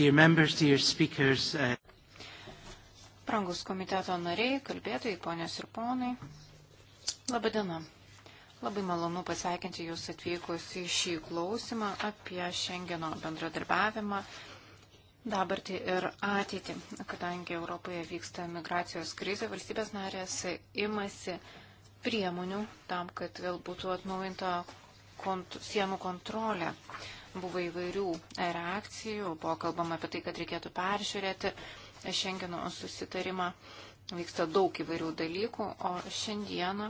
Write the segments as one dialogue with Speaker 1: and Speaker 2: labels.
Speaker 1: Dear members, dear speakers. Prangus uh, komiteto nariai, kalbėtojai, ponios ir ponai. Labadiena. Labai malonu pasveikinti Jūs atvykus į šį klausimą apie Šengeno bendradarbiavimą, dabartį ir ateitį. Kadangi Europoje vyksta migracijos krizė, valstybės narės imasi priemonių tam, kad vėl būtų atnaujinta kont sienų kontrolė. Buvo įvairių e, reakcijų, buvo kalbama apie tai, kad reikėtų peržiūrėti Šengeno susitarimą. Vyksta daug įvairių dalykų, o šiandieną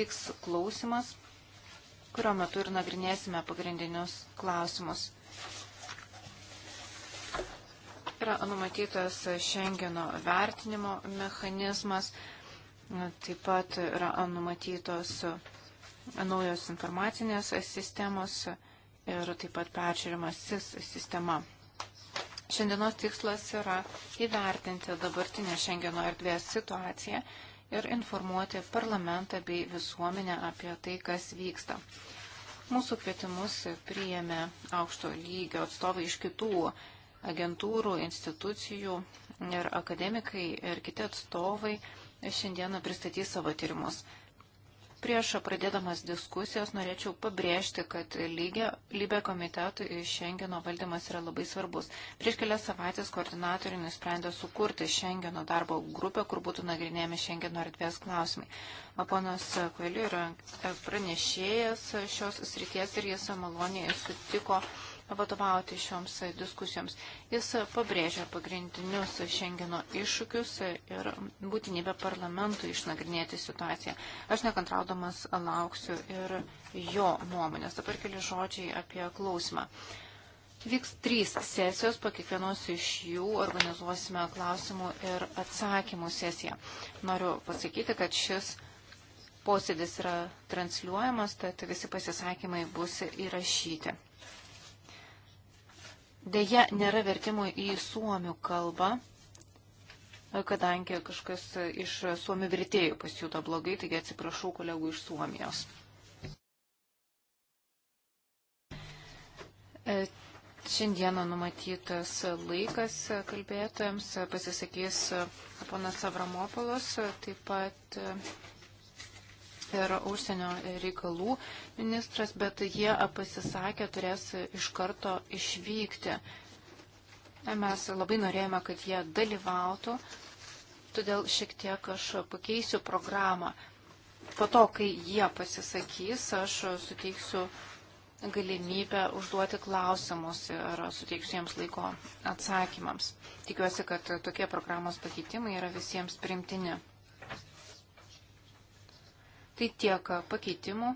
Speaker 1: vyks klausimas, kurio metu ir nagrinėsime pagrindinius klausimus. Yra numatytas Šengeno vertinimo mechanizmas, taip pat yra numatytos naujos informacinės sistemos, ir taip pat peržiūrima SIS sistema. Šiandienos tikslas yra įvertinti dabartinę Šengeno erdvės situaciją ir informuoti parlamentą bei visuomenę apie tai, kas vyksta. Mūsų kvietimus priėmė aukšto lygio atstovai iš kitų agentūrų, institucijų ir akademikai ir kiti atstovai šiandieną pristatys savo tyrimus. Prieš pradėdamas diskusijos norėčiau pabrėžti, kad lygia, lybė komitetų iš Šengeno valdymas yra labai svarbus. Prieš kelias savaitės koordinatoriai nusprendė sukurti Šengeno darbo grupę, kur būtų nagrinėjami Šengeno erdvės klausimai. O ponas Kvailiu yra pranešėjas šios srities ir jis maloniai sutiko vadovauti šioms diskusijoms. Jis pabrėžia pagrindinius Šengeno iššūkius ir būtinybę parlamentui išnagrinėti situaciją. Aš nekantraudamas lauksiu ir jo nuomonės. Dabar keli žodžiai apie klausimą. Vyks trys sesijos, po kiekvienos iš jų organizuosime klausimų ir atsakymų sesiją. Noriu pasakyti, kad šis posėdis yra transliuojamas, tad visi pasisakymai bus įrašyti. Deja, nėra vertimo į suomių kalbą, kadangi kažkas iš suomių vertėjų pasijuto blogai, taigi atsiprašau kolegų iš Suomijos. E, šiandieną numatytas laikas kalbėtojams pasisakys ponas Avramopolos, taip pat ir užsienio reikalų ministras, bet jie pasisakė, turės iš karto išvykti. Mes labai norėjome, kad jie dalyvautų, todėl šiek tiek aš pakeisiu programą. Po to, kai jie pasisakys, aš suteiksiu galimybę užduoti klausimus ir suteiksiu jiems laiko atsakymams. Tikiuosi, kad tokie programos pakeitimai yra visiems primtini. Tai tiek pakeitimų.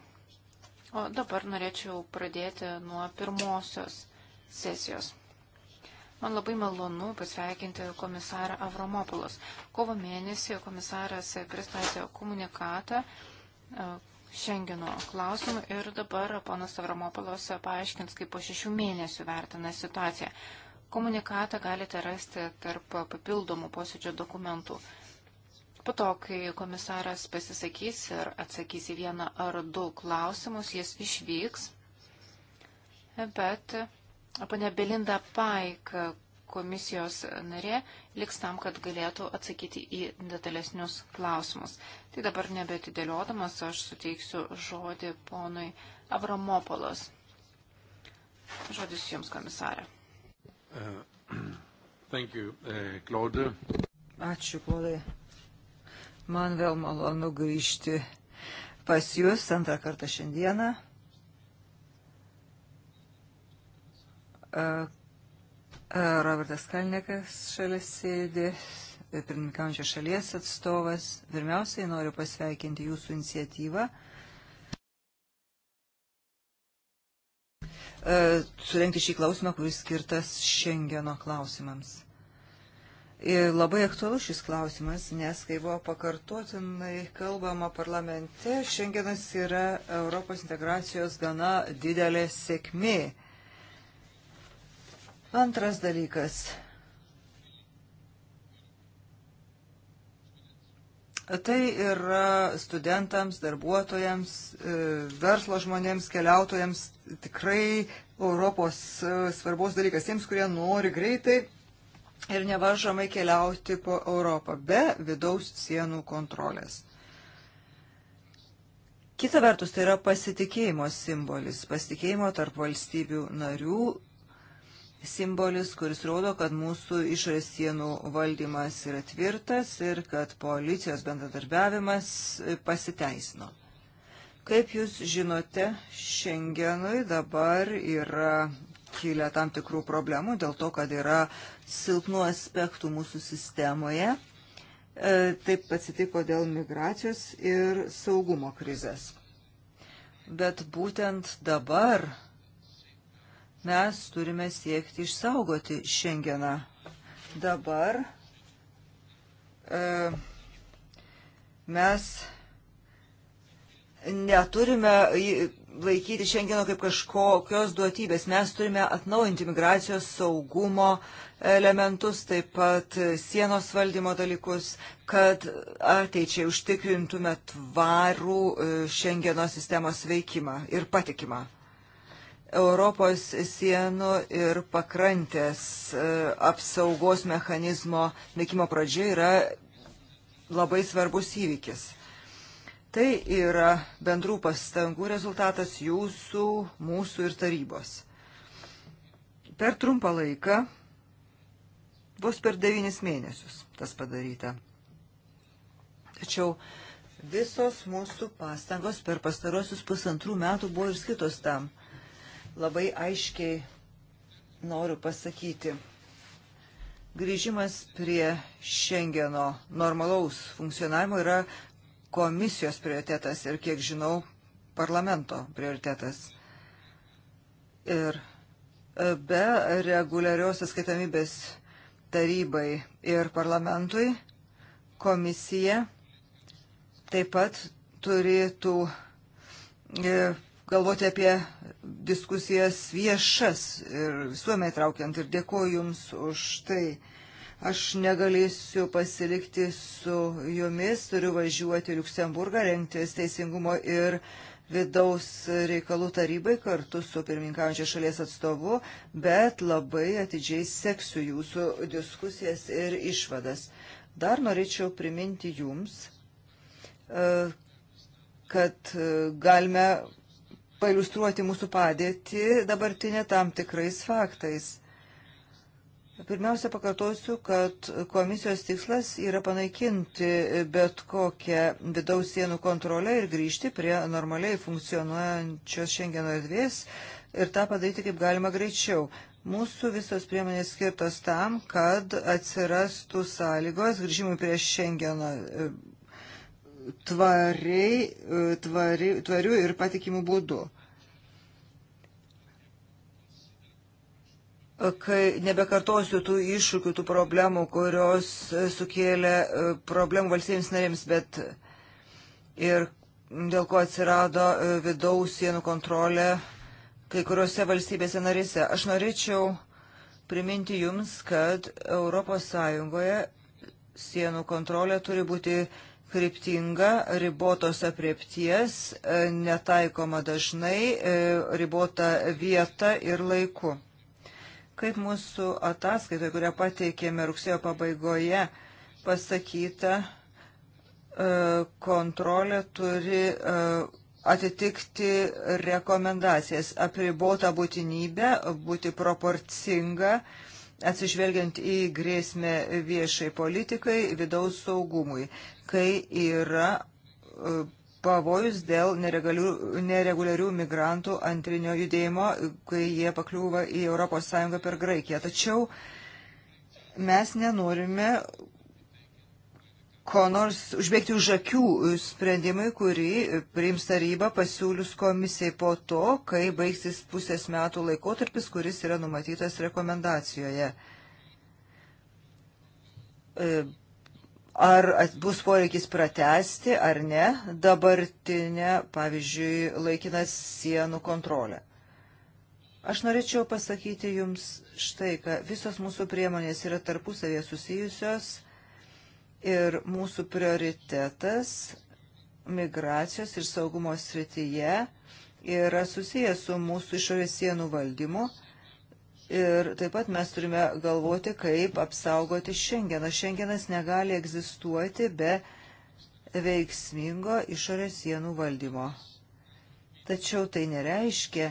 Speaker 1: O dabar norėčiau pradėti nuo pirmosios sesijos. Man labai malonu pasveikinti komisarą Avromopulos. Kovo mėnesį komisaras pristatė komunikatą e, Šengeno klausimų ir dabar ponas Avramopolos paaiškins, kaip po šešių mėnesių vertina situaciją. Komunikatą galite rasti tarp papildomų posėdžio dokumentų. Po to, kai komisaras pasisakys ir atsakys į vieną ar du klausimus, jis išvyks. Bet ponia Belinda Paik, komisijos narė, liks tam, kad galėtų atsakyti į detalesnius klausimus. Tai dabar nebetidėliodamas aš suteiksiu žodį ponui Avramopolos. Žodis jums, komisarė.
Speaker 2: Uh,
Speaker 1: you, uh, Claude.
Speaker 3: Ačiū, Klaudai. Man vėl malonu grįžti pas Jūs antrą kartą šiandieną. Robertas Kalnekas šalia sėdi, pirmininkaujančio šalies atstovas. Pirmiausiai noriu pasveikinti Jūsų iniciatyvą. Surenkti šį klausimą, kuris skirtas Šengeno klausimams. Ir labai aktualus šis klausimas, nes kai buvo pakartotinai kalbama parlamente, šiandienas yra Europos integracijos gana didelė sėkmė. Antras dalykas. Tai yra studentams, darbuotojams, e, verslo žmonėms, keliautojams tikrai Europos e, svarbos dalykas. Tiems, kurie nori greitai ir nevaržomai keliauti po Europą be vidaus sienų kontrolės. Kita vertus, tai yra pasitikėjimo simbolis, pasitikėjimo tarp valstybių narių simbolis, kuris rodo, kad mūsų išorės sienų valdymas yra tvirtas ir kad policijos bendradarbiavimas pasiteisino. Kaip jūs žinote, Šengenui dabar yra kilę tam tikrų problemų dėl to, kad yra silpnų aspektų mūsų sistemoje. E, taip atsitiko dėl migracijos ir saugumo krizės. Bet būtent dabar mes turime siekti išsaugoti šiandieną. Dabar e, mes neturime laikyti šiandieno kaip kažkokios duotybės. Mes turime atnaujinti migracijos saugumo elementus, taip pat sienos valdymo dalykus, kad ateičiai užtikrintume tvarų e, šiandieno sistemos veikimą ir patikimą. Europos sienų ir pakrantės e, apsaugos mechanizmo veikimo pradžia yra labai svarbus įvykis Tai yra bendrų pastangų rezultatas jūsų, mūsų ir tarybos. Per trumpą laiką, vos per devynis mėnesius tas padaryta. Tačiau visos mūsų pastangos per pastarosius pusantrų metų buvo ir skirtos tam. Labai aiškiai noriu pasakyti. Grįžimas prie Šengeno normalaus funkcionavimo yra komisijos prioritetas ir, kiek žinau, parlamento prioritetas. Ir e, be reguliarios atskaitomybės tarybai ir parlamentui komisija taip pat turėtų e, galvoti apie diskusijas viešas ir visuomet traukiant ir dėkoju Jums už tai. Aš negalėsiu pasilikti su jumis, turiu važiuoti į Luksemburgą, rengtis teisingumo ir vidaus reikalų tarybai kartu su pirmininkaujančia šalies atstovu, bet labai atidžiai seksiu jūsų diskusijas ir išvadas. Dar norėčiau priminti jums, e, kad e, galime pailustruoti mūsų padėtį dabartinę tam tikrais faktais. Pirmiausia, pakartosiu, kad komisijos tikslas yra panaikinti bet kokią vidaus sienų kontrolę ir grįžti prie normaliai funkcionuojančios Schengeno erdvės ir tą padaryti kaip galima greičiau. Mūsų visos priemonės skirtos tam, kad atsirastų sąlygos grįžimui prie Schengeno e, tvariai, e, tvari, tvarių ir patikimų būdų. kai nebekartosiu tų iššūkių, tų problemų, kurios e, sukėlė e, problemų valstybėms narėms, bet ir dėl ko atsirado e, vidaus sienų kontrolė kai kuriuose valstybėse narėse. Aš norėčiau priminti Jums, kad ES sienų kontrolė turi būti kryptinga, ribotos apriepties, netaikoma dažnai, ribota vieta ir laiku. Kaip mūsų ataskaitoje, kurią pateikėme rugsėjo pabaigoje, pasakyta, e, kontrolė turi e, atitikti rekomendacijas, apribota būtinybė, būti proporcinga, atsižvelgiant į grėsmę viešai politikai, vidaus saugumui, kai yra e, pavojus dėl nereguliarių migrantų antrinio judėjimo, kai jie pakliūva į ES per Graikiją. Tačiau mes nenorime ko nors užbėgti už akių sprendimai, kurį priims taryba pasiūlius komisijai po to, kai baigsis pusės metų laikotarpis, kuris yra numatytas rekomendacijoje. E, ar bus poreikis pratesti ar ne dabartinę, pavyzdžiui, laikiną sienų kontrolę. Aš norėčiau pasakyti Jums štai, kad visos mūsų priemonės yra tarpusavėje susijusios ir mūsų prioritetas migracijos ir saugumo srityje yra susijęs su mūsų išorės sienų valdymu Ir taip pat mes turime galvoti, kaip apsaugoti šiandieną. Šiandienas negali egzistuoti be veiksmingo išorės sienų valdymo. Tačiau tai nereiškia,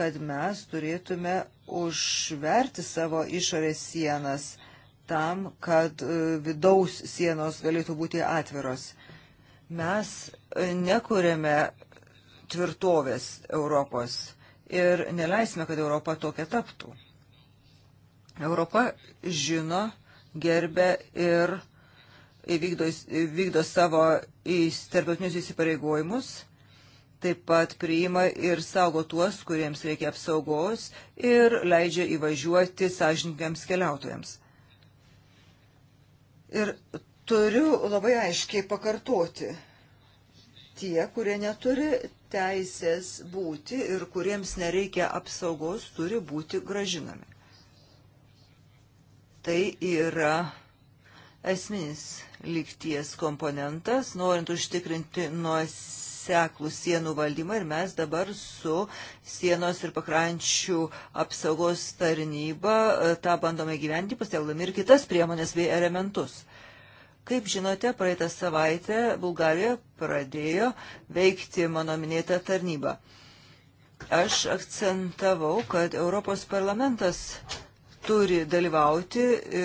Speaker 3: kad mes turėtume užverti savo išorės sienas tam, kad e, vidaus sienos galėtų būti atviros. Mes nekūrėme tvirtovės Europos ir neleisime, kad Europa tokia taptų. Europa žino, gerbė ir įvykdo, įvykdo savo tarptautinius įsipareigojimus, taip pat priima ir saugo tuos, kuriems reikia apsaugos ir leidžia įvažiuoti sąžininkiams keliautojams. Ir turiu labai aiškiai pakartoti – tie, kurie neturi teisės būti ir kuriems nereikia apsaugos, turi būti gražinami. Tai yra esminis lygties komponentas, norint užtikrinti nuoseklų sienų valdymą ir mes dabar su sienos ir pakrančių apsaugos tarnyba e, tą bandome gyventi, pasielgdami ir kitas priemonės bei elementus. Kaip žinote, praeitą savaitę Bulgarija pradėjo veikti mano minėtą tarnybą. Aš akcentavau, kad Europos parlamentas turi dalyvauti e,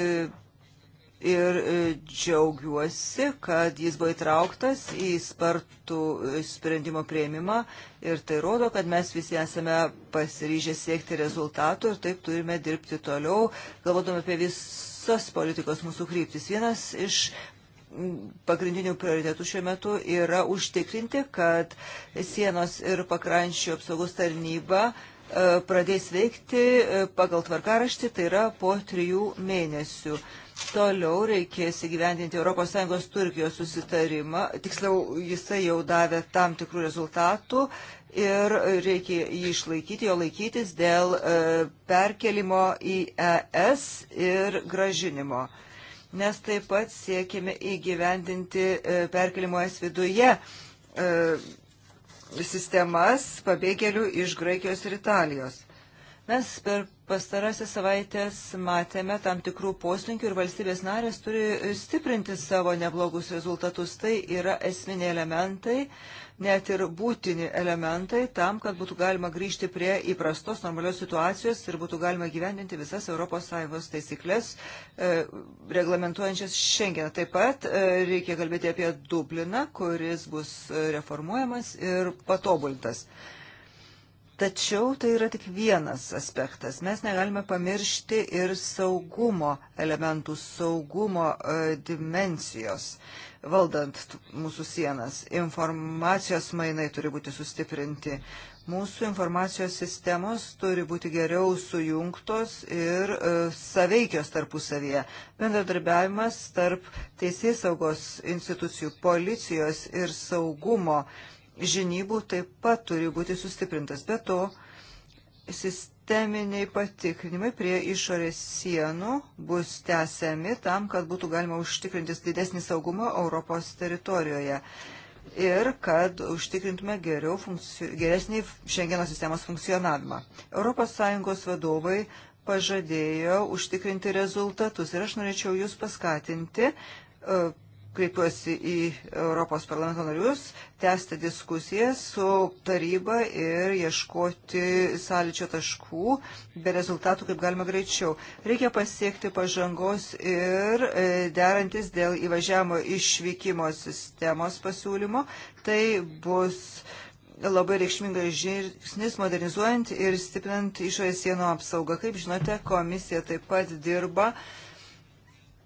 Speaker 3: ir e, džiaugiuosi, kad jis buvo įtrauktas į spartų e, sprendimo prieimimą ir tai rodo, kad mes visi esame pasiryžę siekti rezultatų ir taip turime dirbti toliau, galvodami apie visas politikos mūsų kryptis. Vienas iš pagrindinių prioritetų šiuo metu yra užtikrinti, kad sienos ir pakrančių apsaugos tarnyba e, pradės veikti e, pagal tvarkaraštį, tai yra po trijų mėnesių. Toliau reikės įgyvendinti ES Turkijos susitarimą, tiksliau jisai jau davė tam tikrų rezultatų ir reikia jį išlaikyti, jo laikytis dėl e, perkelimo į ES ir gražinimo nes taip pat siekime įgyvendinti e, perkelimo es viduje e, sistemas pabėgėlių iš Graikijos ir Italijos. Mes per pastarąsias savaitės matėme tam tikrų poslinkių ir valstybės narės turi stiprinti savo neblogus rezultatus. Tai yra esminiai elementai net ir būtini elementai tam, kad būtų galima grįžti prie įprastos normalios situacijos ir būtų galima gyvendinti visas ES taisyklės e, reglamentuojančias šiandieną. Taip pat e, reikia kalbėti apie Dubliną, kuris bus reformuojamas ir patobulintas. Tačiau tai yra tik vienas aspektas. Mes negalime pamiršti ir saugumo elementų, saugumo e, dimensijos. E, valdant mūsų sienas. Informacijos mainai turi būti sustiprinti. Mūsų informacijos sistemos turi būti geriau sujungtos ir e, saveikios tarpusavyje. Bendradarbiavimas tarp teisės saugos institucijų, policijos ir saugumo žinybų taip pat turi būti sustiprintas. Be to, Sisteminiai patikrinimai prie išorės sienų bus tęsiami tam, kad būtų galima užtikrintis didesnį saugumą Europos teritorijoje ir kad užtikrintume geriau funkci... geresnį Šengeno sistemos funkcionavimą. ES vadovai pažadėjo užtikrinti rezultatus ir aš norėčiau jūs paskatinti e, kreipiuosi į Europos parlamento narius, tęsti diskusijas su taryba ir ieškoti sąlyčio taškų be rezultatų kaip galima greičiau. Reikia pasiekti pažangos ir e, derantis dėl įvažiavimo išvykimo sistemos pasiūlymo. Tai bus labai reikšmingas žingsnis modernizuojant ir stiprinant išorės sienų apsaugą. Kaip žinote, komisija taip pat dirba uh,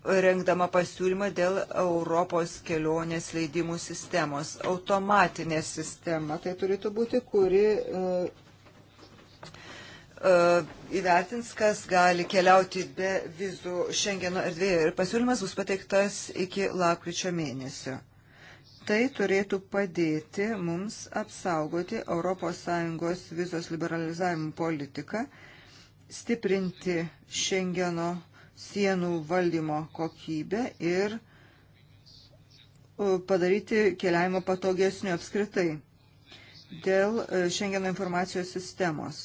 Speaker 3: rengdama pasiūlymą dėl Europos kelionės leidimų sistemos. Automatinė sistema tai turėtų būti, kuri e, e, įvertins, kas gali keliauti be vizų Šengeno erdvėje ir pasiūlymas bus pateiktas iki lakryčio mėnesio. Tai turėtų padėti mums apsaugoti ES vizos liberalizavimo politiką, stiprinti Šengeno erdvėje sienų valdymo kokybę ir e, padaryti keliavimą patogesniu apskritai dėl Šengeno e, informacijos sistemos.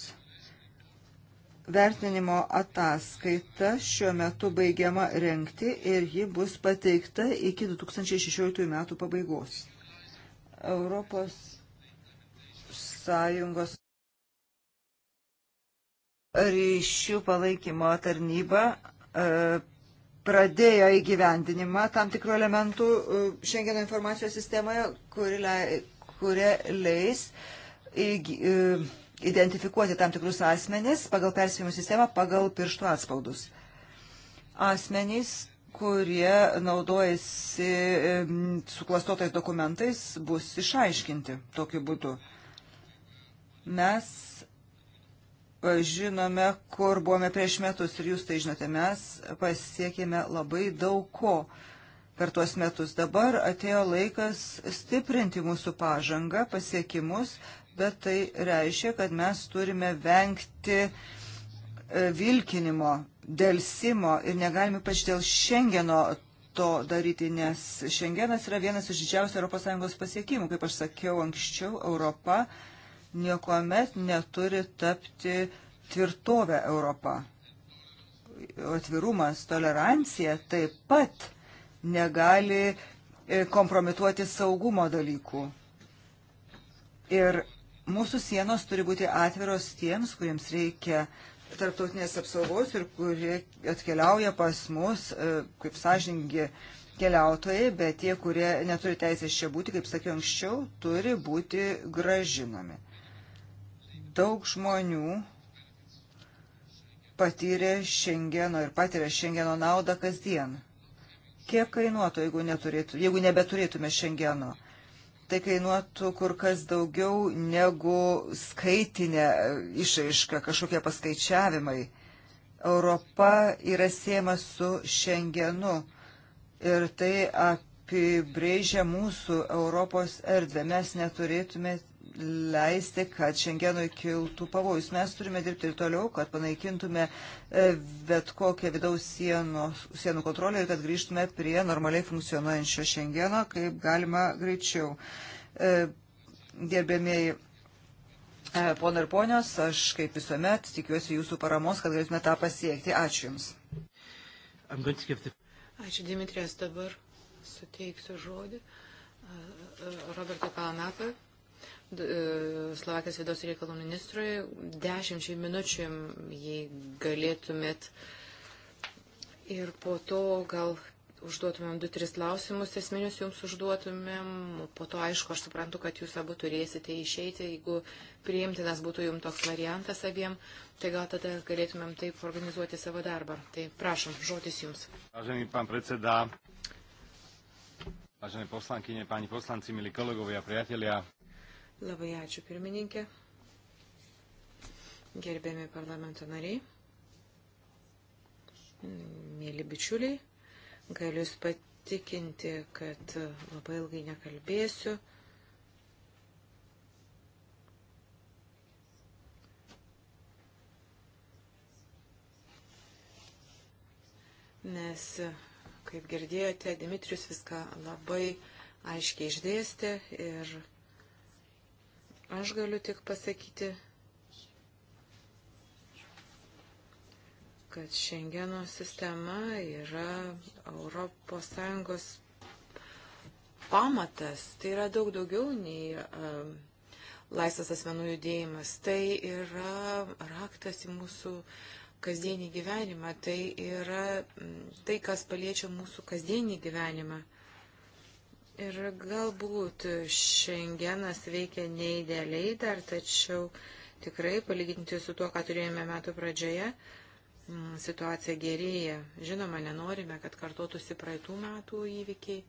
Speaker 3: Vertinimo ataskaita šiuo metu baigiama renkti ir ji bus pateikta iki 2016 metų pabaigos. Europos Sąjungos ryšių palaikymo tarnyba E, pradėjo įgyvendinimą tam tikrų elementų e, Šengeno informacijos sistemoje, kuri, kuria leis e, identifikuoti tam tikrus asmenis pagal perspėjimų sistemą, pagal pirštų atspaudus. Asmenys, kurie naudojasi suklastotais dokumentais, bus išaiškinti tokiu būdu. Mes žinome, kur buvome prieš metus ir jūs tai žinote, mes pasiekėme labai daug ko per tuos metus. Dabar atėjo laikas stiprinti mūsų pažangą, pasiekimus, bet tai reiškia, kad mes turime vengti e, vilkinimo, dėlsimo ir negalime pač dėl Šengeno to daryti, nes Šengenas yra vienas iš didžiausių ES pasiekimų. Kaip aš sakiau anksčiau, Europa niekuomet neturi tapti tvirtovę Europą. Atvirumas, tolerancija taip pat negali e, kompromituoti saugumo dalykų. Ir mūsų sienos turi būti atviros tiems, kuriems reikia tarptautinės apsaugos ir kurie atkeliauja pas mus e, kaip sąžingi keliautojai, bet tie, kurie neturi teisės čia būti, kaip sakiau anksčiau, turi būti gražinami. Daug žmonių patyrė Šengeno ir patiria Šengeno naudą kasdien. Kiek kainuotų, jeigu, neturėtų, jeigu nebeturėtume Šengeno? Tai kainuotų kur kas daugiau negu skaitinė išaiška, kažkokie paskaičiavimai. Europa yra siema su Šengenu ir tai apibrėžia mūsų Europos erdvę. Mes neturėtume leisti, kad šiandienui kiltų pavojus. Mes turime dirbti ir toliau, kad panaikintume e, bet kokią vidaus sienų, sienų kontrolę ir kad grįžtume prie normaliai funkcionuojančio šiandieno, kaip galima greičiau. E, Gerbėmėjai. E, Pona ir ponios, aš kaip visuomet tikiuosi jūsų paramos, kad galėtume tą pasiekti. Ačiū Jums.
Speaker 2: The... Ačiū Dimitrijas, dabar suteiksiu žodį Robertui Kalanatui. E, Slovakijos vidaus reikalų ministrui. Dešimčiai minučių, jei galėtumėt. Ir po to gal užduotumėm du, tris klausimus esminius jums užduotumėm. Po to, aišku, aš suprantu, kad jūs abu turėsite išeiti, jeigu priimtinas būtų jums toks variantas abiem, tai gal tada galėtumėm taip organizuoti savo darbą. Tai prašom, žodis jums.
Speaker 1: Vážený
Speaker 3: pán predseda, vážené poslankyne, páni poslanci, milí kolegovia,
Speaker 2: priatelia. Labai ačiū pirmininkė. Gerbėmi parlamento nariai. Mėly bičiuliai, galiu jūs patikinti, kad labai ilgai nekalbėsiu. nes, kaip girdėjote, Dimitrius viską labai aiškiai išdėstė ir Aš galiu tik pasakyti, kad Šengeno sistema yra ES pamatas. Tai yra daug daugiau nei um, laisvas asmenų judėjimas. Tai yra raktas į mūsų kasdienį gyvenimą. Tai yra mm, tai, kas paliečia mūsų kasdienį gyvenimą. Ir galbūt šiandienas veikia neįdėliai dar, tačiau tikrai palyginti su tuo, ką turėjome metų pradžioje, mm, situacija gerėja. Žinoma, nenorime, kad kartotųsi praeitų metų įvykiai.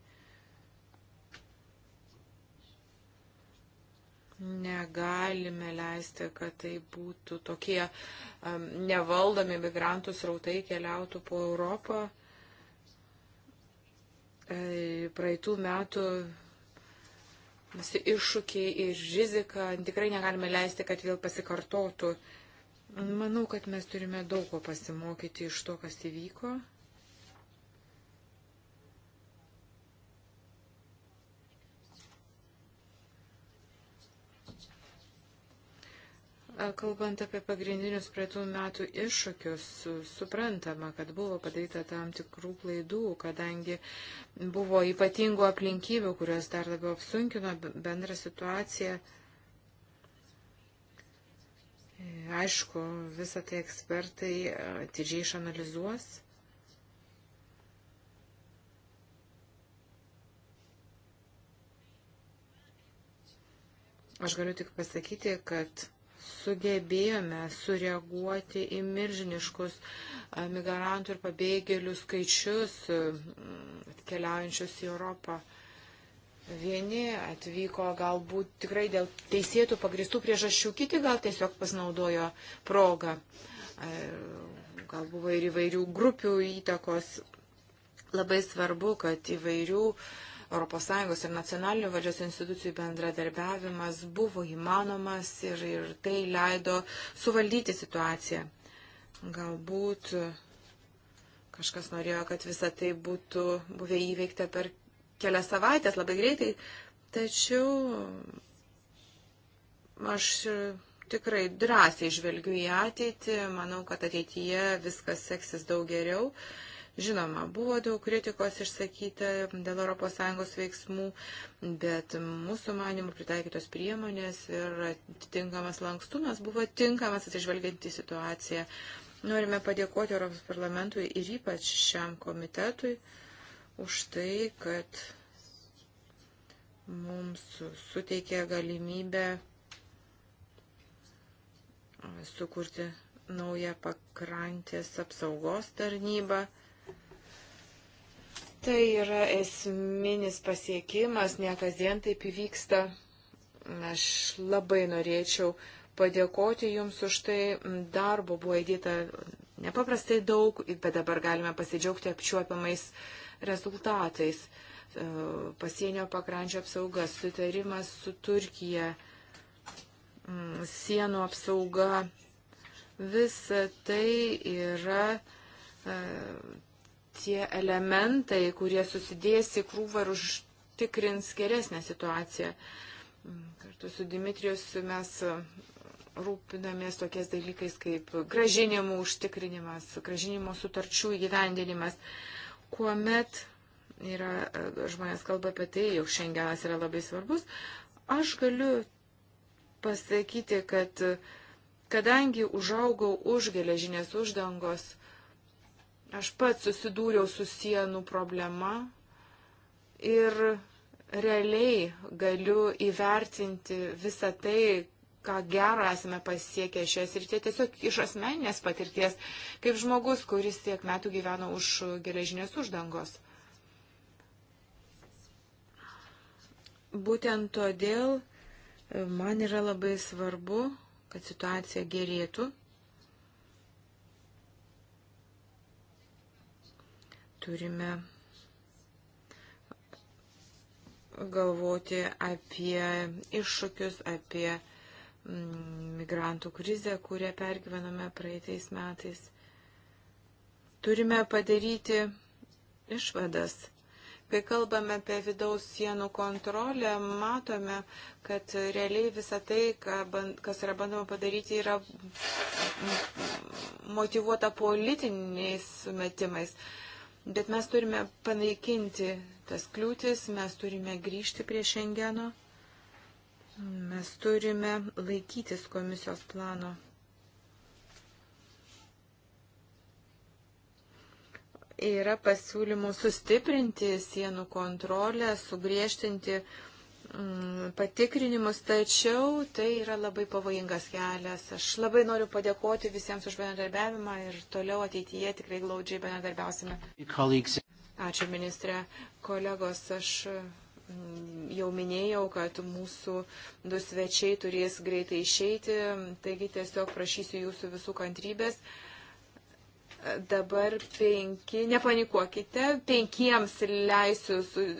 Speaker 2: Negalime leisti, kad tai būtų tokie um, nevaldomi migrantų srautai keliautų po Europą. E, praeitų metų visi iššūkiai ir rizika, tikrai negalime leisti, kad vėl pasikartotų. Manau, kad mes turime daug ko pasimokyti iš to, kas įvyko. Kalbant apie pagrindinius praeitų metų iššūkius, suprantama, kad buvo padaryta tam tikrų klaidų, kadangi buvo ypatingų aplinkybių, kurios dar labiau apsunkino bendrą situaciją. E, aišku, visą tai ekspertai e, atidžiai išanalizuos. Aš galiu tik pasakyti, kad sugebėjome sureaguoti į miržiniškus migrantų ir pabėgėlių skaičius keliaujančius į Europą. Vieni atvyko galbūt tikrai dėl teisėtų pagristų priežasčių, kiti gal tiesiog pasinaudojo progą. Gal buvo ir įvairių grupių įtakos. Labai svarbu, kad įvairių uh, ES ir nacionalinių valdžios institucijų bendradarbiavimas buvo įmanomas ir, ir tai leido suvaldyti situaciją. Galbūt kažkas norėjo, kad visa tai būtų buvę įveikta per kelias savaitės labai greitai, tačiau aš tikrai drąsiai žvelgiu į ateitį, manau, kad ateityje viskas seksis daug geriau. Uh, Žinoma, buvo daug kritikos išsakyta dėl ES veiksmų, bet mūsų manimų pritaikytos priemonės ir atitinkamas lankstumas buvo tinkamas atsižvelgiant į situaciją. Norime padėkoti Europos parlamentui ir ypač šiam komitetui už tai, kad mums suteikė galimybę sukurti naują pakrantės apsaugos tarnybą. Tai yra esminis pasiekimas, ne kasdien taip įvyksta. Aš labai norėčiau padėkoti Jums už tai. Darbo buvo įdėta nepaprastai daug, bet dabar galime pasidžiaugti apčiuopiamais rezultatais. E, Pasienio pakrančio apsauga, sutarimas su Turkija, mm, sienų apsauga. Visa tai yra e, tie elementai, kurie susidės į krūvą ir užtikrins geresnę situaciją. Mm, kartu su Dimitrijus mes mm, rūpinamės tokiais dalykais kaip gražinimų užtikrinimas, gražinimo sutarčių įgyvendinimas, kuomet yra, e, žmonės kalba apie tai, jog šiandienas yra labai svarbus, aš galiu pasakyti, kad e, kadangi užaugau už geležinės uždangos, Aš pats susidūriau su sienų problema ir realiai galiu įvertinti visą tai, ką gero esame pasiekę šioje srityje, tiesiog iš asmeninės patirties, kaip žmogus, kuris tiek metų gyveno už geležinės uždangos. Būtent todėl man yra labai svarbu, kad situacija gerėtų turime galvoti apie iššūkius, apie mm, migrantų krizę, kurią pergyvename praeitais metais. Turime padaryti išvadas. Kai kalbame apie vidaus sienų kontrolę, matome, kad realiai visa tai, kas yra bandoma padaryti, yra motivuota politiniais sumetimais. Bet mes turime panaikinti tas kliūtis, mes turime grįžti prie Šengeno, mes turime laikytis komisijos plano. Yra pasiūlymų sustiprinti sienų kontrolę, sugriežtinti uh, Mm, patikrinimus, tačiau tai yra labai pavojingas kelias. Aš labai noriu padėkoti visiems už bendradarbiavimą ir toliau ateityje tikrai glaudžiai bendradarbiausime. Ačiū, ministrė. Kolegos, aš mm, jau minėjau, kad mūsų du svečiai turės greitai išeiti, taigi tiesiog prašysiu jūsų visų kantrybės. Dabar penki, nepanikuokite, penkiems leisiu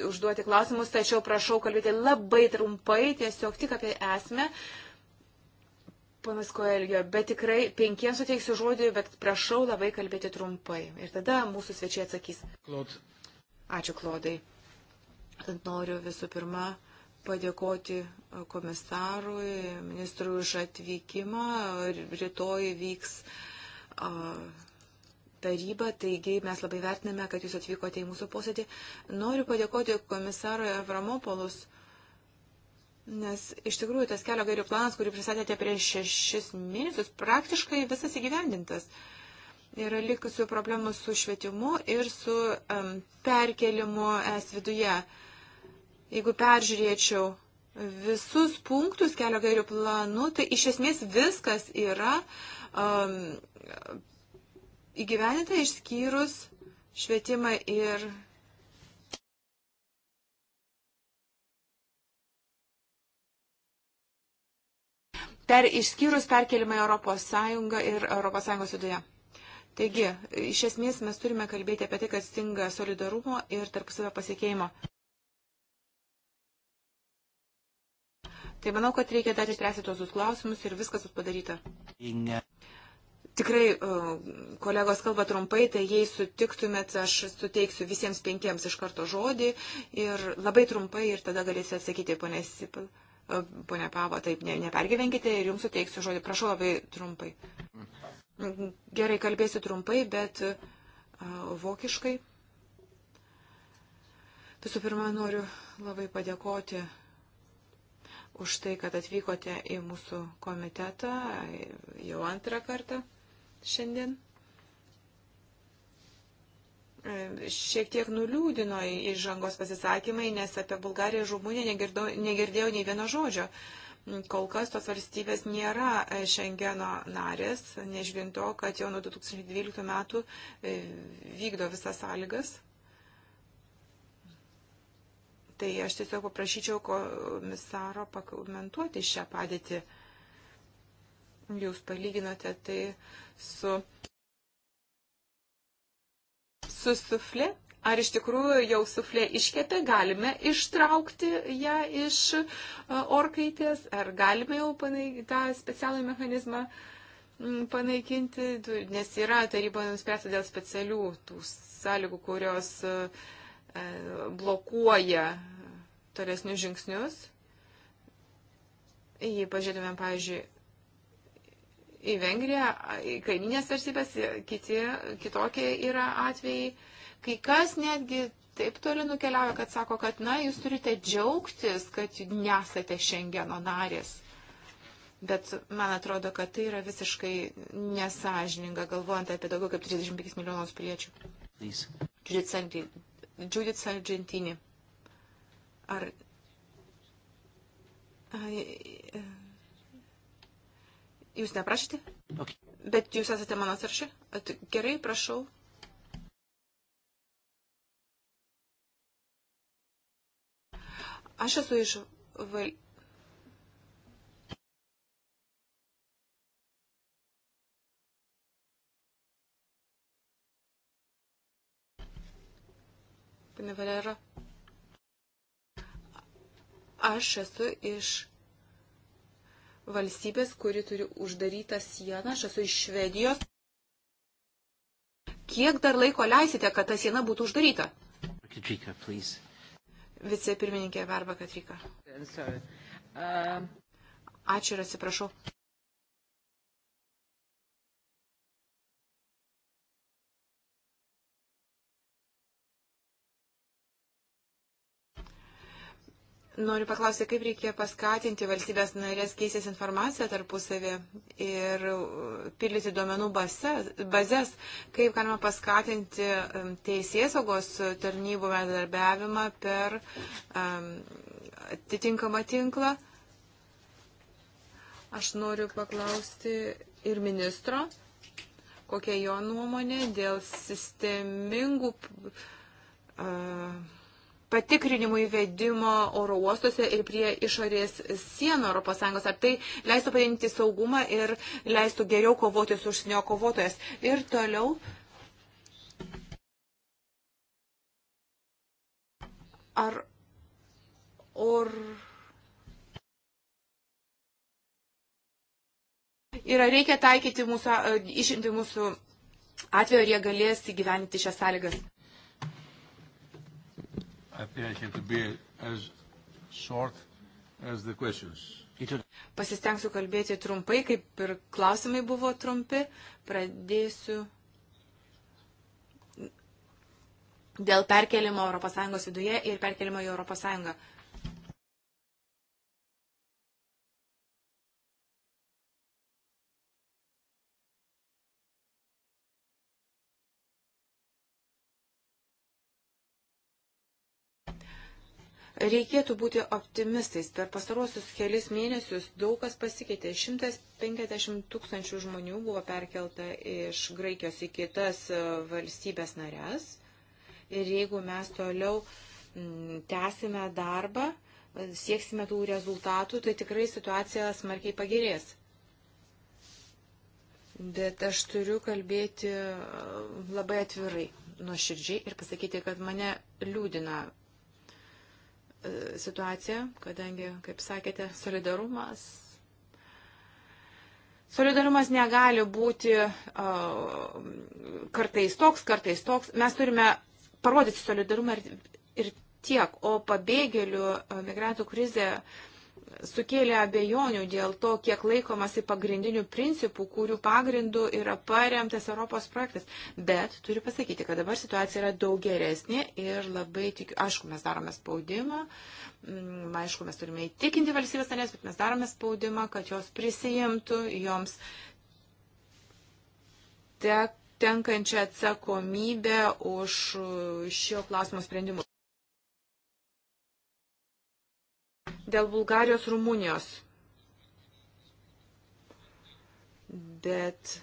Speaker 2: užduoti klausimus, tačiau prašau kalbėti labai trumpai, tiesiog tik apie esmę. Panas Koelgio, bet tikrai penkiems suteiksiu žodį, bet prašau labai kalbėti trumpai. Ir tada mūsų svečiai atsakys. Klod. Ačiū, Klodai. Noriu visų pirma padėkoti komisarui, ministrui už atvykimą. Rytoj vyks. Uh, tarybą, taigi mes labai vertiname, kad jūs atvykote į mūsų posėdį. Noriu padėkoti komisarui Avramopolus, nes iš tikrųjų tas kelio gairių planas, kurį pristatėte prieš šešis mėnesius, praktiškai visas įgyvendintas. Yra likusių problemų su švietimu ir su um, perkelimu es viduje. Jeigu peržiūrėčiau visus punktus kelio gairių planu, tai iš esmės viskas yra um, įgyvenite išskyrus švietimą ir per išskyrus perkelimą į Europos Sąjungą ir Europos Sąjungos viduje. Taigi, iš esmės mes turime kalbėti apie tai, kad stinga solidarumo ir tarpusavio pasikeimo. Tai manau, kad reikia dar išspręsti tuos klausimus ir viskas bus padaryta. Ne tikrai e, kolegos kalba trumpai, tai jei sutiktumėt, aš suteiksiu visiems penkiems iš karto žodį ir labai trumpai ir tada galėsite atsakyti, ponė Sipil. E, Pone Pavo, taip, ne, nepergyvenkite ir jums suteiksiu žodį. Prašau labai trumpai. Gerai, kalbėsiu trumpai, bet uh, vokiškai. Visų pirma, noriu labai padėkoti už tai, kad atvykote į mūsų komitetą jau antrą kartą šiandien. E, šiek tiek nuliūdino įžangos pasisakymai, nes apie Bulgariją ir Rumuniją negirdėjau, negirdėjau nei vieno žodžio. Kol kas tos valstybės nėra e, Šengeno narės, nežvint to, kad jau nuo 2012 metų e, vykdo visas sąlygas. Tai aš tiesiog paprašyčiau komisaro pakomentuoti šią padėtį. Jūs palyginote tai su, su suflė. Ar iš tikrųjų jau suflė iškepė, galime ištraukti ją iš e, orkaitės, ar galime jau panaik, tą specialų mechanizmą panaikinti, nes yra taryba nuspręsta dėl specialių tų sąlygų, kurios e, blokuoja tolesnius žingsnius jei pažiūrėtumėm, pavyzdžiui, į Vengriją, į kaiminės valstybės, kiti, kitokie yra atvejai. Kai kas netgi taip toli nukeliauja, kad sako, kad na, jūs turite džiaugtis, kad nesate Šengeno narės. Bet man atrodo, kad tai yra visiškai nesažininga, galvojant apie daugiau kaip 35 milijonus piliečių. Judith Sargentini. Ar... Ai, ai, Jūs neprašėte? Okay. Bet jūs esate mano sąraše? Gerai, prašau. Aš esu iš val... Pane Valero. Aš esu iš valstybės, kuri turi uždarytą sieną. Aš esu iš Švedijos. Kiek dar laiko leisite, kad ta siena būtų uždaryta?
Speaker 1: Katrika, please.
Speaker 2: Vicepirmininkė Verba Katrika. Um, Ačiū ir atsiprašau. Noriu paklausti, kaip reikia paskatinti valstybės narės keisės informaciją tarpusavį ir uh, pildyti duomenų bazės, kaip galima paskatinti um, teisėsaugos tarnybų bendarbiavimą per um, atitinkamą tinklą. Aš noriu paklausti ir ministro, kokia jo nuomonė dėl sistemingų. Uh, patikrinimų įvedimo oro uostuose ir prie išorės sienų ES. Ar tai leistų padidinti saugumą ir leistų geriau kovoti su užsienio kovotojas. Ir toliau. Ar or... Ir ar reikia taikyti mūsų, išimti mūsų atveju, ar jie galės įgyveninti šias sąlygas?
Speaker 3: I, I have to be as short as the questions.
Speaker 2: Pasistengsiu kalbėti trumpai, kaip ir klausimai buvo trumpi. Pradėsiu dėl perkelimo ES viduje ir perkelimo į ES. Reikėtų būti optimistais. Per pastaruosius kelis mėnesius daug kas pasikeitė. 150 tūkstančių žmonių buvo perkelta iš Graikijos į kitas e, valstybės narės. Ir jeigu mes toliau mm, tęsime darbą, e, sieksime tų rezultatų, tai tikrai situacija smarkiai pagerės. Bet aš turiu kalbėti e, labai atvirai, nuoširdžiai ir pasakyti, kad mane liūdina E, situaciją, kadangi, kaip sakėte, solidarumas. Solidarumas negali būti uh, kartais toks, kartais toks. Mes turime parodyti solidarumą ir, ir tiek. O pabėgėlių e, migrantų krizė uh, sukėlė abejonių dėl to, kiek laikomasi pagrindinių principų, kurių pagrindų yra paremtas Europos projektas. Bet turiu pasakyti, kad dabar situacija yra daug geresnė ir labai tikiu, aišku, mes darome spaudimą, mm, aišku, mes turime įtikinti valstybės narės, bet mes darome spaudimą, kad jos prisijimtų, joms tek tenkančią atsakomybę už šio klausimo sprendimus. Dėl Bulgarijos Rumunijos. Bet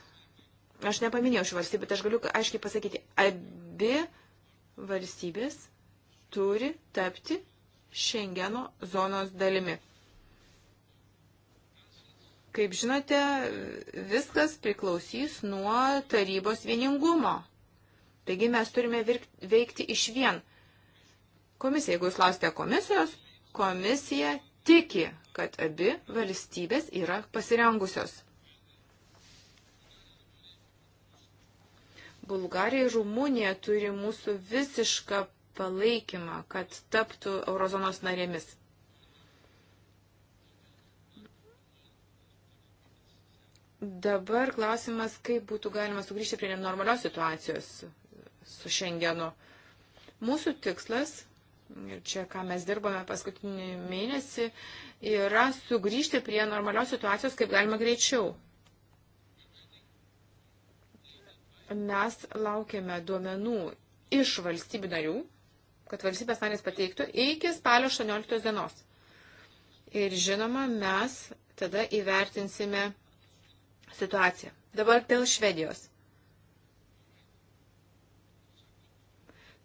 Speaker 2: aš nepaminėjau šių valstybių, bet aš galiu aiškiai pasakyti, abi valstybės turi tapti Šengeno zonos dalimi. Kaip žinote, viskas priklausys nuo tarybos vieningumo. Taigi mes turime veikti iš vien. Komisija, jeigu jūs klausite komisijos, Komisija tiki, kad abi valstybės yra pasirengusios. Bulgarija ir Rumunija turi mūsų visišką palaikymą, kad taptų eurozonos narėmis. Dabar klausimas, kaip būtų galima sugrįžti prie normalios situacijos su Šengenu. Mūsų tikslas čia, ką mes dirbame paskutinį mėnesį, yra sugrįžti prie normalios situacijos kaip galima greičiau. Mes laukiame duomenų iš valstybių narių, kad valstybės narės pateiktų iki spalio 18 dienos. Ir žinoma, mes tada įvertinsime situaciją. Dabar dėl Švedijos.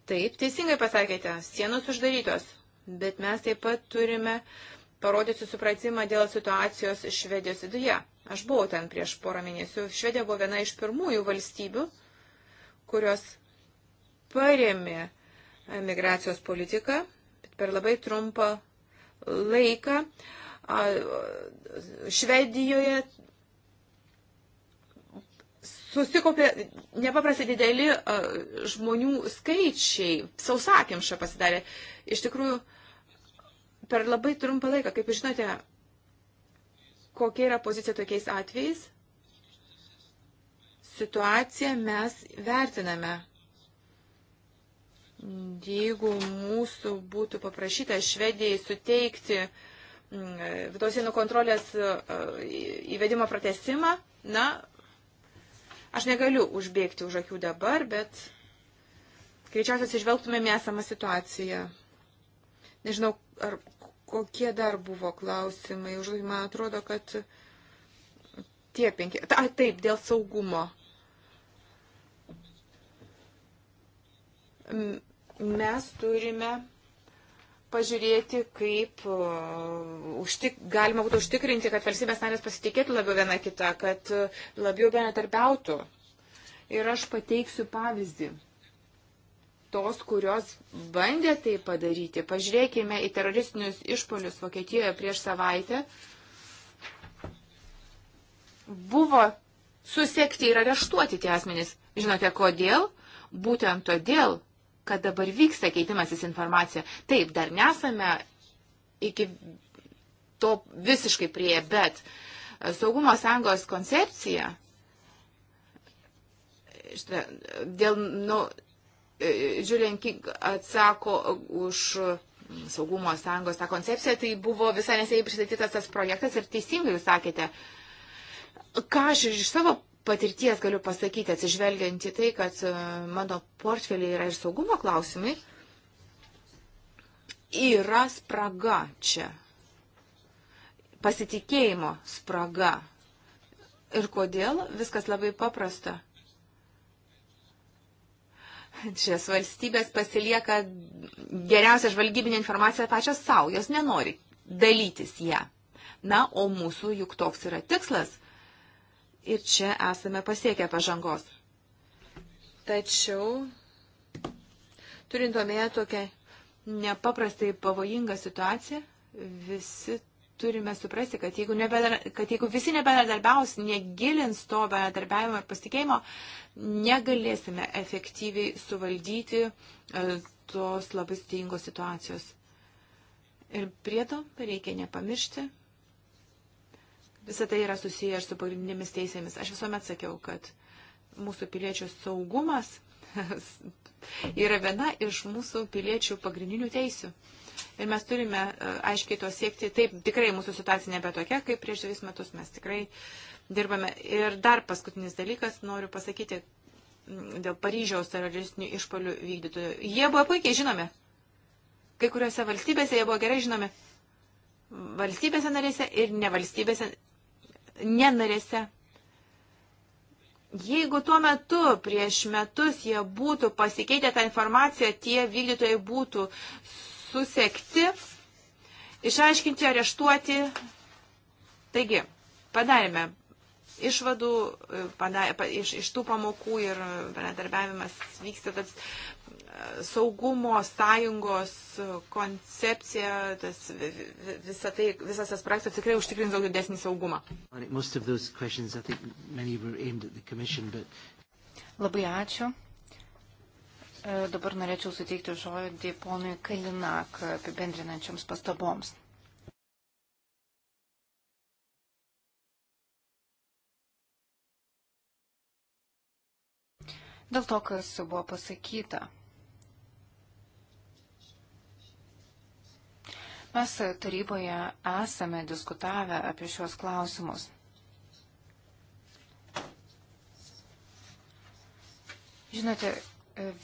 Speaker 2: Taip, teisingai pasakėte, sienos uždarytos, bet mes taip pat turime parodyti supratimą dėl situacijos Švedijos viduje. Aš buvau ten prieš porą mėnesių. Švedija buvo viena iš pirmųjų valstybių, kurios paremė migracijos politiką per labai trumpą laiką. Švedijoje susikopė nepaprastai dideli žmonių skaičiai, sausakimša pasidarė. Iš tikrųjų, per labai trumpą laiką, kaip jūs žinote, kokia yra pozicija tokiais atvejais, situaciją mes vertiname. Jeigu mūsų būtų paprašyta Švedijai suteikti mm, vidaus sienų kontrolės įvedimo pratesimą, na, Aš negaliu užbėgti už akių dabar, bet greičiausiai atsižvelgtumėm esamą situaciją. Nežinau, ar kokie dar buvo klausimai. Užduodai, man atrodo, kad tie penki. Ta, taip, dėl saugumo. Mes turime pažiūrėti, kaip uh, e, užtik, galima būtų užtikrinti, kad valstybės narės pasitikėtų labiau viena kita, kad uh, labiau bendradarbiautų. Ir aš pateiksiu pavyzdį. Tos, kurios bandė tai padaryti. Pažiūrėkime į teroristinius išpolius Vokietijoje prieš savaitę. Buvo susekti ir areštuoti tie asmenys. Žinote kodėl? Būtent todėl, kad dabar vyksta keitimasis informacija. Taip, dar nesame iki to visiškai prie, bet e, saugumo sąjungos koncepcija štai, dėl, nu, Žiūrint, e, kiek atsako už saugumo sąjungos tą koncepciją, tai buvo visai neseniai pristatytas tas projektas ir teisingai jūs sakėte, ką aš iš savo patirties galiu pasakyti, atsižvelgiant į tai, kad e, mano portfelį yra ir saugumo klausimai, yra spraga čia. Pasitikėjimo spraga. Ir kodėl? Viskas labai paprasta. Šias valstybės pasilieka geriausią žvalgybinę informaciją pačios savo, jos nenori dalytis ją. Na, o mūsų juk toks yra tikslas ir čia esame pasiekę pažangos. Tačiau, turint omenyje tokią nepaprastai pavojingą situaciją, visi turime suprasti, kad jeigu, nebedar, kad jeigu visi nebedarbiaus, negilins to bendradarbiavimo ir pasitikėjimo, negalėsime efektyviai suvaldyti e, tos labai stingos situacijos. Ir prie to reikia nepamiršti, Visą tai yra susiję ir su pagrindinėmis teisėmis. Aš visuomet sakiau, kad mūsų piliečių saugumas yra viena iš mūsų piliečių pagrindinių teisių. Ir mes turime e, aiškiai to siekti. Taip, tikrai mūsų situacija nebe tokia, kaip prieš dviejus metus mes tikrai dirbame. Ir dar paskutinis dalykas noriu pasakyti dėl Paryžiaus teroristinių išpolių vykdytojų. Jie buvo puikiai žinomi. Kai kuriuose valstybėse jie buvo gerai žinomi. Valstybėse narėse ir nevalstybėse nenarėse. Jeigu tuo metu, prieš metus, jie būtų pasikeitę tą informaciją, tie vykdytojai būtų susekti, išaiškinti, areštuoti. Taigi, padarėme išvadų, e, padarė, iš, iš tų pamokų ir bendradarbiavimas vyksta, tad saugumo sąjungos koncepcija, tas, visa tai, visas tas projektas tikrai
Speaker 1: užtikrins daug didesnį saugumą. But... Labai ačiū. E, dabar norėčiau suteikti žodį ponui Kalinak apibendrinančioms pastaboms. Dėl to, kas buvo pasakyta. Mes taryboje esame diskutavę apie šios klausimus. Žinote,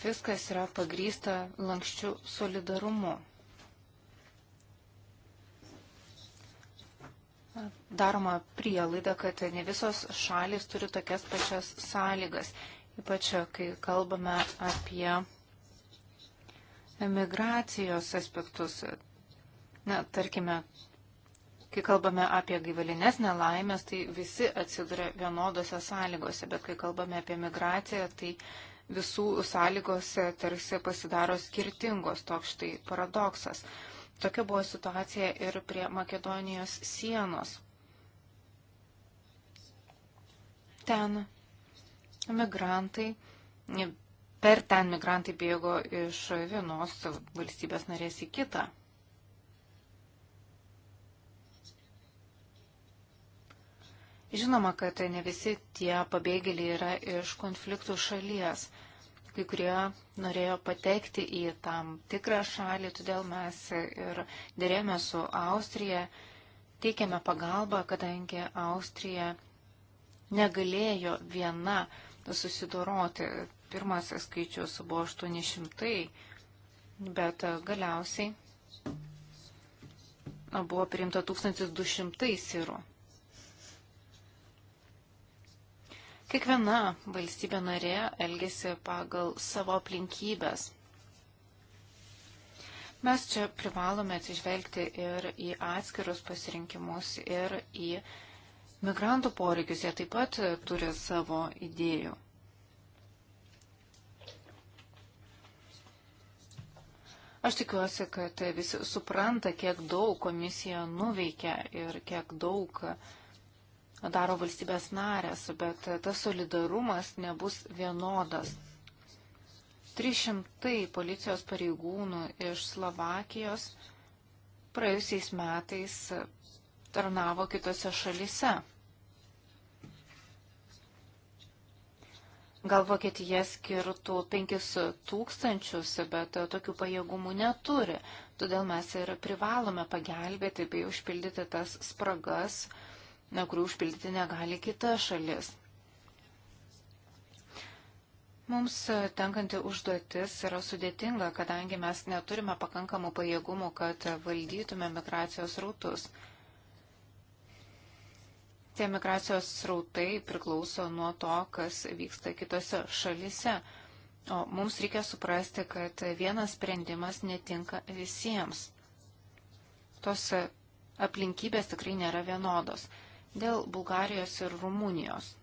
Speaker 1: viskas yra pagrysta lankščių solidarumu. Daroma prielaida, kad ne visos šalis turi tokias pačias sąlygas, ypač kai kalbame apie migracijos aspektus. Na, tarkime, kai kalbame apie gyvalinės nelaimės, tai visi atsiduria vienodose sąlygose, bet kai kalbame apie migraciją, tai visų sąlygos tarsi pasidaro skirtingos, toks štai paradoksas. Tokia buvo situacija ir prie Makedonijos sienos. Ten migrantai, per ten migrantai bėgo iš vienos valstybės narės į kitą. Žinoma, kad ne visi tie pabėgėliai yra iš konfliktų šalies. Kai kurie norėjo patekti į tam tikrą šalį, todėl mes ir dėrėme su Austrija, teikėme pagalbą, kadangi Austrija negalėjo viena susidoroti. Pirmas skaičius buvo 800, bet galiausiai buvo priimta 1200 sirų. Kiekviena valstybė narė elgesi pagal savo aplinkybės. Mes čia privalome atsižvelgti ir į atskirus pasirinkimus, ir į migrantų poreikius. Jie taip pat turi savo idėjų. Aš tikiuosi, kad visi supranta, kiek daug komisija nuveikia ir kiek daug uh, daro valstybės narės, bet tas solidarumas nebus vienodas. 300 policijos pareigūnų iš Slovakijos praėjusiais metais tarnavo kitose šalise. Gal Vokietija skirtų 5 tūkstančius, bet tokių pajėgumų neturi. Todėl mes ir privalome pagelbėti bei užpildyti tas spragas, uh, na, kurių užpildyti negali kita šalis. Mums tenkanti užduotis yra sudėtinga, kadangi mes neturime pakankamų pajėgumų, kad valdytume migracijos rautus. Tie migracijos srautai priklauso nuo to, kas vyksta kitose šalise. O mums reikia suprasti, kad vienas sprendimas netinka visiems. Tos aplinkybės tikrai nėra vienodos dėl Bulgarijos ir Rumunijos. –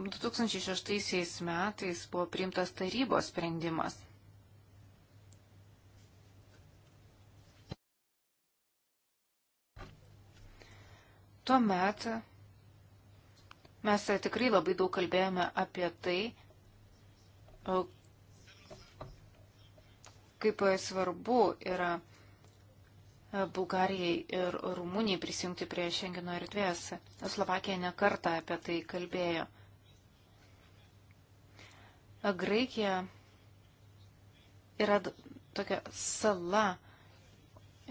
Speaker 1: 2006 metais buvo priimtas tarybos sprendimas. Tuomet mes tikrai labai daug kalbėjome apie tai, kaip svarbu yra e, Bulgarijai ir Rumunijai prisijungti prie Šengino erdvės. Slovakija nekarta apie tai kalbėjo. E, Graikija yra tokia sala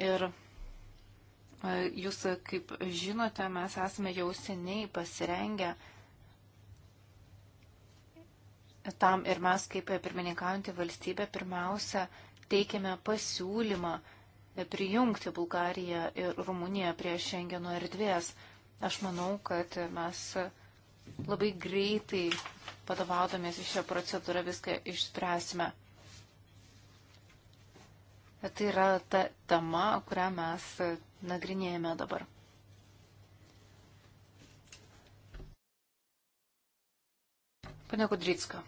Speaker 1: ir e, jūs, kaip žinote, mes esame jau seniai pasirengę tam ir mes kaip pirmininkaujantį valstybę pirmiausia teikiame pasiūlymą prijungti Bulgariją ir Rumuniją prie Šengeno erdvės. Aš manau, kad mes labai greitai vadovaudomės šią procedūrą viską išspręsime. Tai yra ta tema, kurią mes nagrinėjame dabar. Pane Kudrycka.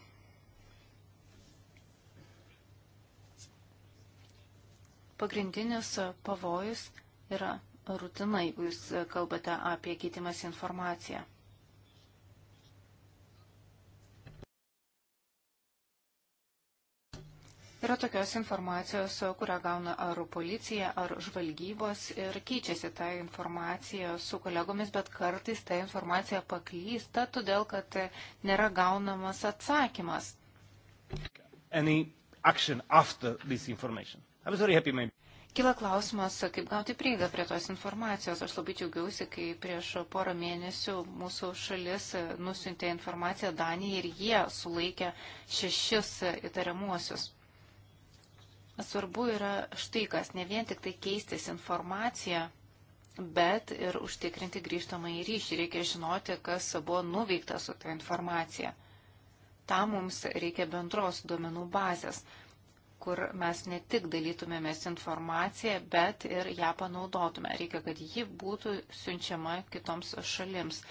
Speaker 1: Pagrindinis pavojus yra rutina, jeigu jūs kalbate apie keitimas informaciją. Yra tokios informacijos, kurią gauna ar policija, ar žvalgybos ir keičiasi tą informaciją su kolegomis, bet kartais ta informacija paklysta, todėl kad nėra gaunamas atsakymas. Any action after this information? Kila klausimas, kaip gauti prieigą prie tos informacijos. Aš labai džiaugiausi, kai prieš porą mėnesių mūsų šalis nusintė informaciją Danijai ir jie sulaikė šešis įtariamuosius. Svarbu yra štai kas, ne vien tik tai keistis informaciją, bet ir užtikrinti grįžtamą į ryšį. Reikia žinoti, kas buvo nuveikta su ta informacija. Tam mums reikia bendros duomenų bazės kur mes ne tik dalytumėmės informaciją, bet ir ją panaudotume. Reikia, kad ji būtų siunčiama kitoms šalims.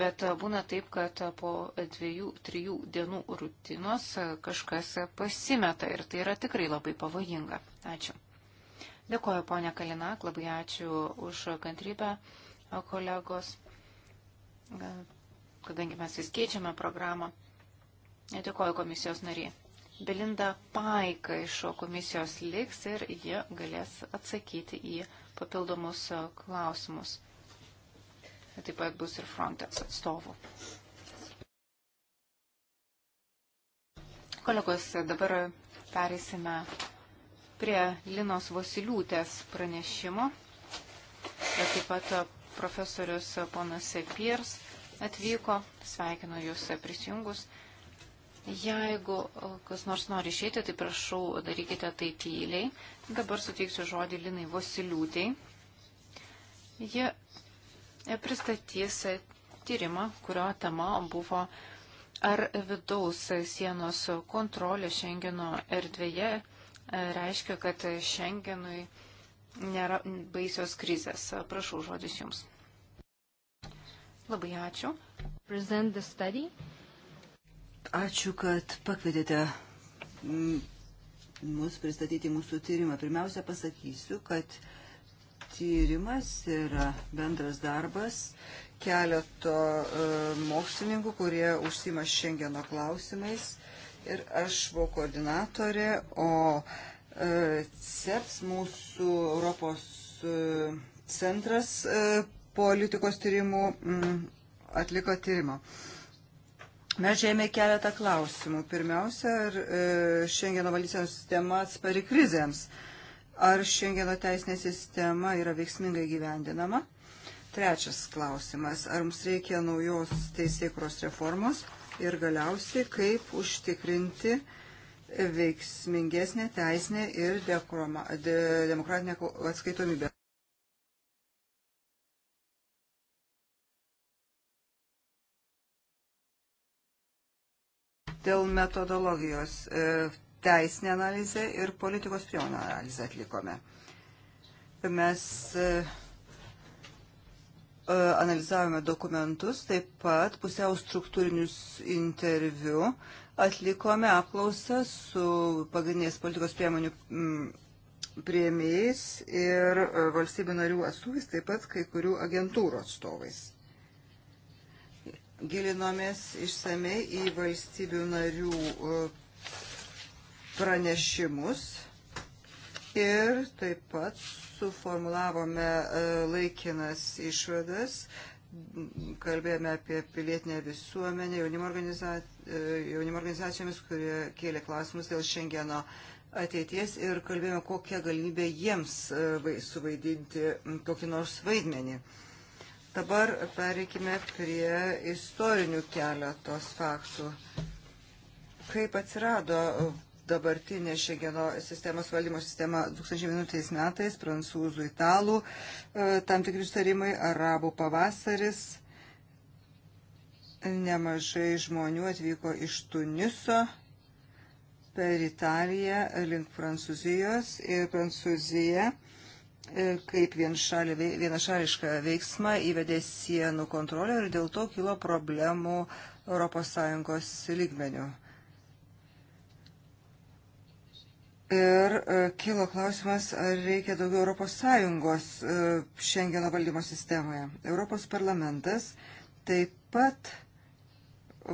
Speaker 1: Bet būna taip, kad po dviejų, trijų dienų rutinos kažkas pasimeta ir tai yra tikrai labai pavojinga. Ačiū. Dėkuoju, ponia Kalinak, labai ačiū už kantrybę, kolegos, kadangi mes vis keičiame programą. Dėkuoju komisijos nariai. Belinda Paika iš komisijos liks ir ji galės atsakyti į papildomus e, klausimus. Taip pat bus ir Frontex atstovų. Kolegos, dabar perėsime prie Linos Vosiliūtės pranešimo. Ir taip pat profesorius ponas Pirs atvyko. Sveikinu Jūs prisijungus. Jeigu kas nors nori išeiti, tai prašau, darykite tai tyliai. Dabar suteiksiu žodį Linai Vosiliūtėj. Jie pristatys e, tyrimą, kurio tema buvo ar vidaus sienos kontrolė Šengeno erdvėje e, reiškia, kad Šengenui nėra baisios krizės. Prašau, žodis jums. Labai ačiū. Present the study. Uh,
Speaker 3: Ačiū, kad pakvietėte mm, mus pristatyti mūsų tyrimą. Pirmiausia, pasakysiu, kad tyrimas yra bendras darbas keleto e, mokslininkų, kurie užsima Šengeno klausimais. Ir aš buvau koordinatorė, o e, CEPS mūsų Europos e, centras politikos tyrimų mm, atliko tyrimą. Mes žėmė keletą klausimų. Pirmiausia, ar e, šiandieno valdysenos sistema atspari krizėms? Ar šiandieno teisinė sistema yra veiksmingai gyvendinama? Trečias klausimas, ar mums reikia naujos teisėkros reformos ir galiausiai, kaip užtikrinti veiksmingesnė teisinė ir de demokratinė atskaitomybė. Dėl metodologijos e, teisinę analizę ir politikos priemonių analizę atlikome. Mes e, e, analizavome dokumentus, taip pat pusiau struktūrinius interviu, atlikome apklausą su pagrindinės politikos priemonių mm, prieimėjais ir valstybių narių atstovais, taip pat kai kurių agentūrų atstovais gilinomės išsamei į valstybių narių e, pranešimus ir taip pat suformulavome e, laikinas išvadas, kalbėjome apie pilietinę visuomenę jaunimo, organiza... E, jaunimo organizacijomis, kurie kėlė klausimus dėl Šengeno ateities ir kalbėjome, kokią galimybę jiems suvaidinti kokį nors vaidmenį. Dabar pereikime prie istorinių keletos faktų. Kaip atsirado dabartinė Šengeno sistemos valdymo sistema 2011 metais, prancūzų, italų, e, tam tikri sutarimai, arabų pavasaris. Nemažai žmonių atvyko iš Tuniso per Italiją link Prancūzijos ir Prancūzija E, kaip vienašališką veiksmą įvedė sienų kontrolę ir dėl to kilo problemų ES lygmenių. Ir e, kilo klausimas, ar reikia daugiau ES e, Šengeno valdymo sistemoje. Europos parlamentas taip pat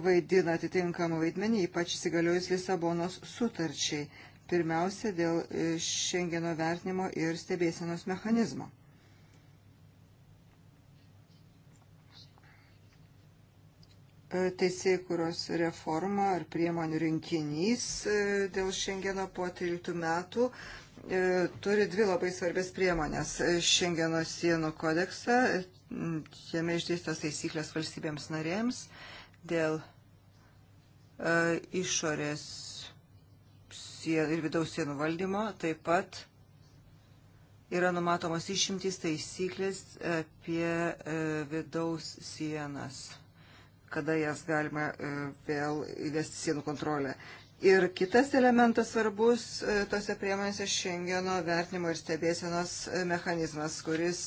Speaker 3: vaidina atitinkamą vaidmenį, ypač įsigaliojus Lisabonos sutarčiai. Pirmiausia, dėl e, Šengeno vertinimo ir stebėsenos mechanizmo. E, teisėkuros reforma ar priemonių rinkinys e, dėl Šengeno po 13 metų turi dvi labai svarbės priemonės. Šengeno sienų kodeksą, jame išdėstos taisyklės valstybėms narėms dėl išorės sienų ir vidaus sienų valdymo, taip pat yra numatomos išimtys taisyklės apie e, vidaus sienas, kada jas galima e, vėl įvesti sienų kontrolę. Ir kitas elementas svarbus e, tose priemonėse Šengeno vertinimo ir stebėsienos mechanizmas, kuris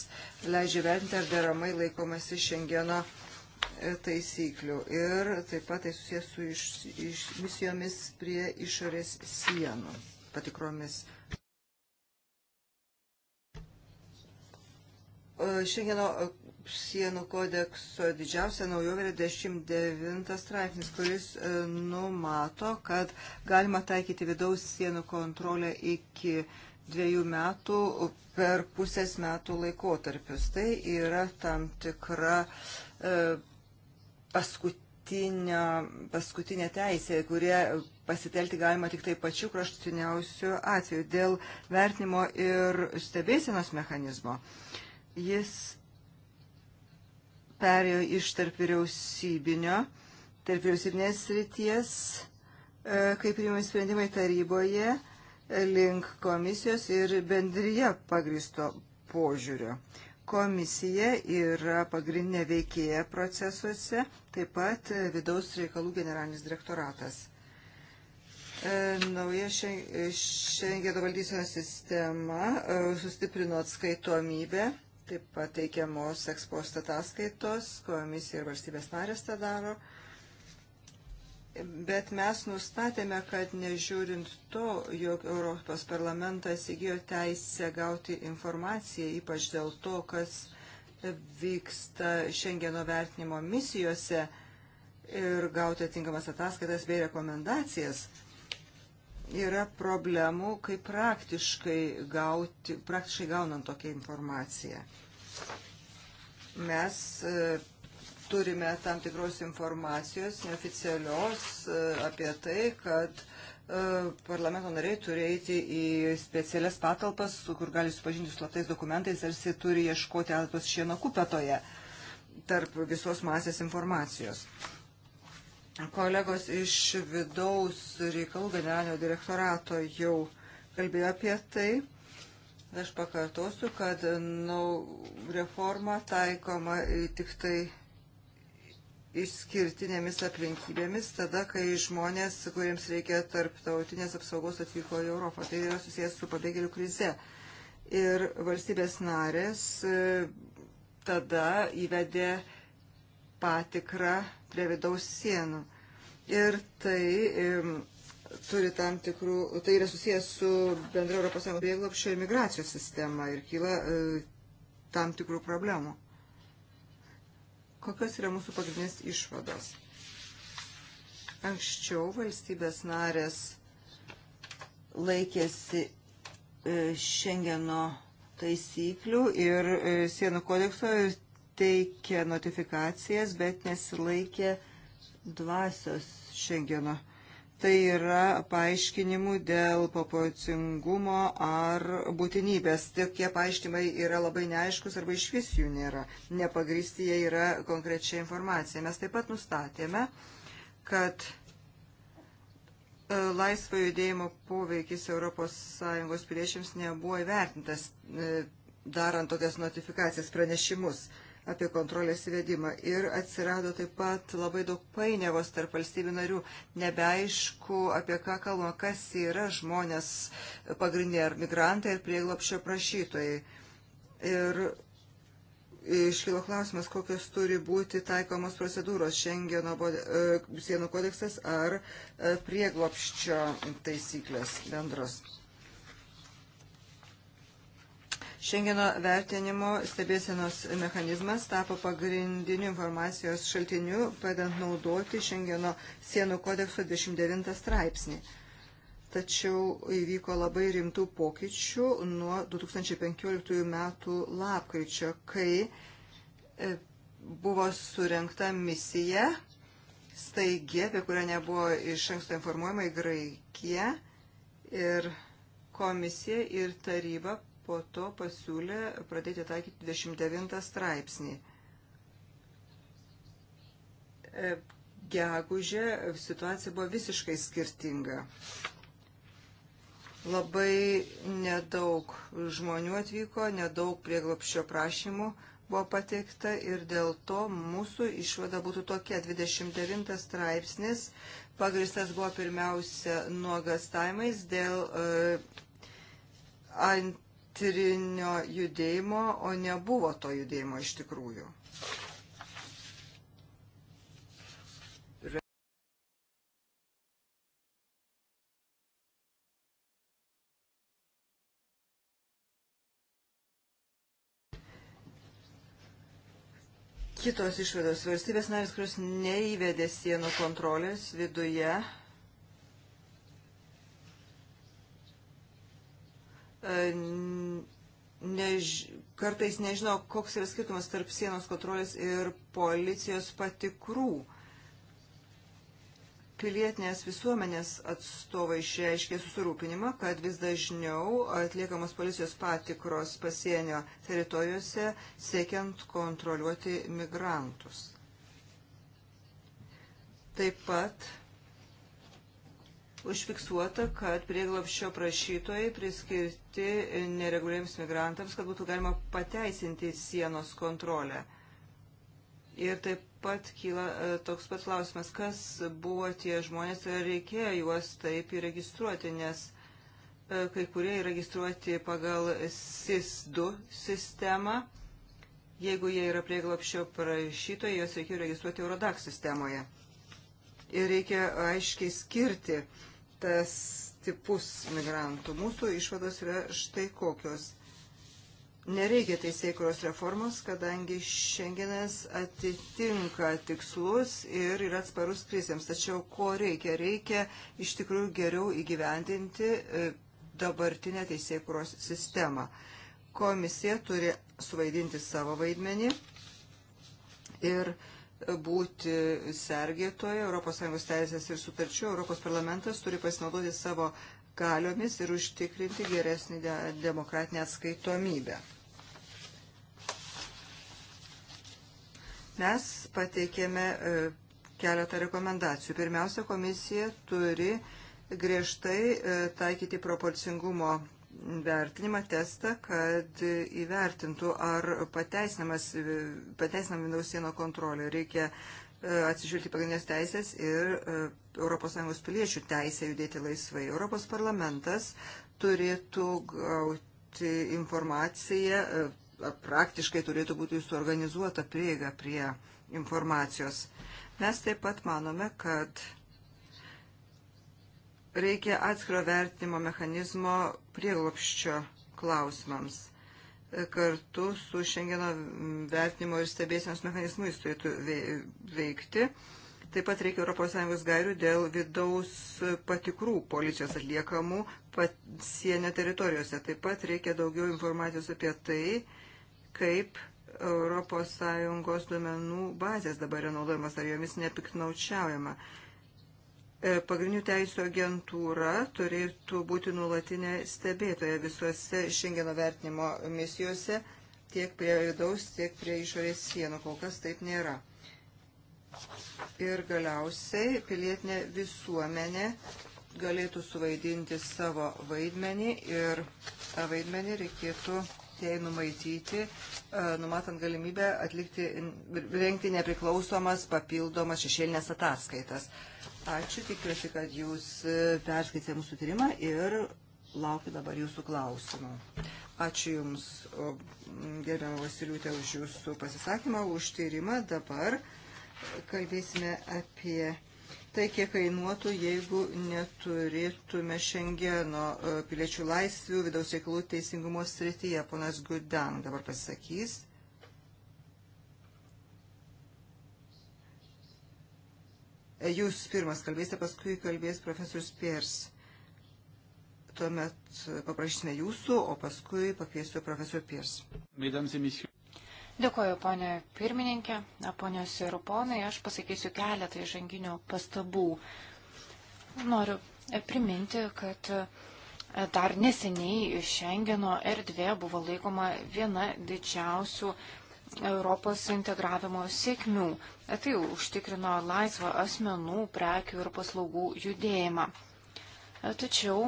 Speaker 3: leidžia vertinti, ar deramai laikomasi Šengeno mechanizmo taisyklių ir taip pat tai susijęs su iš, iš, misijomis prie išorės sienų patikromis. E, Šengeno e, sienų kodekso didžiausia naujovė yra 19 straipsnis, kuris e, numato, kad galima taikyti vidaus sienų kontrolę iki dviejų metų per pusės metų laikotarpius. Tai yra tam tikra uh, E, paskutinė teisė, kurie pasitelti galima tik tai pačių kraštutiniausių atveju dėl vertinimo ir stebėsienos mechanizmo. Jis perėjo iš tarp vyriausybinio, tarp vyriausybinės ryties, e, kaip priimami sprendimai taryboje, link komisijos ir bendryje pagristo požiūrio. Komisija yra pagrindinė veikėja procesuose, taip pat vidaus reikalų generalinis direktoratas. E, nauja Šengeno valdysenos sistema e, sustiprino atskaitomybę, taip pat teikiamos ekspostą ataskaitos, komisija ir valstybės narės tą daro. Bet mes nustatėme, kad nežiūrint to, jog Europos parlamentas įgyjo teisę gauti informaciją, ypač dėl to, kas vyksta Šengeno vertinimo misijose ir gauti atinkamas ataskaitas bei rekomendacijas, yra problemų, kaip praktiškai, gauti, praktiškai gaunant tokią informaciją. Mes e, turime tam tikros informacijos neoficialios e, apie tai, kad e, parlamento nariai turi eiti į specialias patalpas, kur gali supažinti slaptais dokumentais, ar jis turi ieškoti atos šieno kupetoje tarp visos masės informacijos. Kolegos iš vidaus reikalų generalinio direktorato jau kalbėjo apie tai. Aš pakartosiu, kad nu, reforma taikoma tik tai išskirtinėmis aplinkybėmis tada, kai žmonės, kuriems reikia tarptautinės apsaugos, atvyko į Europą. Tai yra susijęs su pabėgėlių krize. Ir valstybės narės e, tada įvedė patikrą prie vidaus sienų. Ir tai turi tam tikrų, tai yra susijęs su bendra Europos Sąjungos prieglopščio imigracijos sistema ir kyla e, tam tikrų problemų. Kokios yra mūsų pagrindinės išvados? Anksčiau valstybės narės laikėsi Šengeno e, taisyklių ir e, sienų kodekso ir teikė notifikacijas, bet nesilaikė dvasios Šengeno taisyklių Tai yra paaiškinimų dėl proporcingumo ar būtinybės. Tokie paaiškinimai yra labai neaiškus arba iš vis jų nėra. Nepagristi jie yra konkrečia informacija. Mes taip pat nustatėme, kad e, laisvo judėjimo poveikis ES piliečiams nebuvo įvertintas e, darant tokias notifikacijas pranešimus apie kontrolės įvedimą. Ir atsirado taip pat labai daug painiavos tarp valstybių narių. Nebeaišku, apie ką kalbama, kas yra žmonės pagrindiniai ar migrantai, ar prieglopšio prašytojai. Ir iškilo klausimas, kokios turi būti taikomos procedūros Šengeno e, sienų kodeksas ar e, prieglopščio taisyklės bendros. Šengeno vertinimo stebėsenos mechanizmas tapo pagrindiniu informacijos šaltiniu, padant naudoti Šengeno sienų kodekso 29 straipsnį. Tačiau įvyko labai rimtų pokyčių nuo 2015 metų lapkričio, kai e, buvo surinkta misija staigi, apie kurią nebuvo iš anksto informuojama į Graikiją ir komisija ir taryba po to pasiūlė pradėti taikyti 29 straipsnį. E, gegužė situacija buvo visiškai skirtinga. Labai nedaug žmonių atvyko, nedaug prieglopščio prašymų buvo pateikta ir dėl to mūsų išvada būtų tokia. 29 straipsnis pagristas buvo pirmiausia nuogastaimais dėl e, ant elektrinio judėjimo, o nebuvo to judėjimo iš tikrųjų. Kitos išvados valstybės narės, kurios neįvedė sienų kontrolės viduje, E, než, kartais nežino, koks yra skirtumas tarp sienos kontrolės ir policijos patikrų. Pilietinės visuomenės atstovai išreiškė susirūpinimą, kad vis dažniau atliekamos policijos patikros pasienio teritorijose siekiant kontroliuoti migrantus. Taip pat užfiksuota, kad prieglapščio prašytojai priskirti nereguliariems migrantams, kad būtų galima pateisinti sienos kontrolę. Ir taip pat kyla e, toks pat klausimas, kas buvo tie žmonės ir reikėjo juos taip įregistruoti, nes e, kai kurie įregistruoti pagal SIS-2 sistemą. Jeigu jie yra prieglapščio prašytojai, juos reikėjo registruoti Eurodax sistemoje. Ir reikia aiškiai skirti uh, kitas tipus migrantų. Mūsų išvados yra štai kokios. Nereikia teisėkuros reformos, kadangi šiandienas atitinka tikslus ir yra atsparus krizėms. Tačiau ko reikia? Reikia iš tikrųjų geriau įgyvendinti e, dabartinę teisėkuros sistemą. Komisija turi suvaidinti savo vaidmenį ir uh, būti sergėtoje ES teisės ir sutarčių, Europos parlamentas turi pasinaudoti savo galiomis ir užtikrinti geresnį de demokratinę atskaitomybę. Mes pateikėme e, keletą rekomendacijų. Pirmiausia, komisija turi griežtai e, taikyti proporcingumo vertinimą, testą, kad įvertintų, ar pateisinama vidaus sieno kontrolė. Reikia e, atsižiūrėti pagrindinės teisės ir ES piliečių teisę judėti laisvai. Europos parlamentas turėtų gauti informaciją, e, praktiškai turėtų būti suorganizuota prieiga prie informacijos. Mes taip pat manome, kad reikia atskiro vertinimo mechanizmo prieglopščio klausimams. Kartu su Šengeno vertinimo ir stebėsienos mechanizmu jis turėtų veikti. Taip pat reikia ES gairių dėl vidaus patikrų policijos atliekamų pasienio teritorijose. Taip pat reikia daugiau informacijos apie tai, kaip ES duomenų bazės dabar yra naudojamas, ar jomis nepiknaučiaujama. E, pagrindinių teisų agentūra turėtų būti nulatinė stebėtoja visuose Šengeno vertinimo misijose, tiek prie vidaus, tiek prie išorės sienų. Kol kas taip nėra. Ir galiausiai pilietinė visuomenė galėtų suvaidinti savo vaidmenį ir tą vaidmenį reikėtų jai numaityti, e, numatant galimybę atlikti, rengti nepriklausomas papildomas šešėlinės ataskaitas. Ačiū, tikiuosi, kad jūs e, perskaitėte mūsų tyrimą ir laukiu dabar jūsų klausimų. Ačiū Jums, gerbiamą Vasiliutę, už Jūsų pasisakymą, už tyrimą. Dabar kalbėsime apie tai, kiek kainuotų, jeigu neturėtume Šengeno e, piliečių laisvių vidaus reikalų teisingumo srityje. Ponas Gudang dabar pasisakys. E, jūs pirmas kalbėsite, paskui kalbės profesorius Piers. Tuomet e, paprašysime jūsų, o paskui pakviesiu profesorių Piers.
Speaker 1: Dėkuoju, ponė pirmininkė, ponios ir ponai, aš pasakysiu keletą įžanginių pastabų. Noriu e, priminti, kad dar neseniai Šengeno erdvė buvo laikoma viena didžiausių Europos integravimo sėkmių. E, tai užtikrino laisvą asmenų, prekių ir paslaugų judėjimą. E, tačiau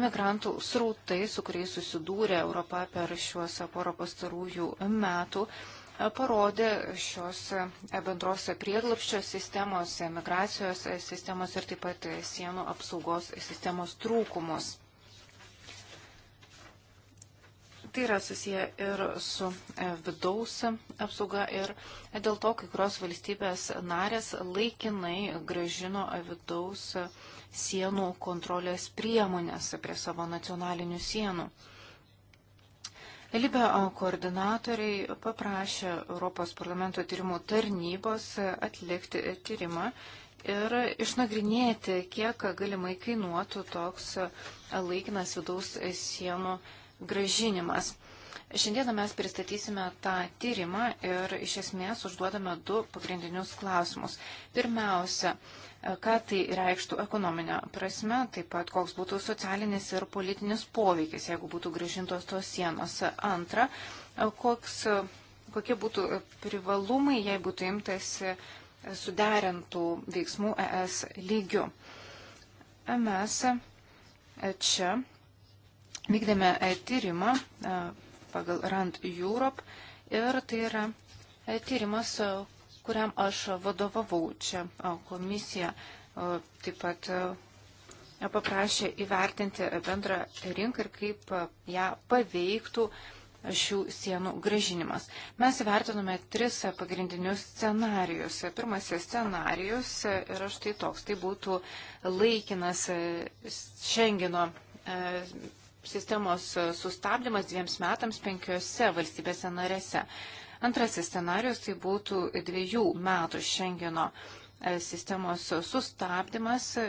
Speaker 1: imigrantų srautai, su kuriais susidūrė Europa per šiuos porą pastarųjų metų, e, parodė šios bendros prieglapščio sistemos, migracijos sistemos ir taip pat sienų apsaugos sistemos trūkumus. Tai yra susiję ir su e, vidaus apsauga ir dėl to kai kurios valstybės narės laikinai gražino vidaus sienų kontrolės priemonės prie savo nacionalinių sienų. Libė koordinatoriai paprašė Europos parlamento tyrimų tarnybos atlikti tyrimą ir išnagrinėti, kiek galimai kainuotų toks laikinas vidaus sienų gražinimas. Šiandieną mes pristatysime tą tyrimą ir iš esmės užduodame du pagrindinius klausimus. Pirmiausia, ką tai reikštų ekonominę prasme, taip pat koks būtų socialinis ir politinis poveikis, jeigu būtų gražintos tos sienos. Antra, koks, kokie būtų privalumai, jei būtų tai imtasi suderintų veiksmų ES lygių. Mes čia vykdėme e, tyrimą e, pagal Rand Europe ir tai yra e, tyrimas, kuriam aš vadovavau čia komisija. Taip pat paprašė įvertinti bendrą rinką ir kaip ją paveiktų šių sienų gražinimas. Mes įvertinome tris pagrindinius scenarius. Pirmasis scenarius yra štai toks. Tai būtų laikinas Šengino sistemos e, sustabdymas dviems metams penkiose valstybėse narėse. Antrasis scenarius tai būtų dviejų metų Šengeno e, sistemos sustabdymas e,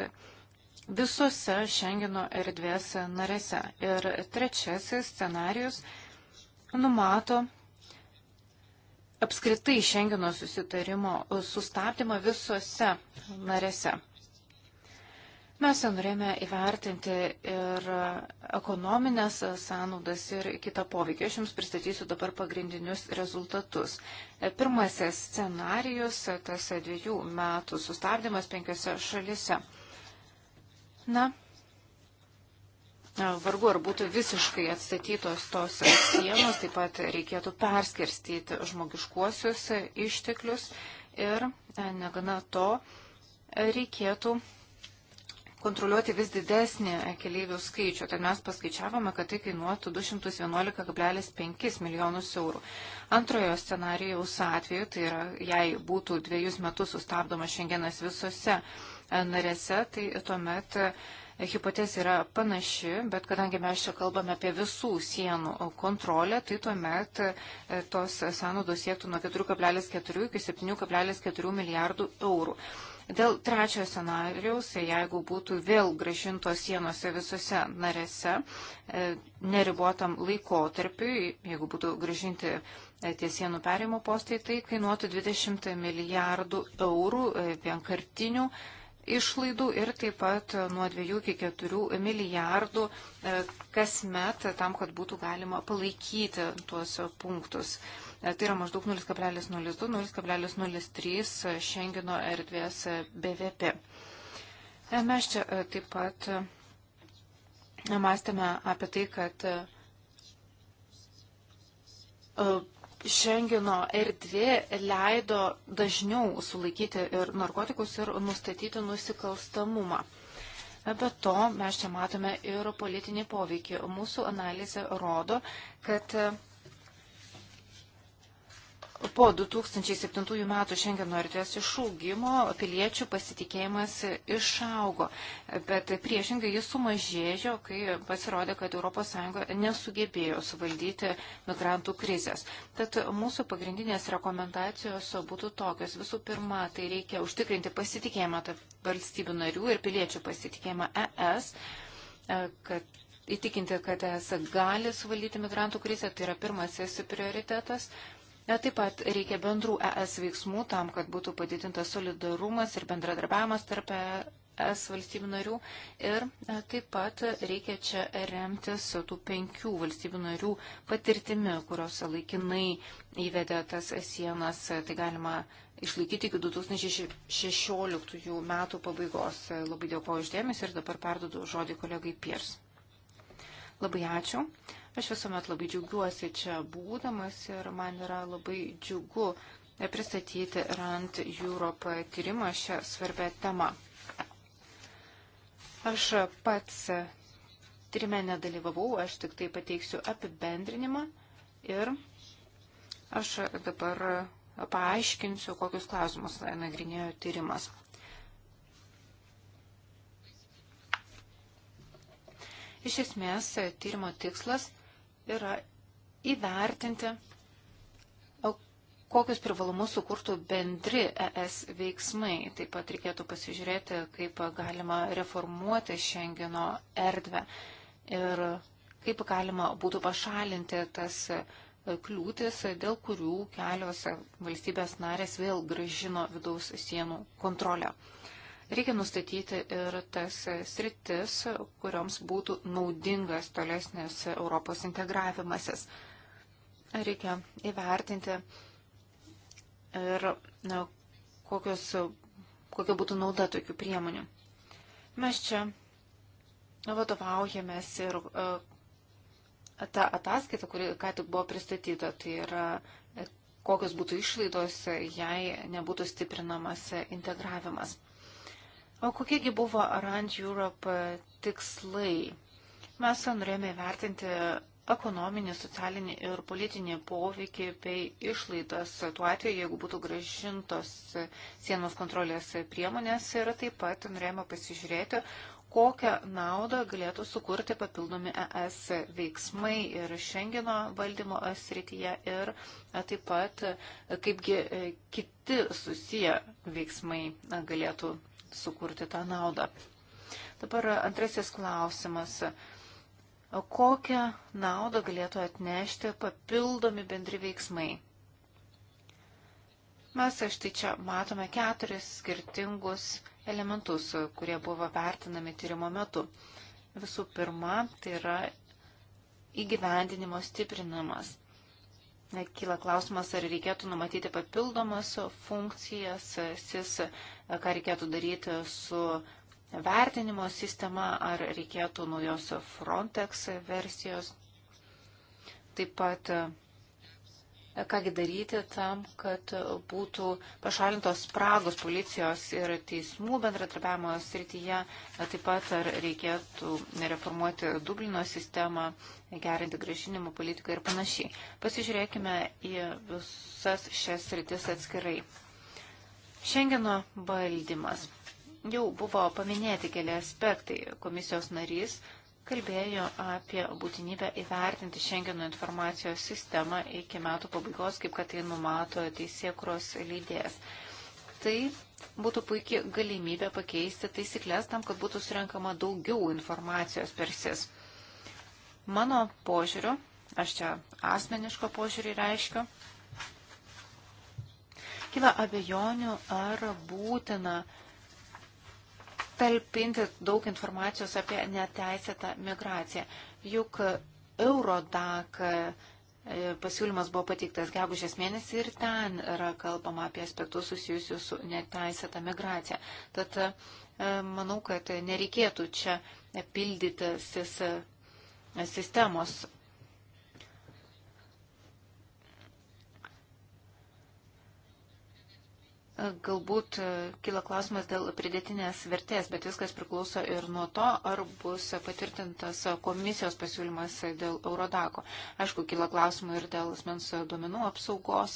Speaker 1: visose Šengeno erdvės narėse. Ir trečiasis scenarius numato apskritai Šengeno susitarimo sustabdymą visose narėse. Mes jau norėjome įvertinti ir ekonominės sąnaudas ir kitą poveikį. Aš Jums pristatysiu dabar pagrindinius rezultatus. Pirmasis scenarius - tas dviejų metų sustabdymas penkiose šalise. Na, vargu ar būtų visiškai atstatytos tos sienos, taip pat reikėtų perskirstyti žmogiškuosius išteklius ir e, negana to reikėtų kontroliuoti vis didesnį keleivių skaičių. Tad mes paskaičiavome, kad tai kainuotų 211,5 milijonus eurų. Antrojo scenarijaus atveju, tai yra, jei būtų dviejus metus sustabdomas šiandienas visose e, narėse, tai tuomet e, hipotezė yra panaši, bet kadangi mes čia kalbame apie visų sienų kontrolę, tai tuomet e, tos sąnaudos siektų nuo 4,4 iki 7,4 milijardų eurų. Dėl trečiojo scenarius, tai jeigu būtų vėl gražintos sienose visose narėse, e, neribotam laikotarpiui, jeigu būtų gražinti e, tie sienų perimo postai, tai kainuotų 20 milijardų eurų e, vienkartinių išlaidų ir taip pat nuo 2 iki 4 milijardų kasmet tam, kad būtų galima palaikyti tuos punktus. E, tai yra maždaug 0,02-0,03 Šengino erdvės BVP. E, mes čia e, taip pat mąstėme apie tai, kad Šengino erdvė leido dažniau sulaikyti ir narkotikus ir nustatyti nusikalstamumą. Be to, mes čia matome ir politinį poveikį. Mūsų analizė rodo, kad Po 2007 metų Šengeno erdvės išaugimo piliečių pasitikėjimas išaugo, bet priešingai jis sumažėjo, kai pasirodė, kad ES nesugebėjo suvaldyti migrantų krizės. Tad mūsų pagrindinės rekomendacijos būtų tokios. Visų pirma, tai reikia užtikrinti pasitikėjimą tarp valstybių narių ir piliečių pasitikėjimą ES, kad įtikinti, kad ES gali suvaldyti migrantų krizę, tai yra pirmasis prioritetas. Taip pat reikia bendrų ES veiksmų tam, kad būtų padidintas solidarumas ir bendradarbiavimas tarp ES valstybių narių. Ir e, taip pat reikia čia remtis tų penkių valstybių narių patirtimi, kurios laikinai įvedė tas sienas. Tai galima išlaikyti iki 2016 metų pabaigos. Labai dėkuoju uždėmesi ir dabar perdodu žodį kolegai Piers. Labai ačiū. Aš visuomet labai džiaugiuosi čia būdamas ir man yra labai džiugu pristatyti RAND Europe tyrimą šią svarbę temą. Aš pats tyrime nedalyvavau, aš tik tai pateiksiu apibendrinimą ir aš dabar paaiškinsiu, kokius klausimus nagrinėjo tyrimas. Iš esmės, tyrimo tikslas yra įvertinti, kokius privalumus sukurtų bendri ES veiksmai. Taip pat reikėtų pasižiūrėti, kaip galima reformuoti Šengino erdvę ir kaip galima būtų pašalinti tas kliūtis, dėl kurių kelios valstybės narės vėl gražino vidaus sienų kontrolę. Reikia nustatyti ir tas sritis, kurioms būtų naudingas tolesnis Europos integravimasis. Reikia įvertinti ir na, kokios, kokia būtų nauda tokių priemonių. Mes čia vadovaujamės ir e, ta ataskaita, kuri ką tik buvo pristatyta, tai yra e, kokios būtų išlaidos, jei nebūtų stiprinamas integravimas. O kokiegi buvo Arand Europe e, tikslai? Mes norėjome vertinti ekonominį, socialinį ir politinį poveikį bei išlaidas tuo atveju, jeigu būtų gražintos sienos kontrolės priemonės ir taip pat norėjome pasižiūrėti, kokią naudą galėtų sukurti papildomi ES veiksmai ir Šengino valdymo srityje ir e, taip pat e, kaipgi kiti susiję veiksmai galėtų sukurti tą naudą. Dabar antrasis klausimas. Kokią naudą galėtų atnešti papildomi bendri veiksmai? Mes štai čia matome keturis skirtingus elementus, kurie buvo vertinami tyrimo metu. Visų pirma, tai yra įgyvendinimo stiprinimas. Kyla klausimas, ar reikėtų numatyti papildomas funkcijas, SIS, ką reikėtų daryti su vertinimo sistema, ar reikėtų naujos Frontex versijos. Taip pat kągi daryti tam, kad būtų pašalintos spragos policijos ir teismų bendratarpiavimo srityje, taip pat ar reikėtų reformuoti Dublino sistemą, gerinti gražinimo politiką ir panašiai. Pasižiūrėkime į visas šias sritis atskirai. Šengeno valdymas. Jau buvo paminėti keli aspektai. Komisijos narys kalbėjo apie būtinybę įvertinti Schengeno informacijos sistemą iki metų pabaigos, kaip kad tai numato teisėkros lydės. Tai būtų puikia galimybė pakeisti taisyklės tam, kad būtų surinkama daugiau informacijos per SIS. Mano požiūriu, aš čia asmeniško požiūrį reiškiu, kyla abejonių, ar būtina uh, talpinti daug informacijos apie neteisėtą migraciją. Juk Eurodak e, pasiūlymas buvo pateiktas gegužės mėnesį ir ten yra kalbama apie aspektus susijusius su neteisėta migracija. Tad e, manau, kad nereikėtų čia pildyti sistemos Galbūt e, kyla klausimas dėl pridėtinės vertės, bet viskas priklauso ir nuo to, ar bus patvirtintas komisijos pasiūlymas dėl Eurodako. Aišku, kyla klausimų ir dėl asmens duomenų apsaugos.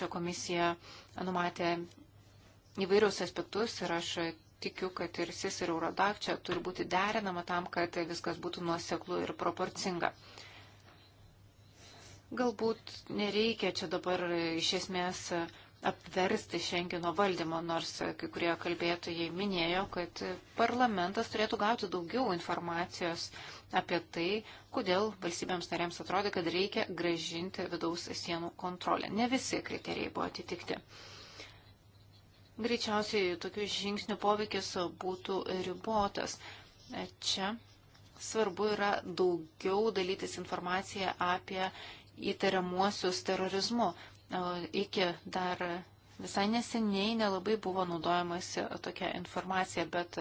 Speaker 1: Čia komisija numatė įvairius aspektus ir aš tikiu, kad ir SIS ir Eurodak čia turi būti derinama tam, kad viskas būtų nuoseklu ir proporcinga galbūt nereikia čia dabar iš esmės apversti Šengino valdymą, nors kai kurie kalbėtojai minėjo, kad parlamentas turėtų gauti daugiau informacijos apie tai, kodėl valstybėms narėms atrodo, kad reikia gražinti vidaus sienų kontrolę. Ne visi kriterijai buvo atitikti. Greičiausiai tokių žingsnių poveikis būtų ribotas. Čia svarbu yra daugiau dalytis informaciją apie įtariamuosius terorizmu iki dar visai neseniai nelabai buvo naudojamasi tokia informacija, bet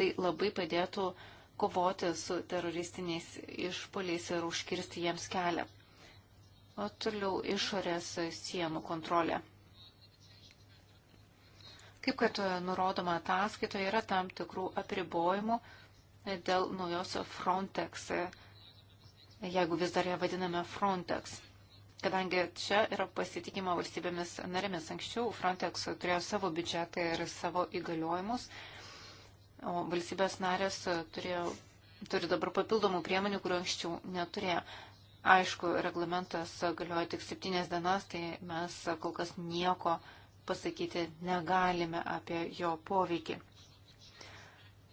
Speaker 1: tai labai padėtų kovoti su teroristiniais išpoliais ir užkirsti jiems kelią. O toliau išorės sienų kontrolė. Kaip kad nurodoma ataskaitoje, yra tam tikrų apribojimų dėl naujos Frontex, jeigu vis dar ją vadiname Frontex kadangi čia yra pasitikimo valstybėmis narėmis. Anksčiau Frontex turėjo savo biudžetą ir savo įgaliojimus, o valstybės narės turėjo, turi dabar papildomų priemonių, kurių anksčiau neturėjo. Aišku, reglamentas galioja tik septynės dienas, tai mes kol kas nieko pasakyti negalime apie jo poveikį.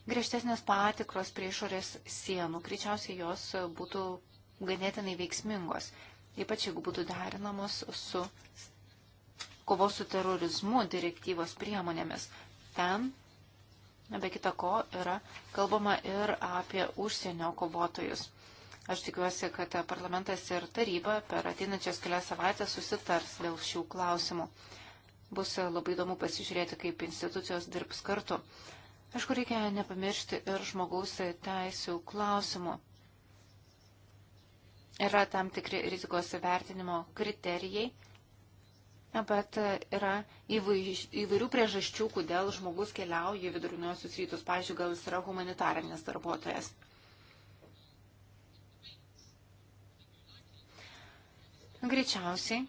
Speaker 1: Griežtesnės patikros prie išorės sienų, greičiausiai jos būtų ganėtinai veiksmingos ypač jeigu būtų derinamos su kovos su terorizmu direktyvos priemonėmis. Ten, be kita ko, yra kalbama ir apie užsienio kovotojus. Aš tikiuosi, kad parlamentas ir taryba per ateinančias kelias savaitės susitars dėl šių klausimų. Bus labai įdomu pasižiūrėti, kaip institucijos dirbs kartu. Aišku, reikia nepamiršti ir žmogaus teisų klausimų yra tam tikri rizikos vertinimo kriterijai, bet e, yra įvairių priežasčių, kodėl žmogus keliauja į viduriniosius rytus. Pavyzdžiui, gal jis yra humanitarinis darbuotojas. Greičiausiai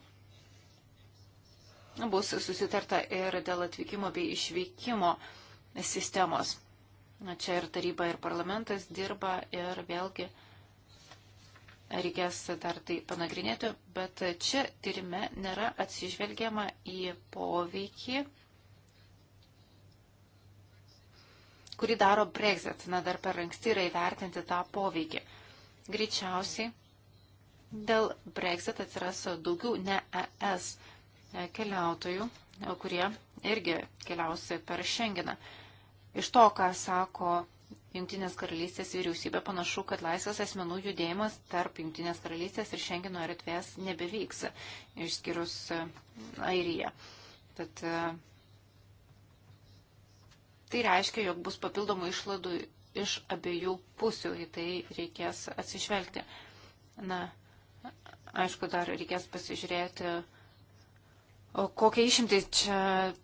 Speaker 1: bus susitarta ir dėl atvykimo bei išvykimo sistemos. Čia ir taryba, ir parlamentas dirba, ir vėlgi uh, reikės dar tai panagrinėti, bet čia tyrime nėra atsižvelgiama į poveikį, kurį daro Brexit. Na, dar per anksti yra įvertinti tą poveikį. Greičiausiai dėl Brexit atsiras daugiau ne ES keliautojų, kurie irgi keliausi per Šengeną. Iš to, ką sako Junktinės karalystės vyriausybė panašu, kad laisvas asmenų judėjimas tarp Junktinės karalystės ir Šengino erdvės nebevyks, išskyrus e, Airiją. Tad e, tai reiškia, jog bus papildomų išladų iš abiejų pusių, į tai reikės atsižvelgti. Na, aišku, dar reikės pasižiūrėti O kokią išimtį čia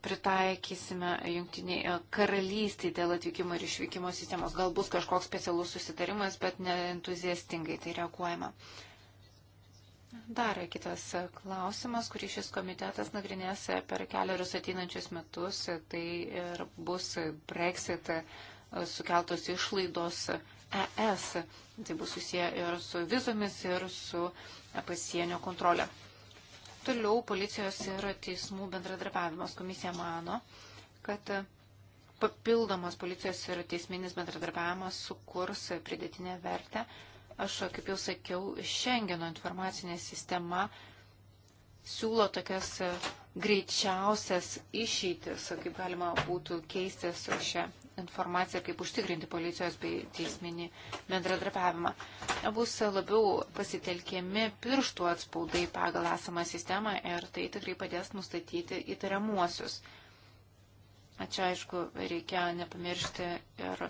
Speaker 1: pritaikysime jungtiniai e, karalystiai dėl atvykimo ir išvykimo sistemos? Gal bus kažkoks specialus susitarimas, bet neentuziastingai tai reaguojama. Dar kitas e, klausimas, kurį šis komitetas nagrinės e, per keliarius ateinančius metus, tai ir bus Brexit sukeltos išlaidos ES. Tai bus susiję ir su vizomis, ir su pasienio kontrolė. Toliau policijos ir teismų bendradarbiavimas komisija mano, kad papildomas policijos ir teisminis bendradarbiavimas sukurs pridėtinę vertę. Aš, kaip jau sakiau, Šengeno informacinė sistema siūlo tokias greičiausias išeitis, kaip galima būtų keistis šią informaciją, kaip užtikrinti policijos bei teisminį bendradarbiavimą. Bus labiau pasitelkiami pirštų atspaudai pagal esamą sistemą ir tai tikrai padės nustatyti įtariamuosius. Čia, aišku, reikia nepamiršti ir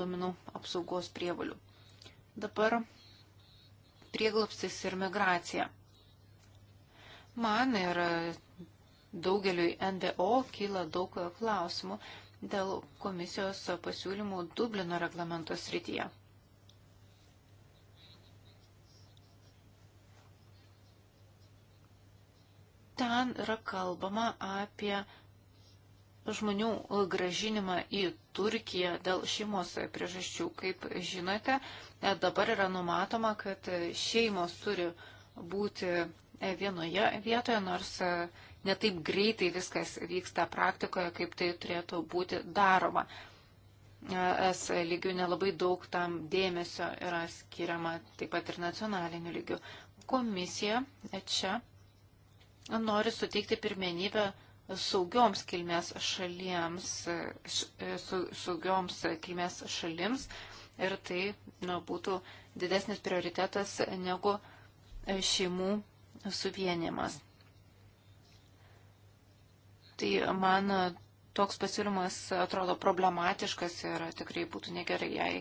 Speaker 1: duomenų apsaugos prievalių. Dabar prieglopstis ir migracija. Man ir daugeliui NVO kyla daug klausimų dėl komisijos pasiūlymų Dublino reglamento srityje. Ten yra kalbama apie žmonių gražinimą į Turkiją dėl šeimos priežasčių. Kaip žinote, dabar yra numatoma, kad šeimos turi būti vienoje vietoje, nors netaip greitai viskas vyksta praktikoje, kaip tai turėtų būti daroma. Es lygių nelabai daug tam dėmesio yra skiriama taip pat ir nacionaliniu lygiu. Komisija čia nori suteikti pirmenybę saugioms kilmės šalims, saugioms kilmės šalims ir tai nu, būtų didesnis prioritetas negu šeimų suvienimas. Tai man toks pasiūlymas atrodo problematiškas ir tikrai būtų negerai, jei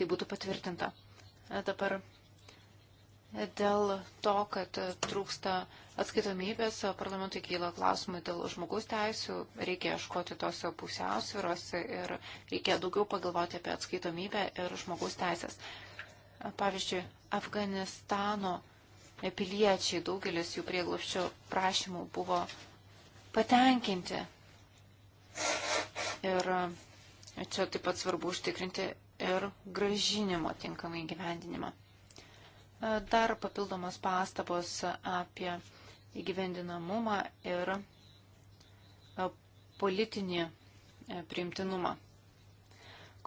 Speaker 1: tai būtų patvirtinta. Dabar dėl to, kad trūksta atskaitomybės, parlamentui kyla klausimai dėl žmogus teisų, reikia ieškoti tos pusiausvyros ir reikia daugiau pagalvoti apie atskaitomybę ir žmogus teisės. Pavyzdžiui, Afganistano piliečiai daugelis jų prieglupščio prašymų buvo patenkinti. Ir čia taip pat svarbu užtikrinti ir gražinimo tinkamai gyvendinimą. E, dar papildomos pastabos apie įgyvendinamumą ir e, politinį e, priimtinumą.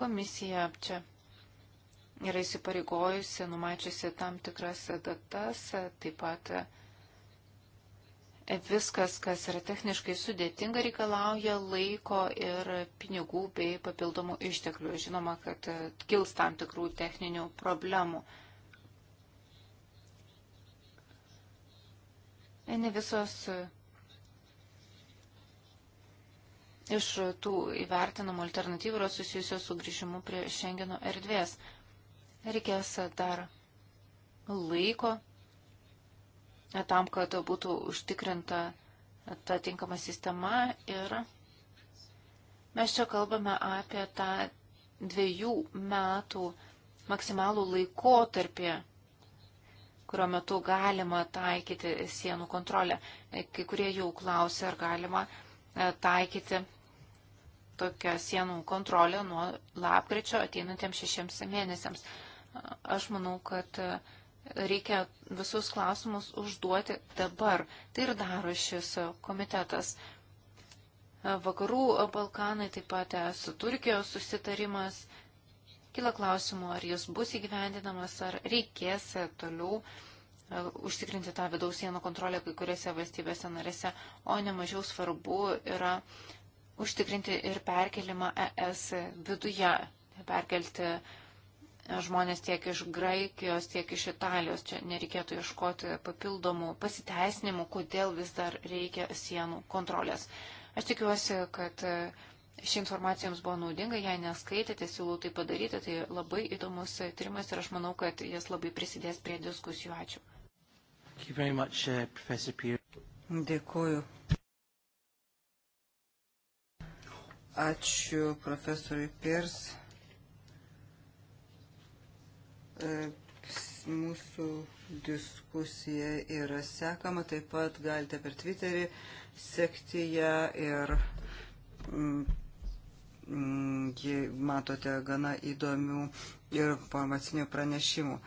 Speaker 1: Komisija čia yra įsipareigojusi, numačiusi tam tikras datas, taip pat viskas, kas yra techniškai sudėtinga, reikalauja laiko ir pinigų bei papildomų išteklių. Žinoma, kad e, kils tam tikrų techninių problemų. E, ne visos e, iš tų įvertinamų alternatyvų yra susijusios su grįžimu prie Šengeno erdvės. Reikės dar laiko tam, kad būtų užtikrinta ta tinkama sistema ir mes čia kalbame apie tą dviejų metų maksimalų laikotarpį, kurio metu galima taikyti sienų kontrolę. Kai kurie jau klausė, ar galima e, taikyti tokią sienų kontrolę nuo lapkričio ateinantiems šešiems mėnesiams. Aš manau, kad e, reikia visus klausimus užduoti dabar. Tai ir daro šis komitetas. Vakarų Balkanai, taip pat su Turkijos susitarimas. Kila klausimų, ar jis bus įgyvendinamas, ar reikės toliau e, užtikrinti tą vidaus sienų kontrolę kai kuriuose valstybėse narėse, o nemažiau svarbu yra užtikrinti ir perkelimą ES viduje, perkelti uh, žmonės tiek iš Graikijos, tiek iš Italijos. Čia nereikėtų ieškoti papildomų pasiteisinimų, kodėl vis dar reikia sienų kontrolės. Aš tikiuosi, kad e, ši informacija jums buvo naudinga, jei neskaitėte, siūlau tai padaryti, tai labai įdomus e, tyrimas ir aš manau, kad jis labai prisidės prie diskusijų. Ačiū.
Speaker 3: Much, uh, Dėkuoju. Ačiū profesoriui Pirs. E, mūsų diskusija yra sekama, taip pat galite per Twitterį sekti ją ir mm, mm, jį matote gana įdomių ir informacinių pranešimų.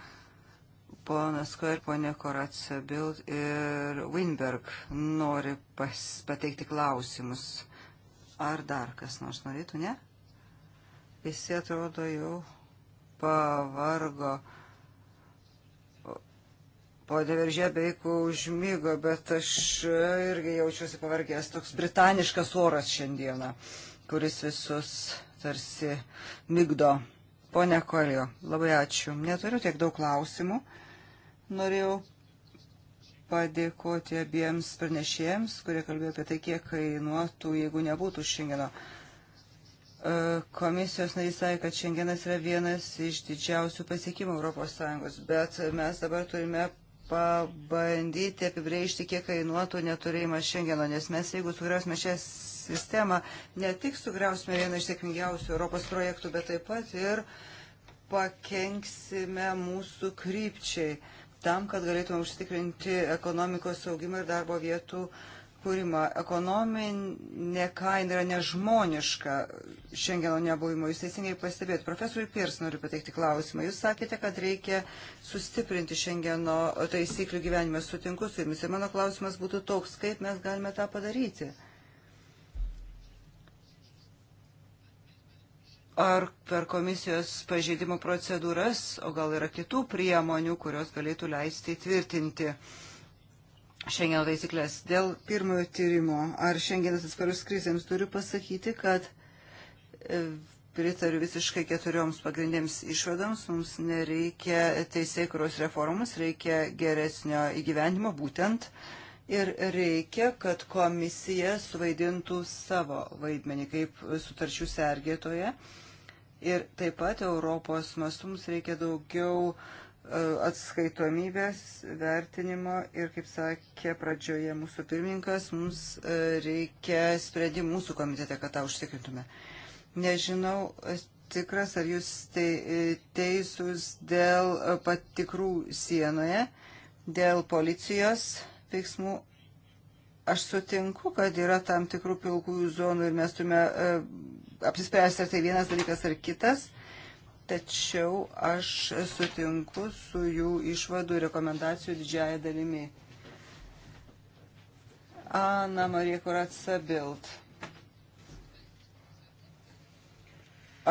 Speaker 3: Ponas Koer, ponė Koratsa Bild ir Winberg nori pas, pateikti klausimus. Ar dar kas nors norėtų, ne? Visi atrodo jau pavargo. Po deveržė beveik užmygo, bet aš irgi jaučiuosi pavargęs toks britaniškas oras šiandieną, kuris visus tarsi mygdo. Pone Kolio, labai ačiū. Neturiu tiek daug klausimų. Norėjau padėkoti abiems pranešėjams, kurie kalbėjo apie tai, kiek kainuotų, jeigu nebūtų šengeno E, komisijos narys sakė, kad šiandienas yra vienas iš didžiausių pasiekimų ES, bet mes dabar turime pabandyti apibrėžti, kiek kainuotų neturėjimas šiandieno, nes mes jeigu sugriausime šią sistemą, ne tik sugriausime vieną iš sėkmingiausių Europos projektų, bet taip pat ir pakenksime mūsų krypčiai tam, kad galėtume užtikrinti ekonomikos saugimą ir darbo vietų uh, atkūrimą. Ekonominė kaina yra nežmoniška šiandieno nebuvimo. Jūs teisingai pastebėjot. Profesoriui Pirs noriu pateikti klausimą. Jūs sakėte, kad reikia sustiprinti šiandieno taisyklių gyvenimą. Sutinku su jumis. Ir mano klausimas būtų toks, kaip mes galime tą padaryti. ar per komisijos pažeidimo procedūras, o gal yra kitų priemonių, kurios galėtų leisti įtvirtinti uh, Šengeno taisyklės. Dėl pirmojo tyrimo, ar Šengenas atsparus krizėms, turiu pasakyti, kad e, pritariu visiškai keturioms pagrindėms išvadoms. Mums nereikia teisėjai, kurios reformos, reikia geresnio įgyvendimo būtent. Ir reikia, kad komisija suvaidintų savo vaidmenį kaip sutarčių sergėtoje. Ir taip pat Europos mastums reikia daugiau uh, atskaitomybės vertinimo ir, kaip sakė pradžioje mūsų pirmininkas, mums e, reikia sprendimų mūsų komitete, kad tą užtikrintume. Nežinau e, tikras, ar jūs e, teisūs dėl patikrų sienoje, dėl policijos veiksmų. Aš sutinku, kad yra tam tikrų pilkųjų zonų ir mes turime apsispręsti, ar tai vienas dalykas ar kitas. Uh, tačiau aš sutinku su jų išvadų rekomendacijų didžiaja dalimi. Ana Marija Kuratsa Bild.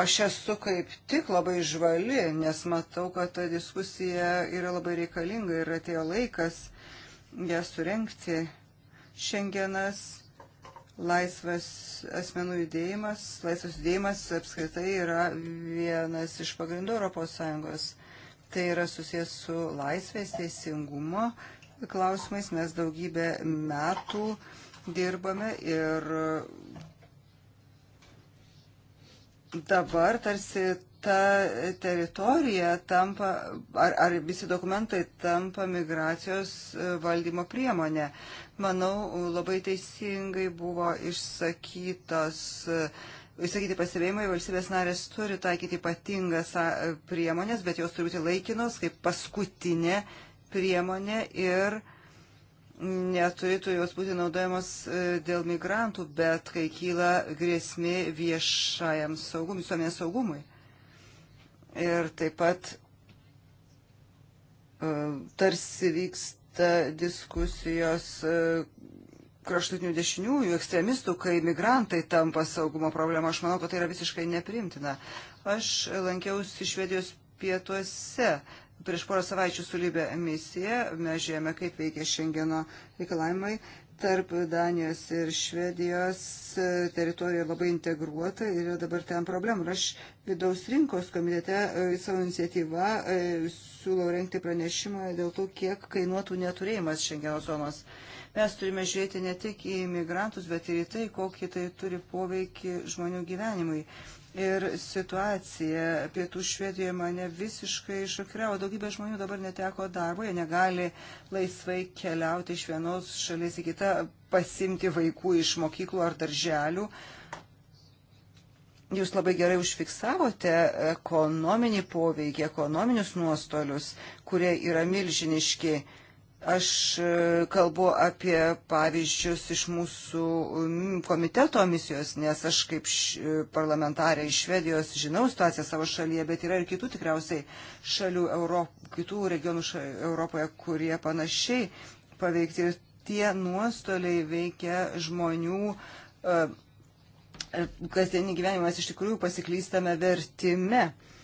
Speaker 3: Aš esu kaip tik labai žvali, nes matau, kad ta diskusija yra labai reikalinga ir atėjo laikas ją surenkti. Šengenas laisvas asmenų judėjimas, laisvas judėjimas apskritai yra vienas iš pagrindų ES. Tai yra susijęs su laisvės teisingumo klausimais. Mes daugybę metų dirbame ir dabar tarsi ta teritorija tampa, ar, ar visi dokumentai tampa migracijos e, valdymo priemonė. Manau, labai teisingai buvo išsakytos. Įsakyti e, pasivėjimai, valstybės narės turi taikyti ypatingas priemonės, bet jos turi būti laikinos kaip paskutinė priemonė ir neturėtų jos būti naudojamos e, dėl migrantų, bet kai kyla grėsmė viešajam saugumui, visuomenės saugumui ir taip pat e, tarsi vyksta diskusijos e, kraštutinių dešiniųjų ekstremistų, kai migrantai tampa saugumo problema. Aš manau, kad tai yra visiškai neprimtina. Aš lankiausi Švedijos pietuose. Prieš porą savaičių sulybė misija, mes žiūrėjome, kaip veikia Šengeno reikalavimai tarp Danijos ir Švedijos e, teritorija labai integruota ir dabar ten problemų. Aš vidaus rinkos komitete e, savo iniciatyvą e, siūlau renkti pranešimą dėl to, kiek kainuotų neturėjimas šengeno zonos. Mes turime žiūrėti ne tik į imigrantus, bet ir į tai, kokį tai turi poveikį žmonių gyvenimui. Ir situacija pietų Švedijoje mane visiškai šokiravo. Daugybė žmonių dabar neteko darbo, jie negali laisvai keliauti iš vienos šalies į kitą, pasimti vaikų iš mokyklų ar darželių. Jūs labai gerai užfiksavote ekonominį poveikį, ekonominius nuostolius, kurie yra milžiniški. Aš e, kalbu apie pavyzdžius iš mūsų mm, komiteto misijos, nes aš kaip e, parlamentarė iš Švedijos žinau situaciją savo šalyje, bet yra ir kitų tikriausiai šalių, Europ, kitų regionų ša, Europoje, kurie panašiai paveikti ir tie nuostoliai veikia žmonių e, kasdienį gyvenimą, mes iš tikrųjų pasiklystame vertime. Uh,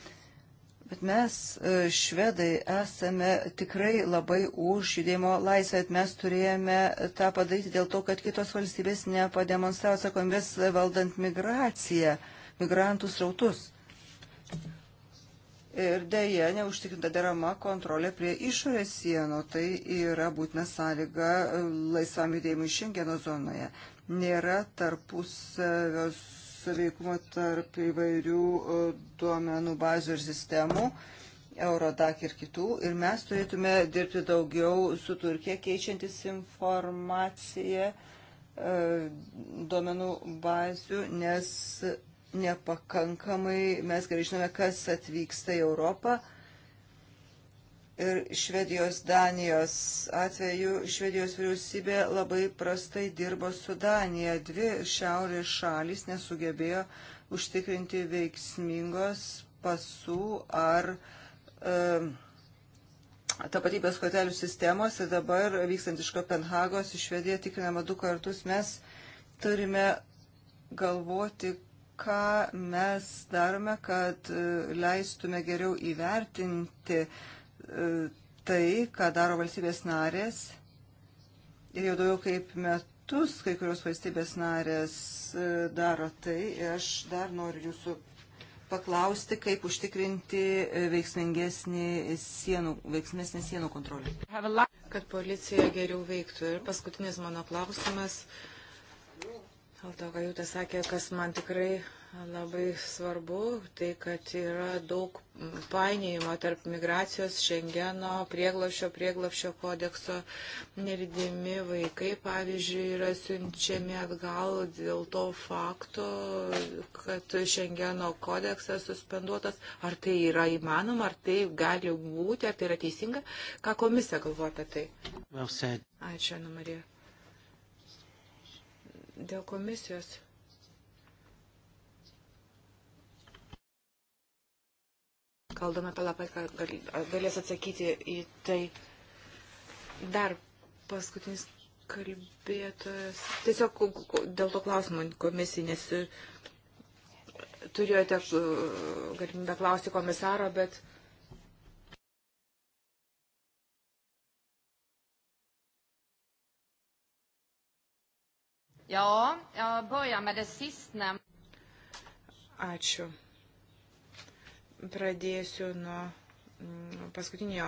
Speaker 3: Bet mes, e, švedai, esame tikrai labai už judėjimo laisvę, bet mes turėjome tą padaryti dėl to, kad kitos valstybės nepademonstravo atsakomybės valdant migraciją, migrantų srautus. Ir dėja, neužtikrinta derama kontrolė prie išorės sienų, tai yra būtina sąlyga e, laisvam judėjimui Šengeno zonoje. Nėra tarpusavio suveikumo tarp įvairių e, duomenų bazių ir sistemų, Eurodac ir kitų. Ir mes turėtume dirbti daugiau su Turkija, keičiantis informaciją e, duomenų bazių, nes nepakankamai mes gerai žinome, kas atvyksta į Europą ir Švedijos Danijos atveju Švedijos vyriausybė labai prastai dirbo su Danija. Dvi šiaurės šalis nesugebėjo užtikrinti veiksmingos pasų ar e, tapatybės kortelių sistemos ir dabar vykstant iš Kopenhagos į Švediją tikrinama du kartus. Mes turime galvoti, ką mes darome, kad e, leistume geriau įvertinti uh, E, tai, ką daro valstybės narės. Ir jau daugiau kaip metus kai kurios valstybės narės e, daro tai. Aš dar noriu jūsų paklausti, kaip užtikrinti e, veiksmingesnį sienų, veiksmingesnį sienų
Speaker 2: kontrolę. Kad policija geriau veiktų. Ir paskutinis mano klausimas. Dėl to, ką Jūta sakė, kas man tikrai labai svarbu tai, kad yra daug painėjimo tarp migracijos, šengeno, prieglapšio, prieglapšio kodekso. Neridimi vaikai, pavyzdžiui, yra siunčiami atgal dėl to fakto, kad šengeno kodeksas suspenduotas. Ar tai yra įmanoma, ar tai gali būti, ar tai yra teisinga? Ką komisija galvoja apie tai? Well said. Ačiū, Ana Marija. Dėl komisijos Kaldome apie lapai, kad galės atsakyti į tai. Dar paskutinis kalbėtojas. Tiesiog dėl to klausimo komisijai, nes e, turėjote e, galimybę klausti komisaro, bet.
Speaker 1: Ja, jag börjar med det sistnämnda.
Speaker 2: Ačiū. Pradėsiu nuo paskutinio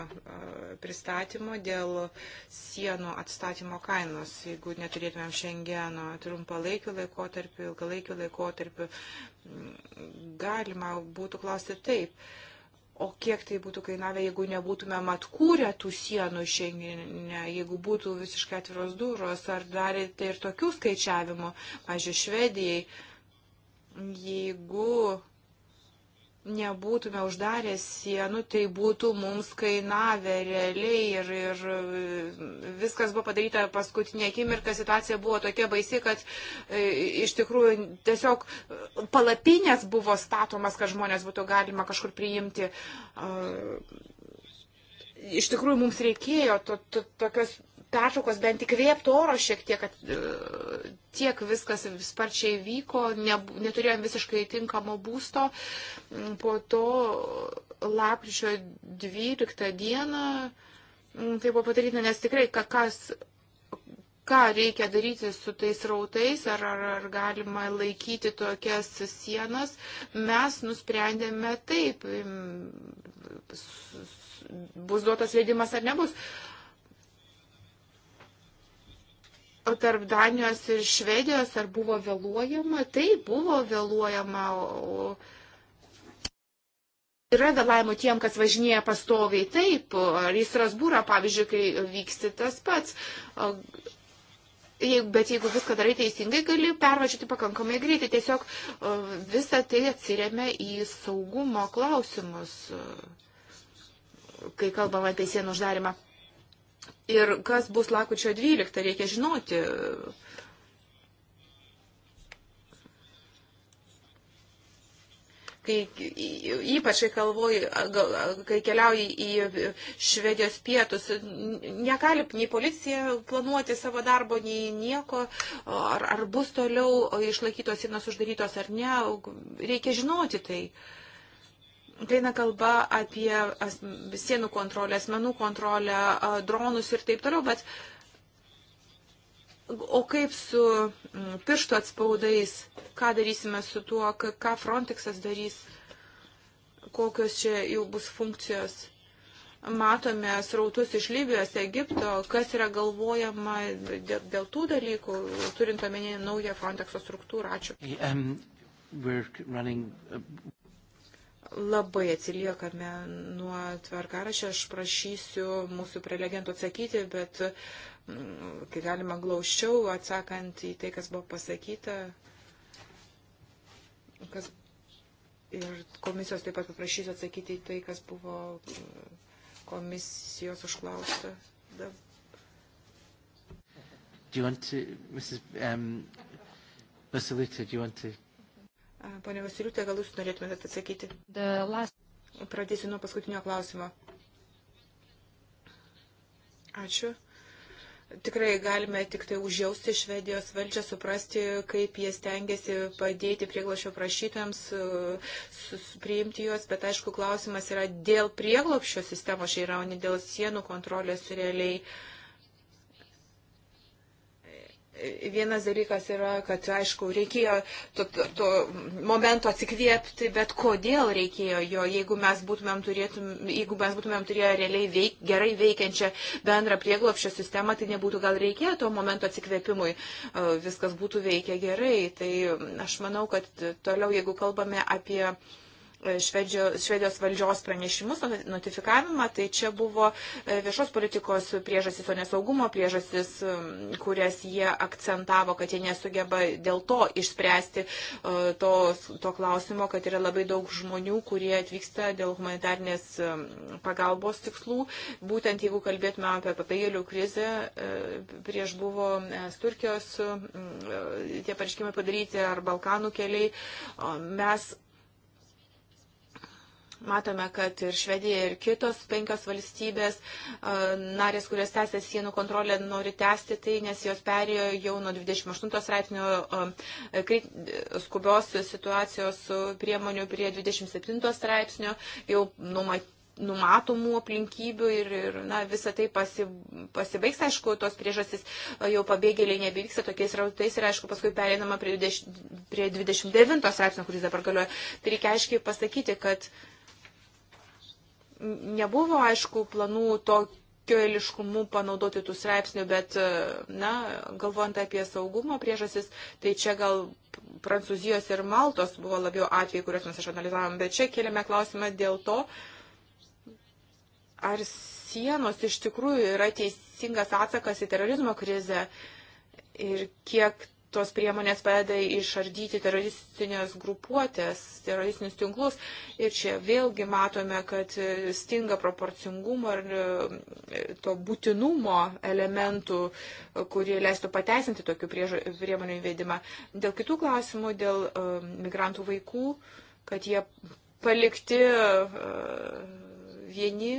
Speaker 2: pristatymo dėl sienų atstatymo kainos. Jeigu neturėtumėm šiandieno trumpalaikių laikotarpių, ilgalaikių laikotarpių, galima būtų klausti taip. O kiek tai būtų kainavę, jeigu nebūtumėm atkūrę tų sienų šiandien, jeigu būtų visiškai atviros duros, ar darėte tai ir tokių skaičiavimų, pažiūrėjau, Švedijai, jeigu nebūtume uždarę sienų, tai būtų mums kainavę realiai ir, ir e, viskas buvo padaryta paskutinė akimirka, situacija buvo tokia baisi, kad e, iš tikrųjų tiesiog e, palapinės buvo statomas, kad žmonės būtų galima kažkur priimti. Iš tikrųjų mums reikėjo to, to, tokios pertraukos bent įkvėptų oro šiek tiek, kad e, tiek viskas sparčiai vyko, ne, neturėjom visiškai tinkamo būsto. Mm, po to lapkričio 12 dieną mm, tai buvo padaryta, nes tikrai kas ką reikia daryti su tais rautais, ar, ar, ar galima laikyti tokias sienas, mes nusprendėme taip, bus duotas leidimas ar nebus. tarp Danijos ir Švedijos, ar buvo vėluojama? Tai buvo vėluojama. O... Yra vėlavimų tiem, kas važinėja pastoviai taip, ar į Strasbūrą, pavyzdžiui, kai vyksti tas pats. Jeigu, bet jeigu viską darai teisingai, gali pervažiuoti pakankamai greitai. Tiesiog visą tai atsiriame į saugumo klausimus, kai kalbam apie sienų uždarimą. Ir kas bus lakučio 12, reikia žinoti. kai, ypač kai, kalvoji, kai keliauji į Švedijos pietus, negali nei policija planuoti savo darbo, nei nieko, ar, ar bus toliau išlaikytos sienos uždarytos ar ne, reikia žinoti tai. Uh, Tai eina kalba apie sienų kontrolę, asmenų kontrolę, dronus ir taip toliau, bet o kaip su piršto atspaudais, ką darysime su tuo, ką Frontexas darys, kokios čia jau bus funkcijos matome srautus iš Libijos, Egipto, kas yra galvojama dėl, dėl tų dalykų, turint omenyje naują Frontexo struktūrą. Ačiū.
Speaker 1: Um, running... Uh,
Speaker 2: labai atsiliekame nuo tvarkarašio. Aš prašysiu mūsų prelegentų atsakyti, bet mm, kai galima glaušiau atsakant į tai, kas buvo pasakyta. Kas... Ir komisijos taip pat paprašysiu atsakyti į tai, kas buvo mm, komisijos užklausta. Do
Speaker 1: you want to, Mrs. Um, Basilita, do you want to
Speaker 2: Pane Vasiliutė, gal jūs norėtumėte atsakyti? Last... Pradėsiu nuo paskutinio klausimo. Ačiū. Tikrai galime tik tai užjausti Švedijos valdžią, suprasti, kaip jie stengiasi padėti prieglošio prašytams, priimti juos, bet aišku, klausimas yra dėl prieglopšio sistemos, čia yra, o ne dėl sienų kontrolės realiai. Uh, Vienas dalykas yra, kad aišku, reikėjo to, to, to momento atsikvėpti, bet kodėl reikėjo jo, jeigu mes būtumėm, turėtum, jeigu mes būtumėm turėję realiai veik, gerai veikiančią bendrą prieglopščio sistemą, tai nebūtų gal reikėjo to momento atsikvėpimui, e, viskas būtų veikia gerai. Tai aš manau, kad toliau, jeigu kalbame apie uh, Švedijos, švedijos valdžios pranešimus, notifikavimą, tai čia buvo e, viešos politikos priežasys, o nesaugumo priežasys, kurias jie akcentavo, kad jie nesugeba dėl to išspręsti e, to, to klausimo, kad yra labai daug žmonių, kurie atvyksta dėl humanitarnės pagalbos tikslų. Būtent jeigu kalbėtume apie papėgėlių krizę, e, prieš buvo Turkijos tie pareiškimai padaryti ar Balkanų keliai, mes Matome, kad ir Švedija, ir kitos penkios valstybės narės, kurios tęsia sienų kontrolę, nori tęsti tai, nes jos perėjo jau nuo 28 straipsnio skubios situacijos priemonių prie 27 straipsnio, jau numatyti numatomų aplinkybių ir, ir na, visa tai pasi, pasibaigs, aišku, tos priežastys jau pabėgėliai nebevyksta tokiais rautais ir, aišku, paskui pereinama prie, 20, prie 29 straipsnio, kuris dabar galioja. Tai reikia aiškiai pasakyti, kad uh, nebuvo, aišku, planų tokio eiliškumu panaudoti tų straipsnių, bet, e, na, galvojant apie saugumo priežasis, tai čia gal Prancūzijos ir Maltos buvo labiau atvejai, kuriuos mes išanalizavom, bet čia kėlėme klausimą dėl to, ar sienos iš tikrųjų yra teisingas atsakas į terorizmo krizę ir kiek tos priemonės padeda išardyti teroristinės grupuotės, teroristinius tinklus. Ir čia vėlgi matome, kad stinga proporcingumo ir e, to būtinumo elementų, kurie leistų pateisinti tokių priemonių įvedimą. Dėl kitų klausimų, dėl e, migrantų vaikų, kad jie palikti e, vieni.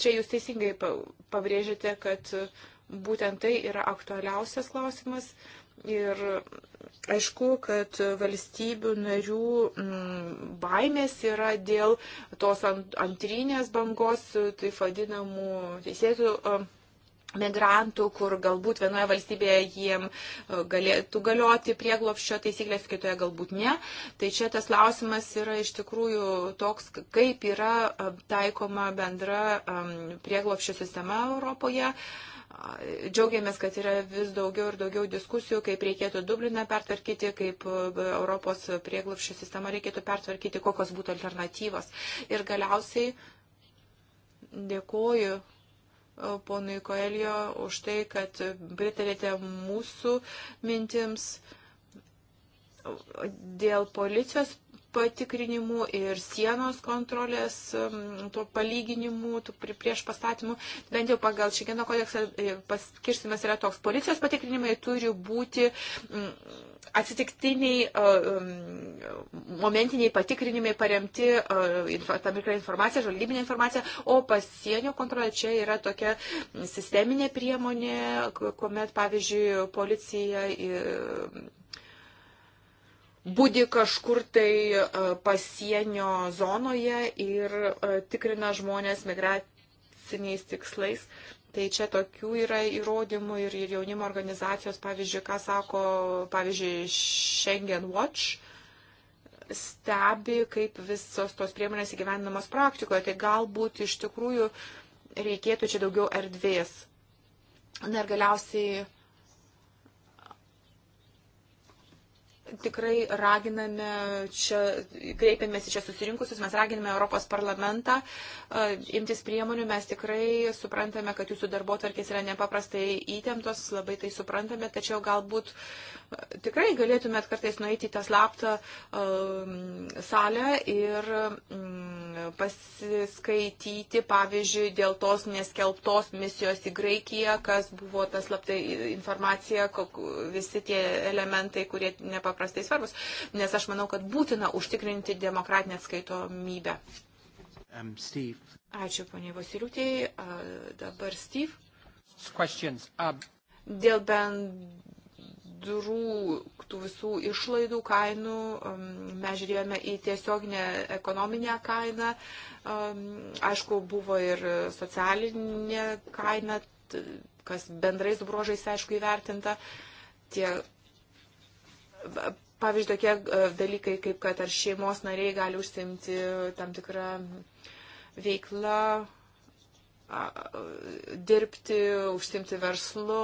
Speaker 2: Čia jūs teisingai pabrėžėte, kad būtent tai yra aktualiausias klausimas. Uh, Ir aišku, kad valstybių narių mm, baimės yra dėl tos antrinės bangos, tai vadinamų teisėtų migrantų, kur galbūt vienoje valstybėje jiem galėtų galioti prieglopščio taisyklės, kitoje galbūt ne. Tai čia tas klausimas yra iš tikrųjų toks, kaip yra taikoma bendra prieglopščio sistema Europoje. Um, Džiaugiamės, kad yra vis daugiau ir daugiau diskusijų, kaip reikėtų Dubliną pertvarkyti, kaip e, Europos prieglapščių sistemą reikėtų pertvarkyti, kokios būtų alternatyvos. Ir galiausiai dėkoju e, ponui Koelio už tai, kad pritarėte mūsų mintims dėl policijos patikrinimų ir sienos kontrolės, to palyginimų, tų prieš pastatymų. Bent jau pagal Šengeno kodeksą e, paskirstimas yra toks. Policijos patikrinimai turi būti atsitiktiniai, e, momentiniai patikrinimai paremti e, tam tikrą informaciją, žvalgybinę informaciją, o pasienio kontrolė čia yra tokia sisteminė priemonė, kuomet, pavyzdžiui, policija būdi kažkur tai e, pasienio zonoje ir e, tikrina žmonės migraciniais tikslais. Tai čia tokių yra įrodymų ir, ir jaunimo organizacijos, pavyzdžiui, ką sako, pavyzdžiui, Schengen Watch stebi, kaip visos tos priemonės įgyvendinamos praktikoje. Tai galbūt iš tikrųjų reikėtų čia daugiau erdvės. Na ir galiausiai tikrai raginame čia, kreipiamės į čia susirinkusius, mes raginame Europos parlamentą e, imtis priemonių, mes tikrai suprantame, kad jūsų darbo tvarkės yra nepaprastai įtemptos, labai tai suprantame, tačiau galbūt e, tikrai galėtumėt kartais nueiti į tą slaptą e, salę ir mm, pasiskaityti, pavyzdžiui, dėl tos neskelbtos misijos į Graikiją, kas buvo ta slapta informacija, visi tie elementai, kurie nepaprastai nepaprastai svarbus, nes aš manau, kad būtina užtikrinti demokratinę atskaitomybę. Um, Steve. Ačiū, poniai Vasiliutėjai. Uh, dabar Steve. Questions. Um... Dėl bendrų tų visų išlaidų kainų um, mes žiūrėjome į tiesioginę ekonominę kainą. Um, aišku, buvo ir socialinė kaina, kas bendrais bruožais, aišku, įvertinta. Tie Pavyzdžiui, tokie e, dalykai, kaip kad ar šeimos nariai gali užsimti tam tikrą veiklą, dirbti, užsimti verslu,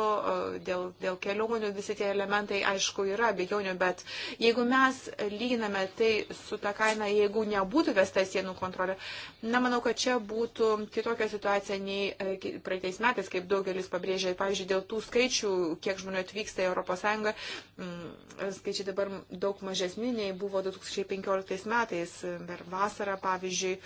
Speaker 2: dėl, dėl kelionių, visi tie elementai, aišku, yra abejonių, bet jeigu mes lyginame tai su ta kaina, jeigu nebūtų vesta sienų kontrolė, na, manau, kad čia būtų kitokia situacija nei e, praeitais metais, kaip daugelis pabrėžė, pavyzdžiui, dėl tų skaičių, kiek žmonių atvyksta į ES, mm, skaičiai dabar daug mažesni nei buvo 2015 metais, per vasarą, pavyzdžiui,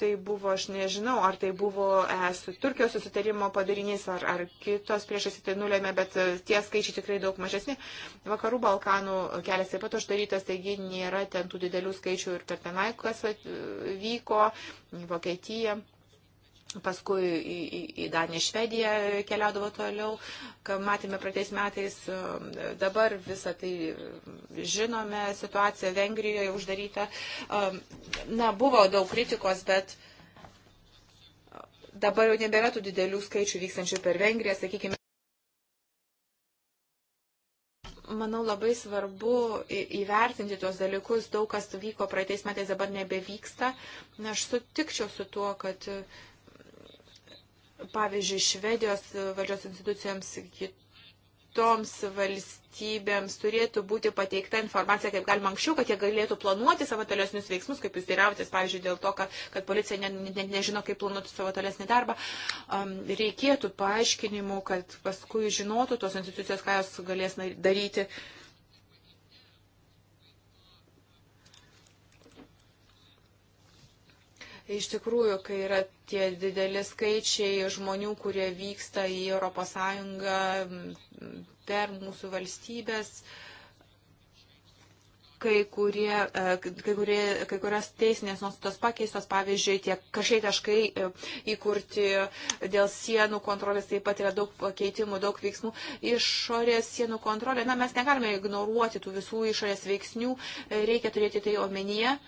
Speaker 2: tai buvo, aš nežinau, ar tai buvo es Turkijos susitarimo padarinys, ar, ar kitos priežastys tai nulėmė, bet e, tie skaičiai tikrai daug mažesni. Vakarų Balkanų kelias taip pat uždarytas, taigi nėra ten tų didelių skaičių ir per tenai, kas e, vyko, Vokietija. Paskui į, į, į Daniją, Švediją keliaudavo toliau, ką matėme praeitais metais. Dabar visą tai e, žinome, situacija Vengrijoje uždaryta. E, na, buvo daug kritikos, bet dabar jau nebėra tų didelių skaičių vykstančių per Vengriją, sakykime manau, labai svarbu įvertinti tuos dalykus. Daug kas vyko praeitais metais, dabar nebevyksta. Aš sutikčiau su tuo, kad pavyzdžiui, Švedijos valdžios institucijoms kitoms valstybėms turėtų būti pateikta informacija kaip galima anksčiau, kad jie galėtų planuoti savo tolesnius veiksmus, kaip jūs teiravotės, pavyzdžiui, dėl to, kad, kad policija net ne, ne, nežino, kaip planuoti savo tolesnį darbą. Um, reikėtų paaiškinimų, kad paskui žinotų tos institucijos, ką jos galės daryti. Uh, Iš tikrųjų, kai yra tie dideli skaičiai žmonių, kurie vyksta į ES per mūsų valstybės, kai, kurie, e, kai, kurie, kai kurios teisinės nuostatos pakeistos, pavyzdžiui, tie kažkai taškai e, įkurti dėl sienų kontrolės, taip pat yra daug pakeitimų, daug veiksmų. Išorės sienų kontrolė, na, mes negalime ignoruoti tų visų išorės veiksnių, e, reikia turėti tai omenyje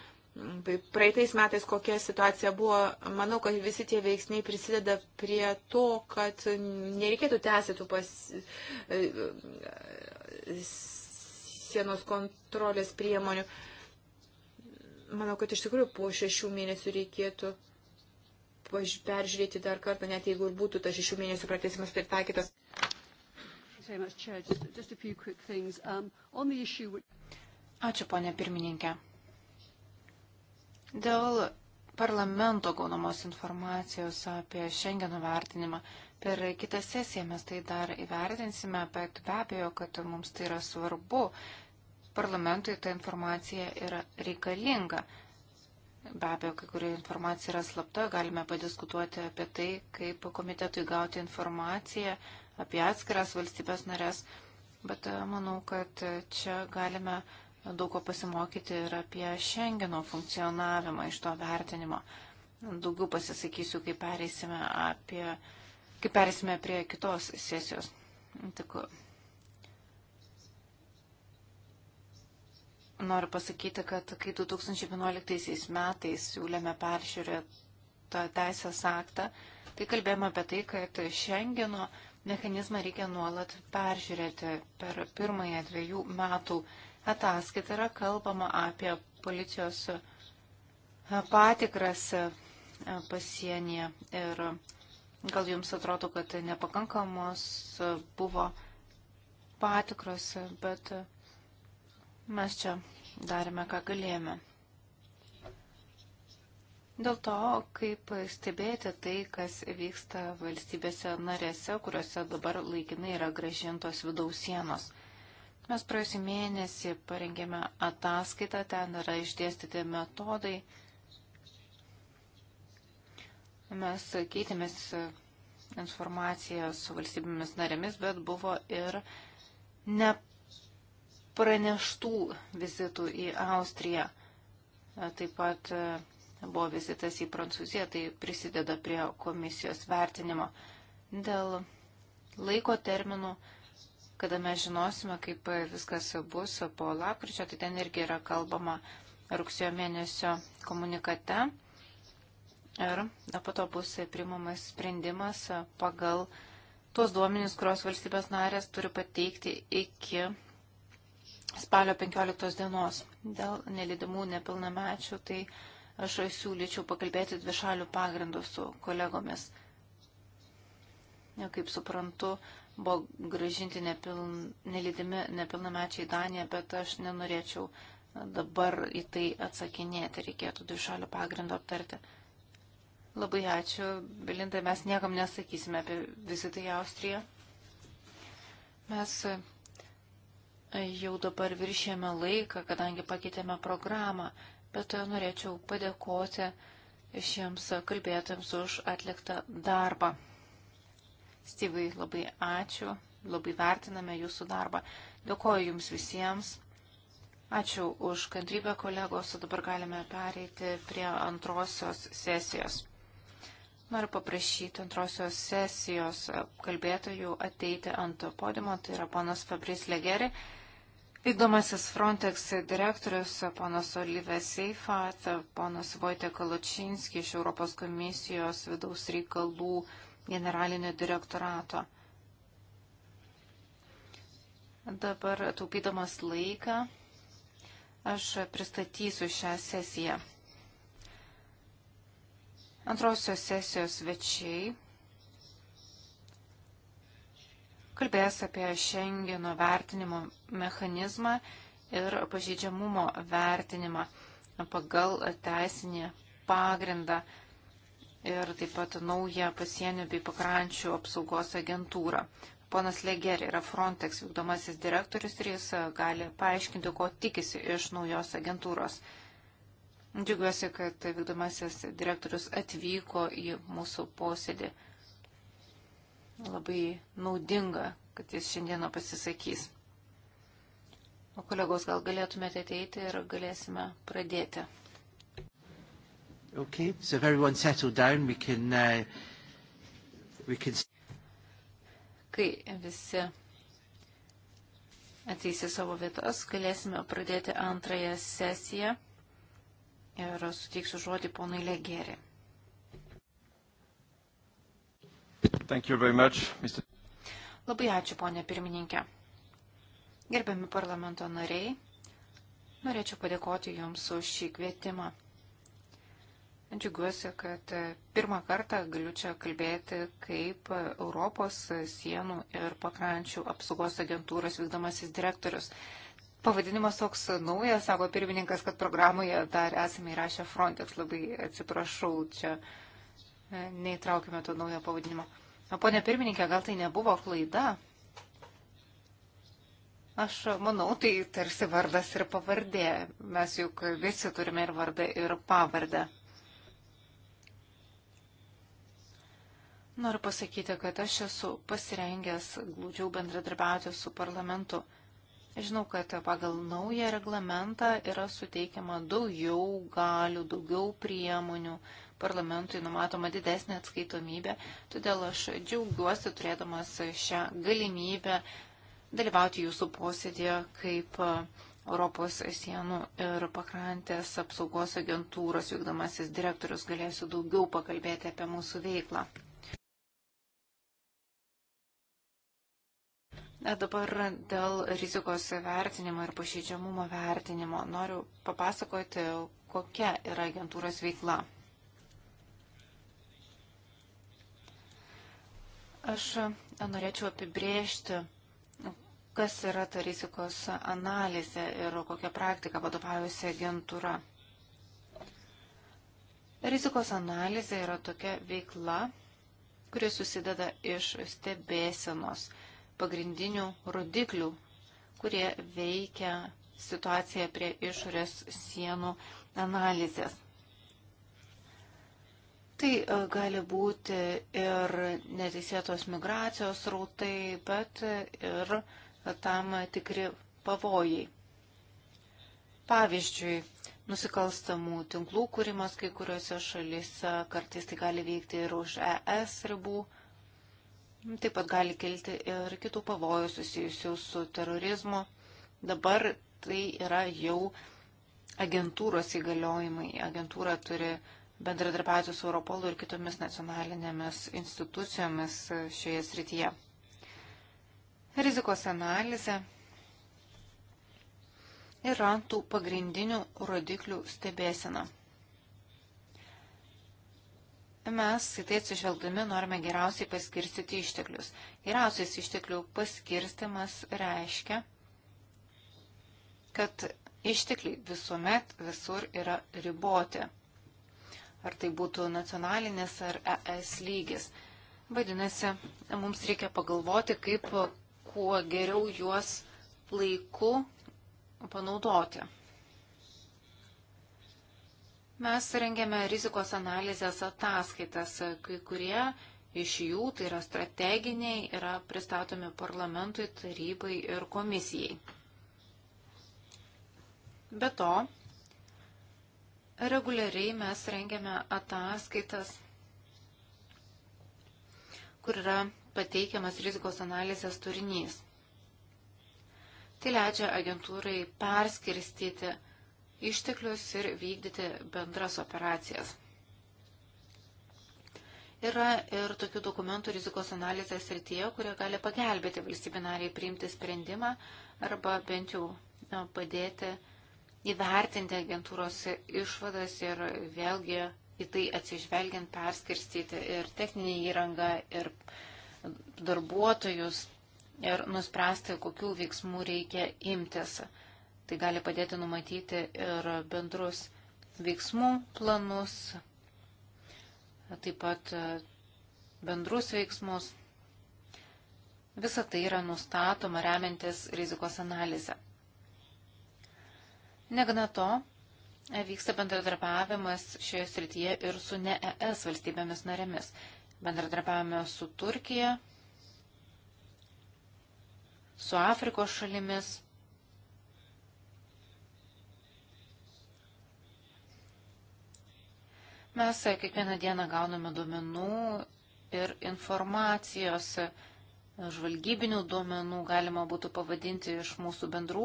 Speaker 2: praeitais metais kokia situacija buvo, manau, kad visi tie veiksniai prisideda prie to, kad nereikėtų tęsti tų pas e, e, sienos kontrolės priemonių. Manau, kad iš tikrųjų po šešių mėnesių reikėtų peržiūrėti dar kartą, net jeigu ir būtų tas šešių mėnesių pratesimas pritaikytas.
Speaker 3: Um,
Speaker 1: Ačiū, ponė pirmininkė. Dėl parlamento gaunamos informacijos apie Schengeno vertinimą. Per kitą sesiją mes tai dar įvertinsime, bet be abejo, kad mums tai yra svarbu. Parlamentui ta informacija yra reikalinga. Be abejo, kai kuri informacija yra slapta, galime padiskutuoti apie tai, kaip komitetui gauti informaciją apie atskiras valstybės narės, bet e, manau, kad e, čia galime daug ko pasimokyti ir apie Schengeno funkcionavimą iš to vertinimo. Daugiau pasisakysiu, kai pereisime, apie, kai pereisime prie kitos sesijos. Tik noriu pasakyti, kad kai 2011 metais siūlėme peržiūrėtą teisės aktą, tai kalbėjome apie tai, kad Schengeno mechanizmą reikia nuolat peržiūrėti per pirmąją dviejų metų ataskaitą yra kalbama apie policijos patikras pasienyje ir gal jums atrodo, kad nepakankamos buvo patikros, bet mes čia darėme, ką galėjome. Dėl to, kaip stebėti tai, kas vyksta valstybėse narėse, kuriuose dabar laikinai yra gražintos vidaus sienos. Mes praėjusį mėnesį parengėme ataskaitą, ten yra išdėstyti metodai. Mes keitėmės informaciją su valstybėmis narėmis, bet buvo ir nepraneštų vizitų į Austriją. Taip pat buvo vizitas į Prancūziją, tai prisideda prie komisijos vertinimo. Dėl laiko terminų kada mes žinosime, kaip viskas bus po lapkričio, tai ten irgi yra kalbama rugsėjo mėnesio komunikate. Ir po to bus primamas sprendimas pagal tuos duomenys, kurios valstybės narės turi pateikti iki spalio 15 dienos. Dėl nelidimų nepilnamečių, tai aš siūlyčiau pakalbėti dvišalių pagrindų su kolegomis. Ja, kaip suprantu, buvo gražinti nepiln, nelydimi nepilnamečiai Daniją, bet aš nenorėčiau dabar į tai atsakinėti, reikėtų du šalių pagrindą aptarti. Labai ačiū, Belinda, mes niekam nesakysime apie vizitą į Austriją. Mes e, jau dabar viršėme laiką, kadangi pakeitėme programą, bet e, norėčiau padėkoti šiems kalbėtams už atliktą darbą. Styvai, labai ačiū, labai vertiname jūsų darbą. Dėkoju jums visiems. Ačiū už kantrybę, kolegos, o dabar galime pereiti prie antrosios sesijos. Noriu paprašyti antrosios sesijos kalbėtojų ateiti ant podimo, tai yra ponas Fabris Legeri, vykdomasis Frontex direktorius, ponas Olive Seifat, ponas Vojte Kaločinski iš Europos komisijos vidaus reikalų generalinio direktorato. Dabar taupydamas laiką aš pristatysiu šią sesiją. Antrosios sesijos svečiai kalbės apie Šengeno vertinimo mechanizmą ir pažeidžiamumo vertinimą pagal teisinį pagrindą ir taip pat naują pasienio bei pakrančių apsaugos agentūrą. Ponas Legeri yra Frontex vykdomasis direktorius ir jis e, gali paaiškinti, ko tikisi iš naujos agentūros. Džiugiuosi, kad vykdomasis direktorius atvyko į mūsų posėdį. Labai naudinga, kad jis šiandieną pasisakys. O kolegos, gal galėtumėte ateiti ir galėsime pradėti.
Speaker 3: Okay, so if everyone settled down, we can, uh, we can...
Speaker 1: Kai visi ateis į savo vietas, galėsime pradėti antrąją sesiją ir suteiksiu žodį ponui Legerį.
Speaker 2: Thank you very much, Mr.
Speaker 1: Labai ačiū, ponė pirmininkė. Gerbiami parlamento nariai, norėčiau padėkoti Jums už šį kvietimą. Džiugiuosi, kad e, pirmą kartą galiu čia kalbėti kaip Europos sienų ir pakrančių apsaugos agentūros vykdomasis direktorius. Pavadinimas toks naujas, sako pirmininkas, kad programoje dar esame įrašę Frontex. Labai atsiprašau, čia e, neįtraukime to naujo pavadinimo. Pone pirmininkė, gal tai nebuvo klaida? Aš manau, tai tarsi vardas ir pavardė. Mes juk visi turime ir vardą, ir pavardę. Noriu pasakyti, kad aš esu pasirengęs glūdžiau bendradarbiauti su parlamentu. Žinau, kad pagal naują reglamentą yra suteikiama daugiau galių, daugiau priemonių, parlamentui numatoma didesnė atskaitomybė, todėl aš džiaugiuosi turėdamas šią galimybę dalyvauti jūsų posėdėje kaip e, Europos sienų ir pakrantės apsaugos agentūros vykdomasis direktorius galėsiu daugiau pakalbėti apie mūsų veiklą. Dabar dėl rizikos vertinimo ir pažeidžiamumo vertinimo noriu papasakoti, kokia yra agentūros veikla. Aš norėčiau apibrėžti, kas yra ta rizikos analizė ir kokią praktiką vadovaujasi agentūra. Rizikos analizė yra tokia veikla, kuri susideda iš stebėsenos pagrindinių rodiklių, kurie veikia situaciją prie išorės sienų analizės. Tai e, gali būti ir neteisėtos migracijos rautai, bet ir tam tikri pavojai. Pavyzdžiui, nusikalstamų tinklų kūrimas kai kuriuose šalyse, kartais tai gali veikti ir už ES ribų. Taip pat gali kilti ir kitų pavojų susijusių su terorizmu. Dabar tai yra jau agentūros įgaliojimai. Agentūra turi bendradarbiauti su Europolu ir kitomis nacionalinėmis institucijomis šioje srityje. Rizikos analizė yra tų pagrindinių rodiklių stebėsena. Mes į tai atsižvelgdami norime geriausiai paskirstyti išteklius. Geriausias išteklių paskirstimas reiškia, kad ištekliai visuomet visur yra riboti. Ar tai būtų nacionalinis ar ES lygis. Vadinasi, mums reikia pagalvoti, kaip kuo geriau juos laiku panaudoti. Mes rengiame rizikos analizės ataskaitas, kai kurie iš jų, tai yra strateginiai, yra pristatomi parlamentui, tarybai ir komisijai. Be to, reguliariai mes rengiame ataskaitas, kur yra pateikiamas rizikos analizės turinys. Tai leidžia agentūrai perskirstyti išteklius ir vykdyti bendras operacijas. Yra ir tokių dokumentų rizikos analizės srityje, kurie gali pagelbėti valstybinariai priimti sprendimą arba bent jau padėti įvertinti agentūros išvadas ir vėlgi į tai atsižvelgiant perskirstyti ir techninį įrangą, ir darbuotojus, ir nuspręsti, kokių veiksmų reikia imtis. Tai gali padėti numatyti ir bendrus veiksmų planus, taip pat e, bendrus veiksmus. Visa tai yra nustatoma remiantis rizikos analizę. Negana to, e, vyksta bendradarbiavimas šioje srityje ir su ne ES valstybėmis narėmis. Bendradarbiavame su Turkija, su Afrikos šalimis Mes e, kiekvieną dieną gauname duomenų ir informacijos, e, žvalgybinių duomenų galima būtų pavadinti iš mūsų bendrų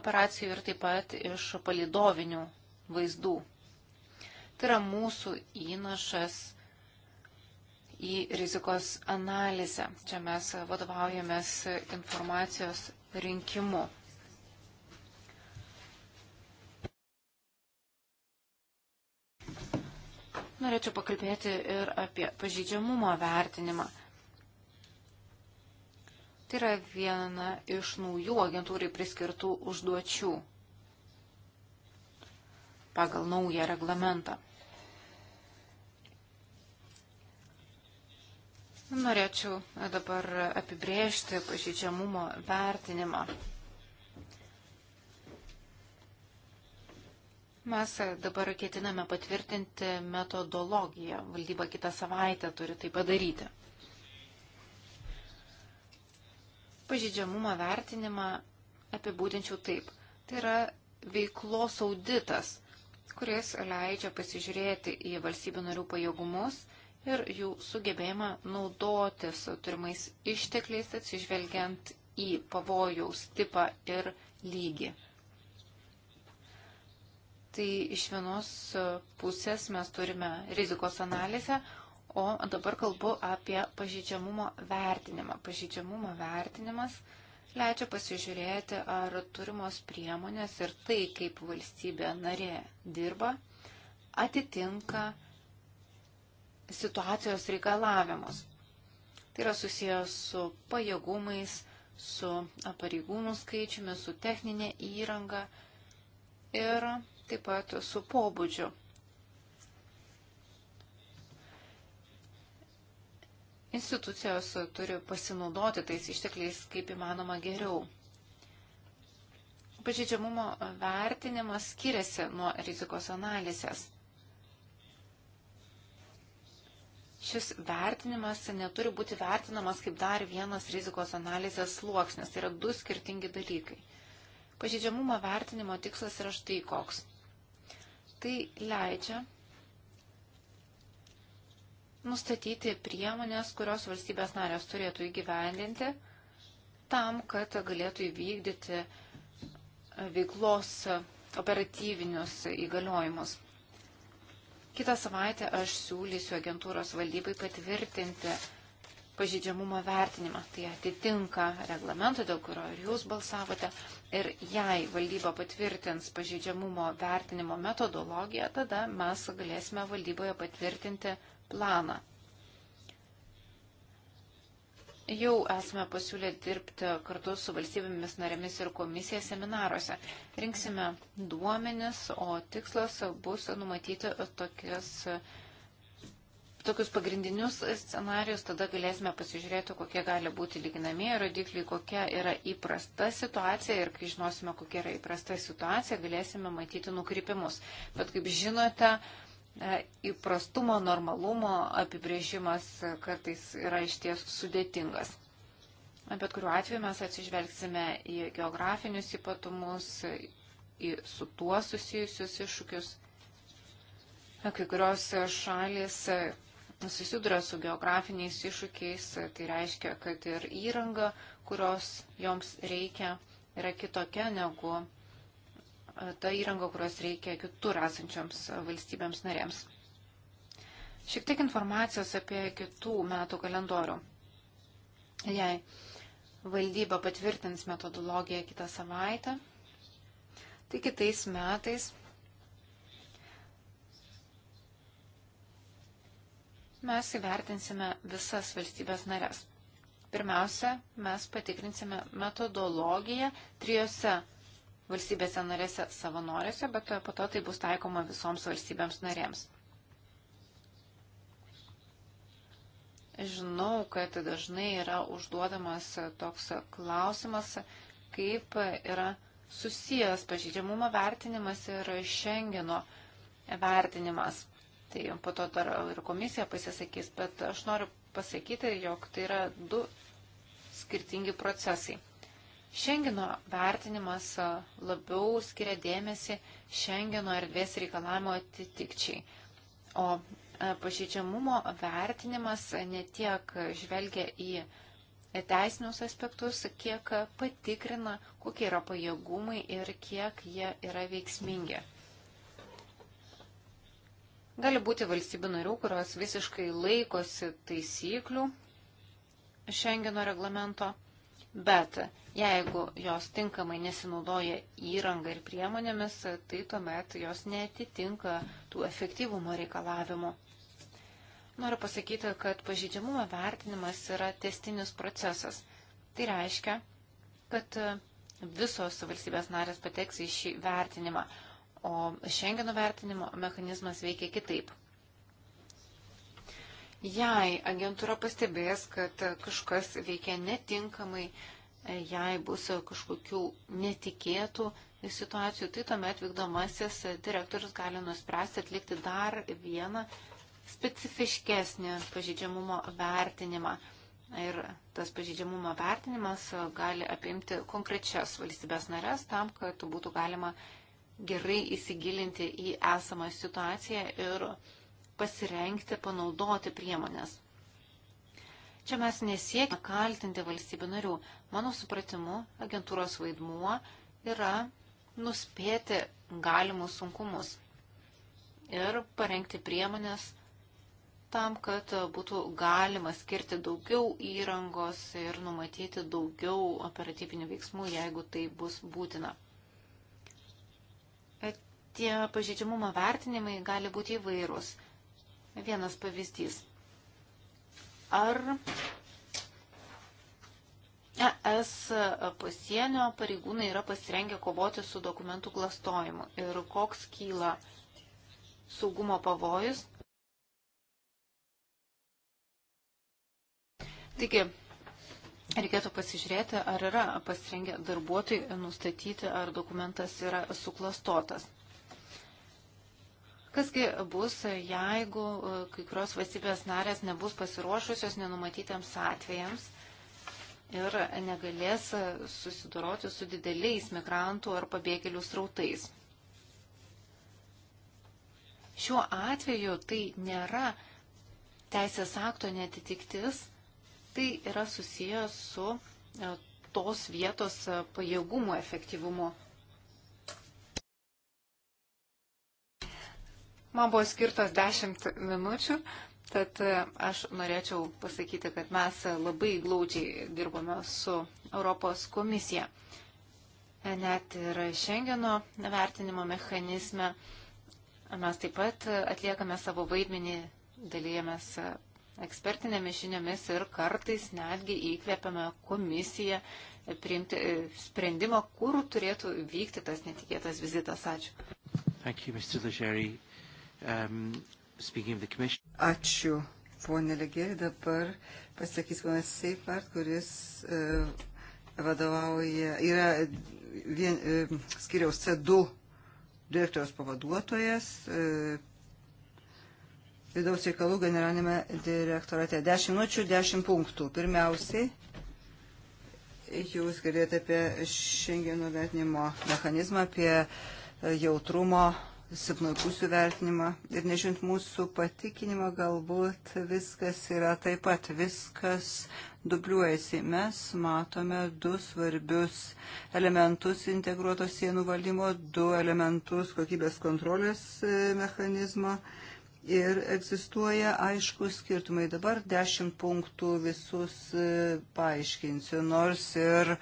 Speaker 1: operacijų ir taip pat iš palidovinių vaizdų. Tai yra mūsų įnašas į rizikos analizę. Čia mes e, vadovaujamės informacijos rinkimu. Norėčiau pakalbėti ir apie pažydžiamumo vertinimą. Tai yra viena iš naujų agentūrai priskirtų užduočių pagal naują reglamentą. Norėčiau dabar apibrėžti pažydžiamumo vertinimą. Mes dabar ketiname patvirtinti metodologiją. Valdyba kitą savaitę turi tai padaryti. Pažydžiamumą vertinimą apibūdinčiau taip. Tai yra veiklos auditas, kuris leidžia pasižiūrėti į valstybių narių pajėgumus ir jų sugebėjimą naudotis turimais ištekliais atsižvelgiant į pavojaus tipą ir lygį. Tai iš vienos pusės mes turime rizikos analizę, o dabar kalbu apie pažydžiamumo vertinimą. Pažydžiamumo vertinimas leidžia pasižiūrėti, ar turimos priemonės ir tai, kaip valstybė narė dirba, atitinka situacijos reikalavimus. Tai yra susijęs su pajėgumais, su pareigūnų skaičiumi, su techninė įranga ir taip pat su pobūdžiu. Institucijos turi pasinaudoti tais ištekliais kaip įmanoma geriau. Pažeidžiamumo vertinimas skiriasi nuo rizikos analizės. šis vertinimas neturi būti vertinamas kaip dar vienas rizikos analizės sluoksnis. Tai yra du skirtingi dalykai. Pažydžiamumo vertinimo tikslas yra štai koks. Tai leidžia nustatyti priemonės, kurios valstybės narės turėtų įgyvendinti tam, kad galėtų įvykdyti veiklos operatyvinius įgaliojimus. Kitą savaitę aš siūlysiu agentūros valdybai patvirtinti pažydžiamumo vertinimą. Tai atitinka reglamentą, dėl kurio ir jūs balsavote. Ir jei valdyba patvirtins pažeidžiamumo vertinimo metodologiją, tada mes galėsime valdyboje patvirtinti planą. Jau esame pasiūlę dirbti kartu su valstybėmis narėmis ir komisija seminaruose. Rinksime duomenis, o tikslas bus numatyti tokias tokius pagrindinius scenarius, tada galėsime pasižiūrėti, kokie gali būti lyginamieji rodikliai, kokia yra įprasta situacija ir kai žinosime, kokia yra įprasta situacija, galėsime matyti nukrypimus. Bet kaip žinote, e, įprastumo, normalumo apibrėžimas kartais yra iš ties sudėtingas. Bet kuriuo atveju mes atsižvelgsime į geografinius ypatumus, į su tuo susijusius iššūkius. Kai kurios šalis susiduria su geografiniais iššūkiais, tai reiškia, kad ir įranga, kurios joms reikia, yra kitokia negu e, ta įranga, kurios reikia kitur esančioms valstybėms narėms. Šiek tiek informacijos apie kitų metų kalendorių. Jei valdyba patvirtins metodologiją kitą savaitę, tai kitais metais mes įvertinsime visas valstybės narės. Pirmiausia, mes patikrinsime metodologiją trijose valstybėse narėse savanoriuose, bet po to tai bus taikoma visoms valstybėms narėms. Žinau, kad dažnai yra užduodamas toks klausimas, kaip yra susijęs pažydžiamumo vertinimas ir Šengeno vertinimas. Tai po to dar ir komisija pasisakys, bet aš noriu pasakyti, jog tai yra du skirtingi procesai. Šengino vertinimas labiau skiria dėmesį Šengino erdvės reikalavimo atitikčiai, o pažeidžiamumo vertinimas ne tiek žvelgia į teisinius aspektus, kiek patikrina, kokie yra pajėgumai ir kiek jie yra veiksmingi. Gali būti valstybių narių, kurios visiškai laikosi taisyklių Šengeno reglamento, bet jeigu jos tinkamai nesinaudoja įrangą ir priemonėmis, tai tuomet jos netitinka tų efektyvumo reikalavimų. Noriu pasakyti, kad pažydžiamumo vertinimas yra testinis procesas. Tai reiškia, kad visos valstybės narės pateks į šį vertinimą o Schengeno vertinimo mechanizmas veikia kitaip. Jei agentūra pastebės, kad kažkas veikia netinkamai, jei bus kažkokių netikėtų situacijų, tai tuomet vykdomasis direktorius gali nuspręsti atlikti dar vieną specifiškesnį pažydžiamumo vertinimą. Ir tas pažydžiamumo vertinimas gali apimti konkrečias valstybės narės tam, kad būtų galima gerai įsigilinti į esamą situaciją ir pasirengti panaudoti priemonės. Čia mes nesiekime kaltinti valstybių narių. Mano supratimu, agentūros vaidmuo yra nuspėti galimus sunkumus ir parengti priemonės tam, kad būtų galima skirti daugiau įrangos ir numatyti daugiau operatyvinių veiksmų, jeigu tai bus būtina tie pažeidžiamumo vertinimai gali būti įvairūs. Vienas pavyzdys. Ar ES pasienio pareigūnai yra pasirengę kovoti su dokumentų klastojimu ir koks kyla saugumo pavojus? Taigi, Reikėtų pasižiūrėti, ar yra pasirengę darbuotojai nustatyti, ar dokumentas yra suklastotas. Kasgi bus, jeigu e, kai kurios valstybės narės nebus pasiruošusios nenumatytiems atvejams ir negalės e, susidoroti su dideliais migrantų ar pabėgėlių srautais. Šiuo atveju tai nėra teisės akto netitiktis, tai yra susijęs su e, tos vietos pajėgumo efektyvumu Man buvo skirtos 10 minučių, tad e, aš norėčiau pasakyti, kad mes labai glaudžiai dirbome su Europos komisija. E, net ir Šengeno vertinimo mechanizme mes taip pat atliekame savo vaidmenį, dalyjamės ekspertinėmis žiniomis ir kartais netgi įkvėpiame komisiją priimti e, sprendimą, kur turėtų vykti tas netikėtas vizitas. Ačiū. Thank you, Mr. Legeri.
Speaker 3: Um, Ačiū, ponė Legeri. Dabar pasakys ponas Seifart, kuris uh, vadovauja, yra vien, uh, e, skiriaus C2 direktoriaus pavaduotojas uh, vidaus reikalų generalinėme direktorate. 10 minučių, 10 punktų. Pirmiausiai, jūs galėjote apie šengeno vertinimo mechanizmą, apie jautrumą silpnųjų pusių vertinimą ir nežint mūsų patikinimą, galbūt viskas yra taip pat, viskas dubliuojasi. Mes matome du svarbius elementus integruotos sienų valdymo, du elementus kokybės kontrolės e, mechanizmo. Ir egzistuoja aiškus skirtumai. Dabar dešimt punktų visus e, paaiškinsiu, nors ir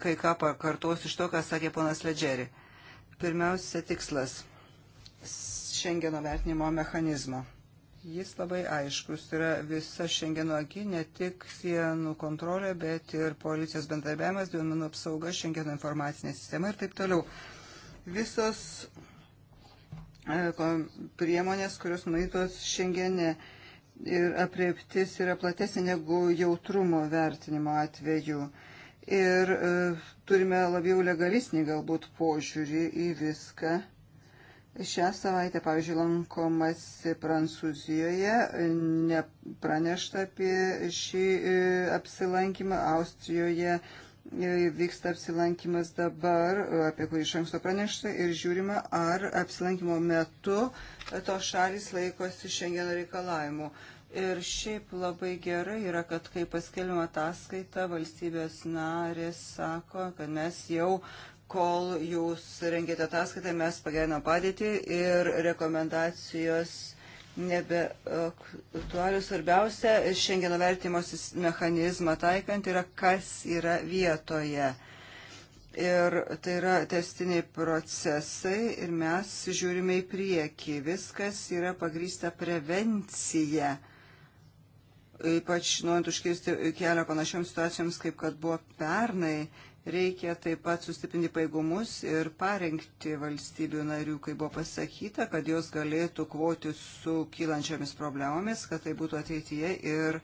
Speaker 3: kai ką pakartosiu iš to, ką sakė ponas Ledžeri. Pirmiausia, tikslas Šengeno vertinimo mechanizmo. Jis labai aiškus tai yra visa Šengeno aki, ne tik sienų kontrolė, bet ir policijos bendarbiavimas, duomenų apsauga, Šengeno informacinė sistema ir taip toliau. Visos e, priemonės, kurios numatytos Šengene ir apriektis yra platesnė negu jautrumo vertinimo atveju. Ir e, turime labiau legalistinį galbūt požiūrį į viską. Šią savaitę, pavyzdžiui, lankomasi Prancūzijoje, nepranešta apie šį e, apsilankymą Austrijoje. E, vyksta apsilankimas dabar, apie kurį iš anksto pranešta, ir žiūrima, ar apsilankimo metu to šalis laikosi šiandieno reikalavimų. Ir šiaip labai gerai yra, kad kai paskelbima ataskaita, valstybės narės sako, kad mes jau kol jūs rengėte ataskaitą, mes pagerino padėtį ir rekomendacijos nebe aktualius. Svarbiausia, šiandieno vertimo mechanizmą taikant yra, kas yra vietoje. Ir tai yra testiniai procesai ir mes žiūrime į priekį. Viskas yra pagrįsta prevencija, ypač norint užkirsti kelią panašioms situacijoms, kaip kad buvo pernai Reikia taip pat sustiprinti paėgumus ir parengti valstybių narių, kai buvo pasakyta, kad jos galėtų kvoti su kylančiomis problemomis, kad tai būtų ateityje. Ir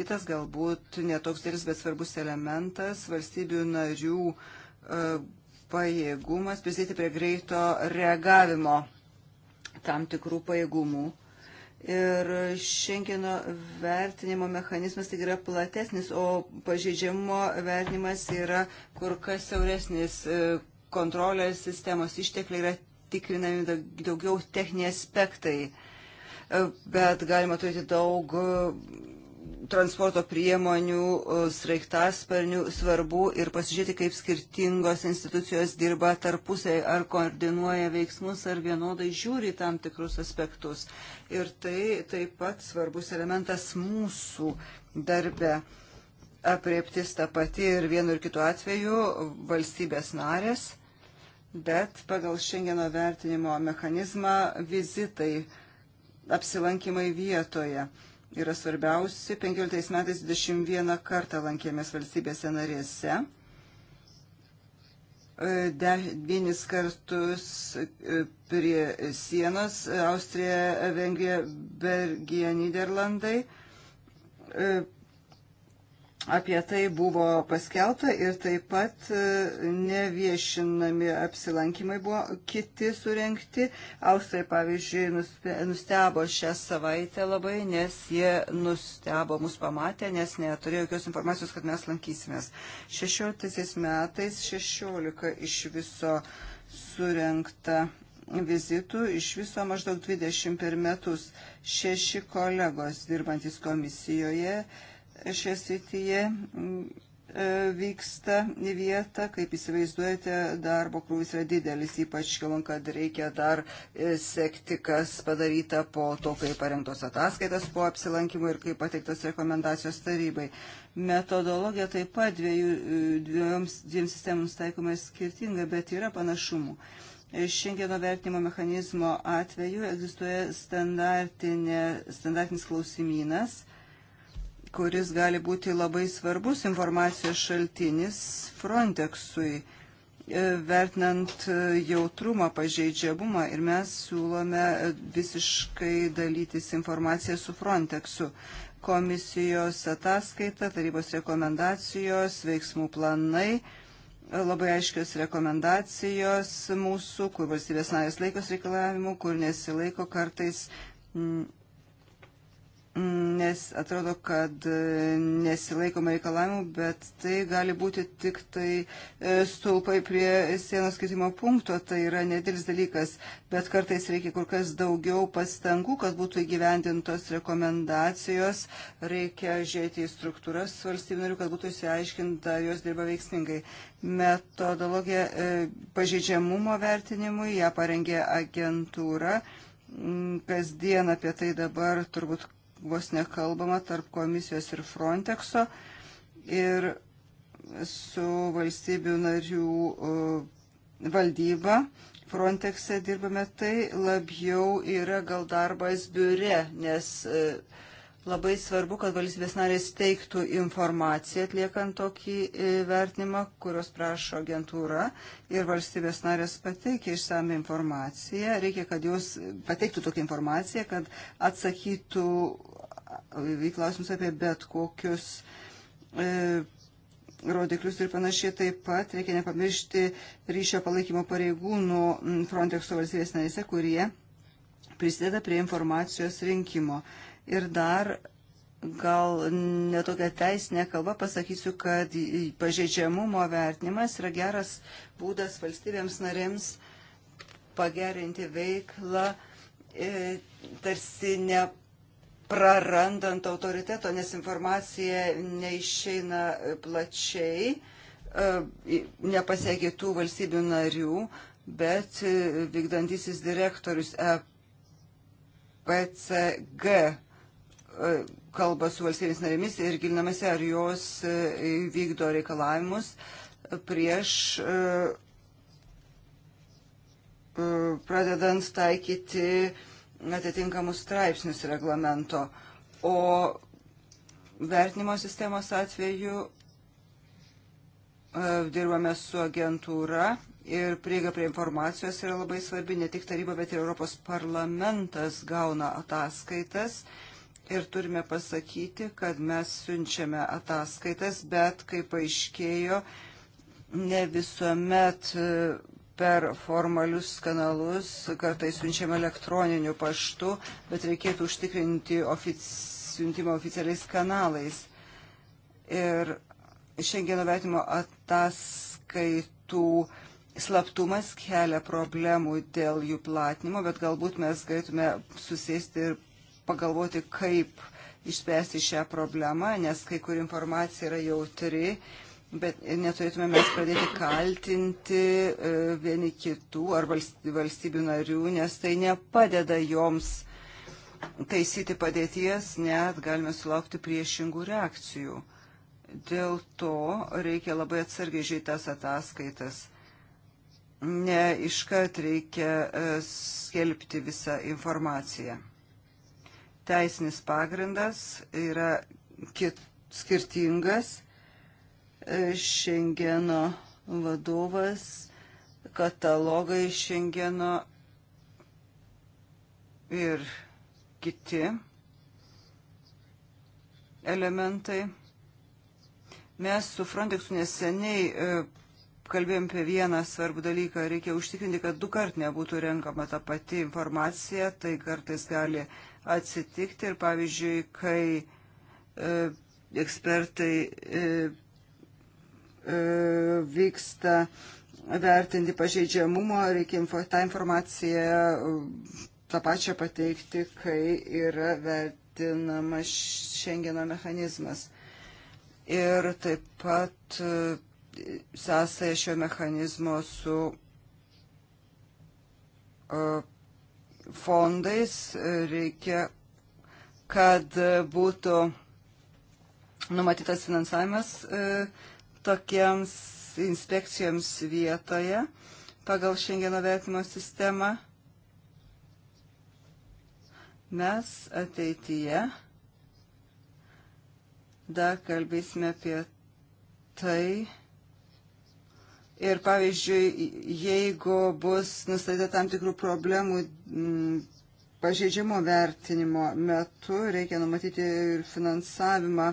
Speaker 3: kitas galbūt netoks dėlis, bet svarbus elementas valstybių narių e, pajėgumas prisidėti prie greito reagavimo tam tikrų pajėgumų Ir Šengeno vertinimo mechanizmas tai yra platesnis, o pažeidžiamumo vertinimas yra kur kas siauresnis. E, kontrolės sistemos ištekliai yra tikrinami daugiau techniniai aspektai, e, bet galima turėti daug transporto priemonių, e, sraigtasparnių svarbu ir pasižiūrėti, kaip skirtingos institucijos dirba tarpusai, ar koordinuoja veiksmus, ar vienodai žiūri tam tikrus aspektus. Ir tai taip pat svarbus elementas mūsų darbe. Aprieptis tą patį ir vienu ir kitu atveju valstybės narės, bet pagal šiandieno vertinimo mechanizmą vizitai, apsilankimai vietoje yra svarbiausi. 15 metais 21 kartą lankėmės valstybėse narėse. E, Devynis kartus e, prie sienos Austrija, Vengrija, Belgija, Niderlandai. E, apie tai buvo paskelta ir taip pat e, neviešinami apsilankimai buvo kiti surenkti. Austrai, pavyzdžiui, nustebo šią savaitę labai, nes jie nustebo mus pamatę, nes neturėjo jokios informacijos, kad mes lankysimės. 16 metais 16 iš viso surenkta vizitų, iš viso maždaug 20 per metus šeši kolegos dirbantis komisijoje šioje srityje e, vyksta į vietą. Kaip įsivaizduojate, darbo krūvis yra didelis, ypač kalbant, kad reikia dar e, sekti, kas padaryta po to, kai parengtos ataskaitas po apsilankimo ir kaip pateiktos rekomendacijos tarybai. Metodologija taip pat dviejų, e, dviejoms, dviem sistemams taikoma skirtinga, bet yra panašumų. Šengeno vertinimo mechanizmo atveju egzistuoja standartinis klausimynas kuris gali būti labai svarbus informacijos šaltinis Frontexui, e, vertinant e, jautrumą, pažeidžiamumą ir mes siūlome e, visiškai dalytis informaciją su Frontexu komisijos ataskaita, tarybos rekomendacijos, veiksmų planai, labai aiškios rekomendacijos mūsų, kur valstybės narės laikos reikalavimų, kur nesilaiko kartais Mm, nes atrodo, kad e, nesilaikoma reikalavimų, bet tai gali būti tik tai e, stulpai prie sienos kitimo punkto, tai yra nedėlis dalykas, bet kartais reikia kur kas daugiau pastangų, kad būtų įgyvendintos rekomendacijos, reikia žiūrėti į struktūras valstybinarių, kad būtų įsiaiškinta, jos dirba veiksmingai. Metodologija e, pažeidžiamumo vertinimui ją parengė agentūra mm, kasdien apie tai dabar turbūt vos nekalbama tarp komisijos ir Frontexo ir su valstybių narių valdyba. Frontexe dirbame tai labiau yra gal darbas biure, nes uh, Labai svarbu, kad valstybės narės teiktų informaciją atliekant tokį e, vertinimą, kurios prašo agentūra ir valstybės narės pateikia išsame informaciją. Reikia, kad jos pateiktų tokią informaciją, kad atsakytų į klausimus apie bet kokius e, rodiklius ir panašiai. Taip pat reikia nepamiršti ryšio palaikymo pareigūnų Frontexo valstybės narėse, kurie prisideda prie informacijos rinkimo. E, Ir dar gal netokia teisinė kalba pasakysiu, kad pažeidžiamumo vertinimas yra geras būdas valstybėms narėms pagerinti veiklą, e, tarsi neprarandant autoriteto, nes informacija neišeina plačiai, e, nepasiekia tų valstybių narių, bet e, vykdantisis direktorius EPCG E, kalba su valstybės narėmis ir gilinamasi, ar jos e, vykdo reikalavimus prieš e, pradedant taikyti atitinkamus straipsnius reglamento. O vertinimo sistemos atveju dirbame su agentūra ir prieiga prie informacijos yra labai svarbi, ne tik taryba, bet ir Europos parlamentas gauna ataskaitas. Uh, ir turime pasakyti, kad mes siunčiame ataskaitas, bet kaip aiškėjo, ne visuomet e, per formalius kanalus, kartais siunčiame elektroniniu paštu, bet reikėtų užtikrinti ofic... siuntimą oficialiais kanalais. Ir šiandieno vertimo ataskaitų slaptumas kelia problemų dėl jų platinimo, bet galbūt mes galėtume susėsti ir pagalvoti, kaip išspręsti šią problemą, nes kai kur informacija yra jautri, bet neturėtume mes pradėti kaltinti e, vieni kitų ar valstybių narių, nes tai nepadeda joms taisyti padėties, net galime sulaukti priešingų reakcijų. Dėl to reikia labai atsargiai žiūrėti tas ataskaitas. Ne iškart reikia e, skelbti visą informaciją. Teisinis pagrindas yra kit, skirtingas. E, Šengeno vadovas, katalogai Šengeno ir kiti elementai. Mes su Frontexu neseniai e, kalbėjom apie vieną svarbų dalyką. Reikia užtikrinti, kad du kart nebūtų renkama ta pati informacija. Tai kartais gali atsitikti ir pavyzdžiui, kai e, ekspertai e, e, vyksta vertinti pažeidžiamumo, reikia info, tą informaciją tą pačią pateikti, kai yra vertinamas Schengeno mechanizmas. Ir taip pat e, sąsąją šio mechanizmo su e, fondais, reikia, kad būtų numatytas finansavimas e, tokiems inspekcijoms vietoje pagal šiandieno vertimo sistemą. Mes ateityje dar kalbėsime apie tai, Ir pavyzdžiui, jeigu bus nustatyta tam tikrų problemų pažeidžiamo vertinimo metu, reikia numatyti ir finansavimą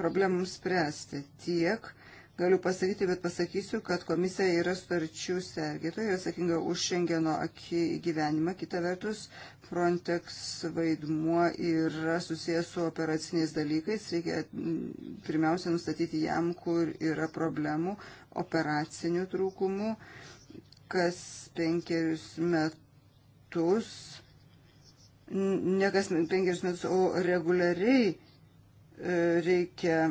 Speaker 3: problemams spręsti tiek, galiu pasakyti, bet pasakysiu, kad komisija yra starčių sergėtoja, atsakinga už Šengeno gyvenimą. Kita vertus, Frontex vaidmuo yra susijęs su operaciniais dalykais. Reikia mm, pirmiausia nustatyti jam, kur yra problemų, operacinių trūkumų. Kas penkerius metus, ne kas penkerius metus, o reguliariai e, reikia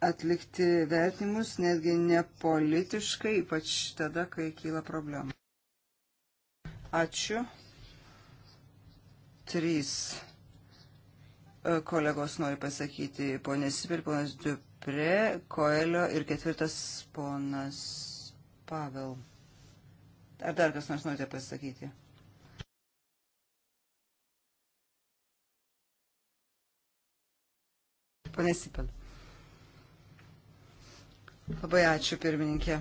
Speaker 3: atlikti vertinimus netgi nepolitiškai, ypač tada, kai kyla problemų. Ačiū. Trys e, kolegos nori pasakyti, ponės Sipir, ponas Dupre, Koelio ir ketvirtas ponas Pavel. Ar dar kas nors norite pasakyti? Pane Sipel. Labai ačiū, pirmininkė.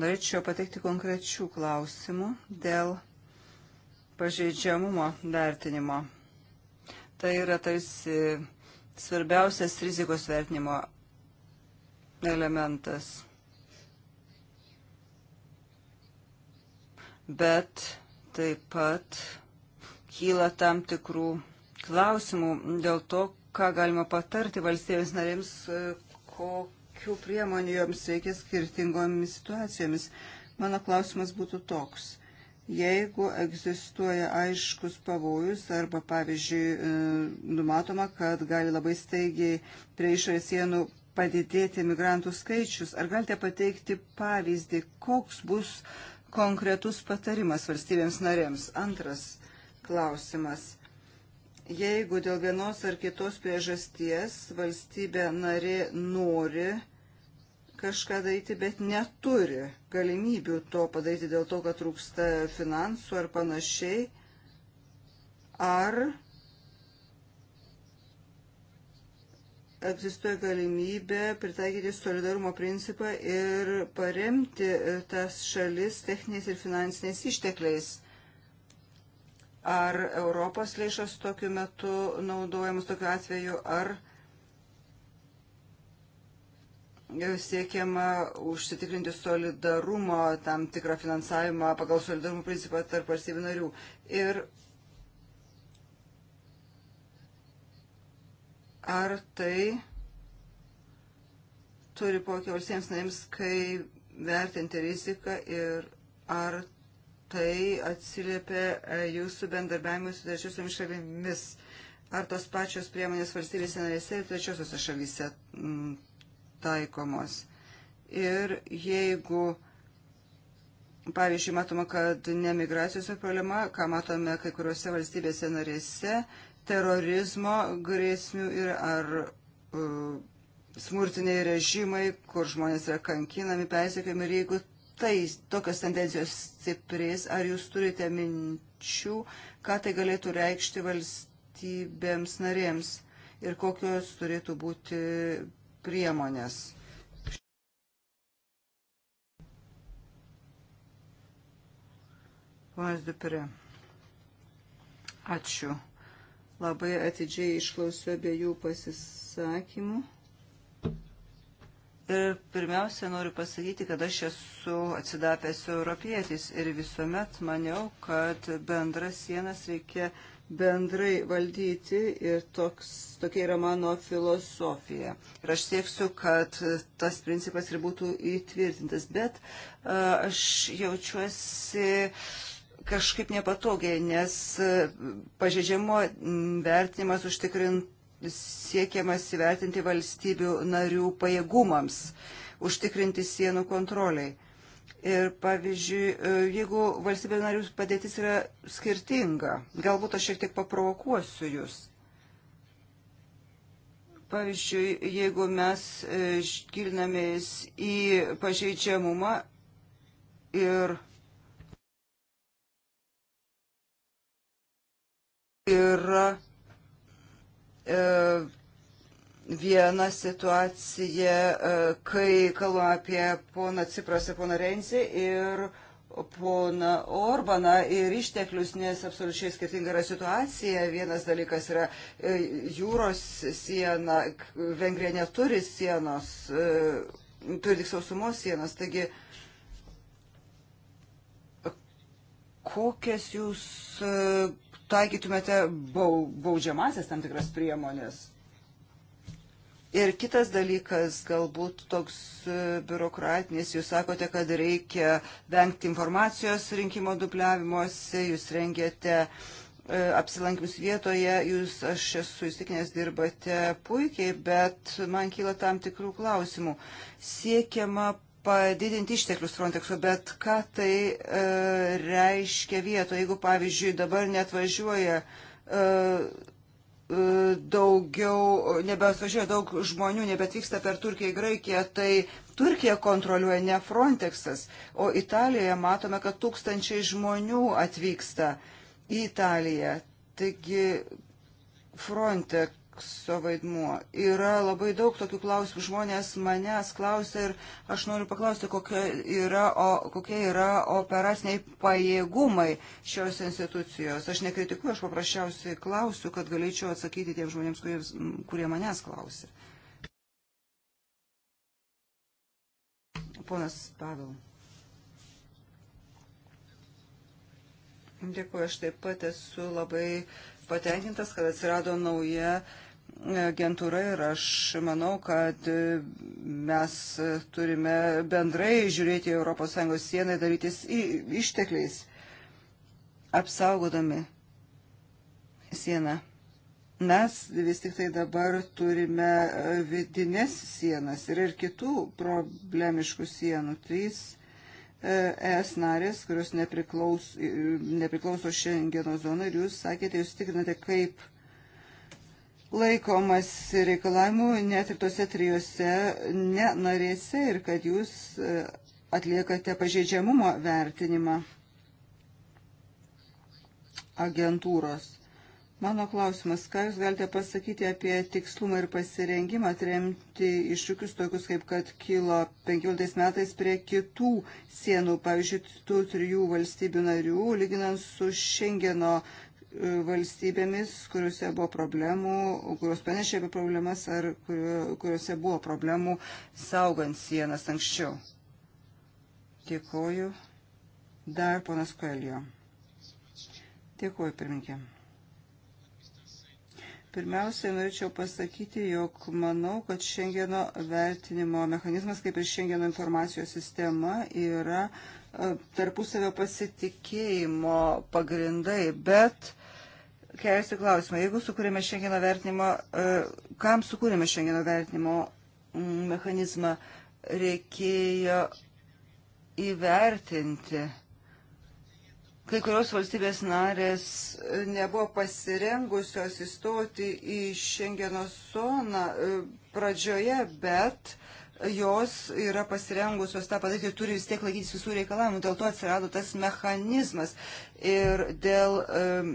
Speaker 3: Norėčiau pateikti konkrečių klausimų dėl pažeidžiamumo vertinimo. Tai yra tarsi svarbiausias rizikos vertinimo elementas. Bet taip pat kyla tam tikrų klausimų dėl to, ką galima patarti valstybės narėms, kokiu priemonių joms reikia skirtingomis situacijomis. Mano klausimas būtų toks. Jeigu egzistuoja aiškus pavojus arba, pavyzdžiui, e, numatoma, kad gali labai staigiai prie išorės sienų padidėti migrantų skaičius, ar galite pateikti pavyzdį, koks bus konkretus patarimas valstybėms narėms? Antras klausimas Jeigu dėl vienos ar kitos priežasties valstybė nari nori kažką daryti, bet neturi galimybių to padaryti dėl to, kad trūksta finansų ar panašiai, ar egzistuoja galimybė pritaikyti solidarumo principą ir paremti tas šalis techniniais ir finansiniais ištekliais ar Europos lėšos tokiu metu naudojamos tokiu atveju, ar siekiama užsitikrinti solidarumo, tam tikrą finansavimą pagal solidarumo principą tarp valstybių narių. Ir ar tai turi poveikį valstybėms narėms, kai vertinti riziką ir ar tai atsiliepia e, jūsų bendarbiavimui su trečiosiomis šalimis? Ar tos pačios priemonės valstybėse narėse ir trečiosiose šalyse taikomos? Ir jeigu Pavyzdžiui, matoma, kad nemigracijos problema, ką matome kai kuriuose valstybėse narėse, terorizmo grėsmių ir ar uh, smurtiniai režimai, kur žmonės yra kankinami, persekiami ir jeigu tai tokios tendencijos stiprės, ar jūs turite minčių, ką tai galėtų reikšti valstybėms narėms ir kokios turėtų būti priemonės. Ponas Dupire, ačiū. Labai atidžiai išklausiu abiejų pasisakymų. Ir e, pirmiausia, noriu pasakyti, kad aš esu atsidapęs europietis ir visuomet maniau, kad bendras sienas reikia bendrai valdyti ir toks, tokia yra mano filosofija. Ir aš sieksiu, kad tas principas ir būtų įtvirtintas, bet e, aš jaučiuosi kažkaip nepatogiai, nes e, pažeidžiamo vertinimas užtikrint siekiamas įvertinti valstybių narių pajėgumams, užtikrinti sienų kontroliai. Ir pavyzdžiui, e, jeigu valstybė narių padėtis yra skirtinga, galbūt aš šiek tiek paprovokuosiu jūs. Pavyzdžiui, jeigu mes e, gilinamės į pažeidžiamumą ir yra E, vieną situaciją, e, kai kalbame apie poną Ciprasą, poną Rensį ir poną Orbaną ir išteklius, nes absoliučiai skirtinga yra situacija. Vienas dalykas yra e, jūros siena, Vengrija neturi sienos, turi tik sausumos sienas, taigi kokias jūs taikytumėte baudžiamasias tam tikras priemonės. Ir kitas dalykas, galbūt toks e, biurokratinis, jūs sakote, kad reikia vengti informacijos rinkimo dubliavimuose, jūs rengiate e, apsilankimus vietoje, jūs, aš esu įstikinęs, dirbate puikiai, bet man kyla tam tikrų klausimų. Siekiama padidinti išteklius Frontexo, bet ką tai e, reiškia vietoje, jeigu pavyzdžiui dabar net važiuoja e, e, daugiau, nebeatvažiuoja daug žmonių, nebetvyksta per Turkiją į Graikiją, tai Turkija kontroliuoja ne Frontexas, o Italijoje matome, kad tūkstančiai žmonių atvyksta į Italiją. Taigi Frontex sekso vaidmuo. Yra labai daug tokių klausimų. Žmonės manęs klausia ir aš noriu paklausti, kokie yra, o, kokie yra operaciniai pajėgumai šios institucijos. Aš nekritikuoju, aš paprasčiausiai klausiu, kad galėčiau atsakyti tiems žmonėms, kurie, kurie manęs klausia. Ponas Pavel. Dėkuoju, aš taip pat esu labai patenkintas, kad atsirado nauja uh, agentūra ir aš manau, kad mes turime bendrai žiūrėti ES sieną ir darytis ištekliais, apsaugodami sieną. Mes vis tik tai dabar turime vidinės sienas ir, ir kitų problemiškų sienų. Trys e, ES narės, kurios nepriklauso, nepriklauso Šengeno zoną ir jūs sakėte, jūs tikrinate, kaip laikomas reikalavimų net ir tose trijose nenarėse ir kad jūs e, atliekate pažeidžiamumo vertinimą agentūros. Mano klausimas, ką Jūs galite pasakyti apie tikslumą ir pasirengimą atremti iššūkius tokius, kaip kad kilo 15 metais prie kitų sienų, pavyzdžiui, tų trijų valstybių narių, lyginant su Šengeno valstybėmis, kuriuose buvo problemų, kurios panešė apie problemas ar kuriuose buvo problemų saugant sienas anksčiau. Dėkoju. Dar ponas Koelio. Dėkuoju, pirminkė. Pirmiausia, norėčiau pasakyti, jog manau, kad Šengeno vertinimo mechanizmas, kaip ir Šengeno informacijos sistema, yra e, tarpusavio pasitikėjimo pagrindai, bet keliasi klausimą. Jeigu sukūrėme šengeno vertinimo, e, kam sukūrėme šengeno vertinimo mechanizmą, reikėjo įvertinti. Kai kurios valstybės narės nebuvo pasirengusios įstoti į Šengeno zoną e, pradžioje, bet jos yra pasirengusios tą padaryti, turi vis tiek laikytis visų reikalavimų. Dėl to atsirado tas mechanizmas. Ir dėl um,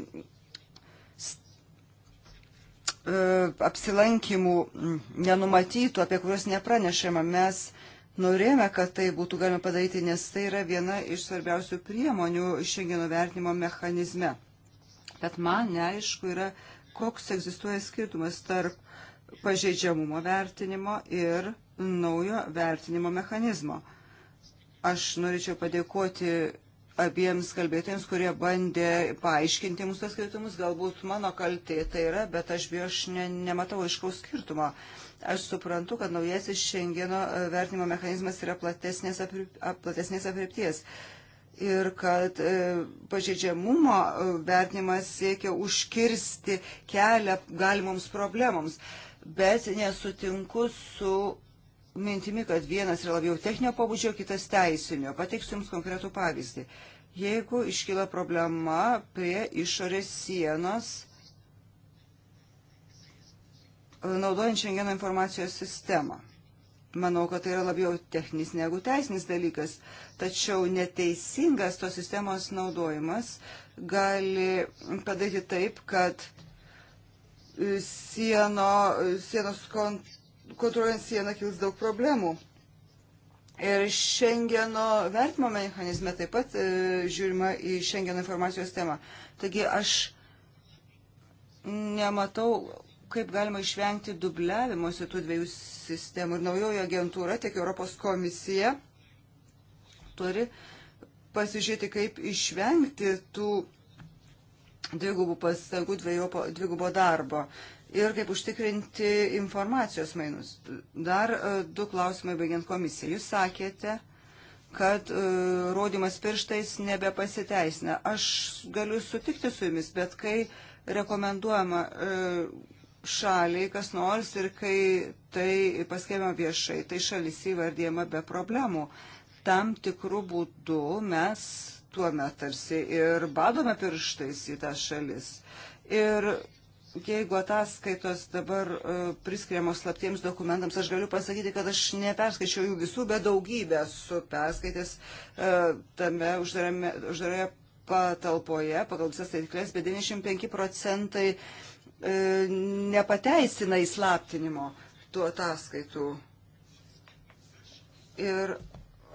Speaker 3: E, apsilankimų nenumatytų, apie kuriuos nepranešama. Mes norėjome, kad tai būtų galima padaryti, nes tai yra viena iš svarbiausių priemonių šiandieno vertinimo mechanizme. Bet man neaišku yra, koks egzistuoja skirtumas tarp pažeidžiamumo vertinimo ir naujo vertinimo mechanizmo. Aš norėčiau padėkoti abiems kalbėtėms, kurie bandė paaiškinti mūsų tas skirtumus. Galbūt mano kaltė tai yra, bet aš bijau, aš ne, nematau aiškaus skirtumo. Aš suprantu, kad naujasis Šengeno e, vertinimo mechanizmas yra platesnės, apri, platesnės apriepties ir kad e, pažeidžiamumo e, vertinimas siekia užkirsti kelią galimoms problemoms. Bet nesutinku su mintimi, kad vienas yra labiau techninio pabudžio, kitas teisinio. Pateiksiu Jums konkretų pavyzdį. Jeigu iškyla problema prie išorės sienos, naudojant šiandieną informacijos sistemą. Manau, kad tai yra labiau techninis negu teisinis dalykas, tačiau neteisingas tos sistemos naudojimas gali padaryti taip, kad e, sieno, sienos kont, kontroliuojant sieną kils daug problemų. Ir Šengeno vertimo mechanizme taip pat e, žiūrima į Šengeno informacijos temą. Taigi aš nematau, kaip galima išvengti dubliavimuose tų dviejų sistemų. Ir naujoji agentūra, tiek Europos komisija, turi pasižiūrėti, kaip išvengti tų dvigubų pastangų, dvigubo darbo ir kaip užtikrinti informacijos mainus. Dar e, du klausimai baigiant komisiją. Jūs sakėte, kad uh, e, rodimas pirštais nebepasiteisina. Aš galiu sutikti su jumis, bet kai rekomenduojama uh, šaliai kas nors ir kai tai paskelbiama viešai, tai šalis įvardyjama be problemų. Tam tikrų būdų mes tuo metu tarsi ir badome pirštais į tas šalis. Ir jeigu ataskaitos dabar e, priskiriamos slaptiems dokumentams, aš galiu pasakyti, kad aš neperskaičiau jų visų, bet daugybę su perskaitęs e, tame uždaroje patalpoje pagal visas taisyklės, bet 95 procentai e, nepateisina įslaptinimo tų ataskaitų. Ir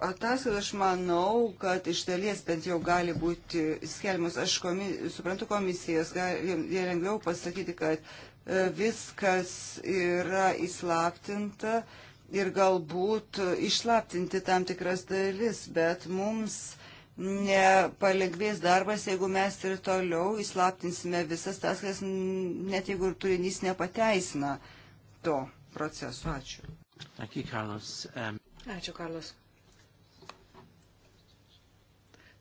Speaker 3: ataskaitos, aš manau, kad iš dalies bent jau gali būti skelbimas. Aš komi, suprantu komisijas, jie lengviau pasakyti, kad e, viskas yra įslaptinta ir galbūt išslaptinti tam tikras dalis, bet mums nepalengvės darbas, jeigu mes ir toliau įslaptinsime visas tas, kas net jeigu ir turinys nepateisina to proceso. Ačiū.
Speaker 2: Ačiū, Karlos. Um... Ačiū, Karlos.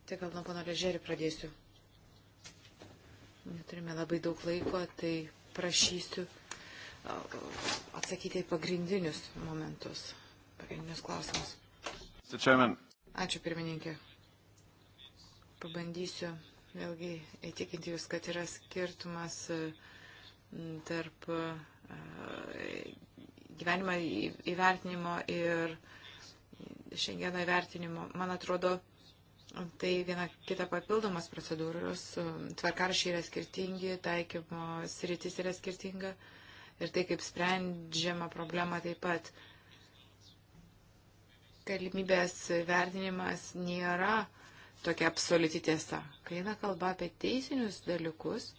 Speaker 2: Tai gal nuo pono Ležerį pradėsiu. Neturime labai daug laiko, tai prašysiu atsakyti į pagrindinius momentus, pagrindinius klausimus. Ačiū pirmininkė. Pabandysiu vėlgi įtikinti Jūs, kad yra skirtumas e, tarp e, gyvenimo įvertinimo ir šiandieno įvertinimo. Man atrodo, Tai viena kita papildomas procedūros, e, tvarkaršiai yra skirtingi, taikymo sritis yra skirtinga ir tai, kaip sprendžiama problema taip pat. Galimybės vertinimas nėra tokia absoliuti tiesa. Kai eina kalba apie teisinius dalykus,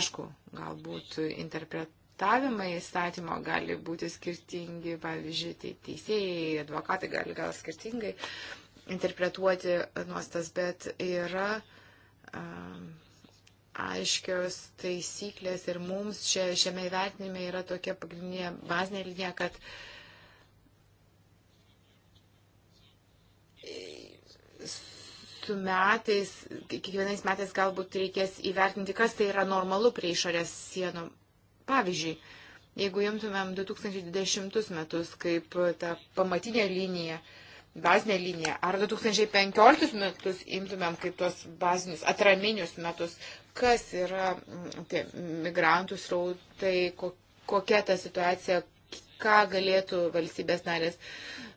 Speaker 2: aišku, galbūt interpretavimai įstatymo gali būti skirtingi, pavyzdžiui, tai teisėjai, advokatai gali gal skirtingai interpretuoti nuostas, bet yra um, aiškios taisyklės ir mums čia, šiame įvertinime yra tokia pagrindinė bazinė linija, kad su metais, kiekvienais metais galbūt reikės įvertinti, kas tai yra normalu prie išorės sienų. Pavyzdžiui, jeigu imtumėm 2020 metus kaip tą pamatinę liniją, uh, bazinę liniją, ar 2015 metus imtumėm kaip tuos bazinius atraminius metus, kas yra mm, tie migrantų srautai, kokia ta situacija, ką galėtų valstybės narės,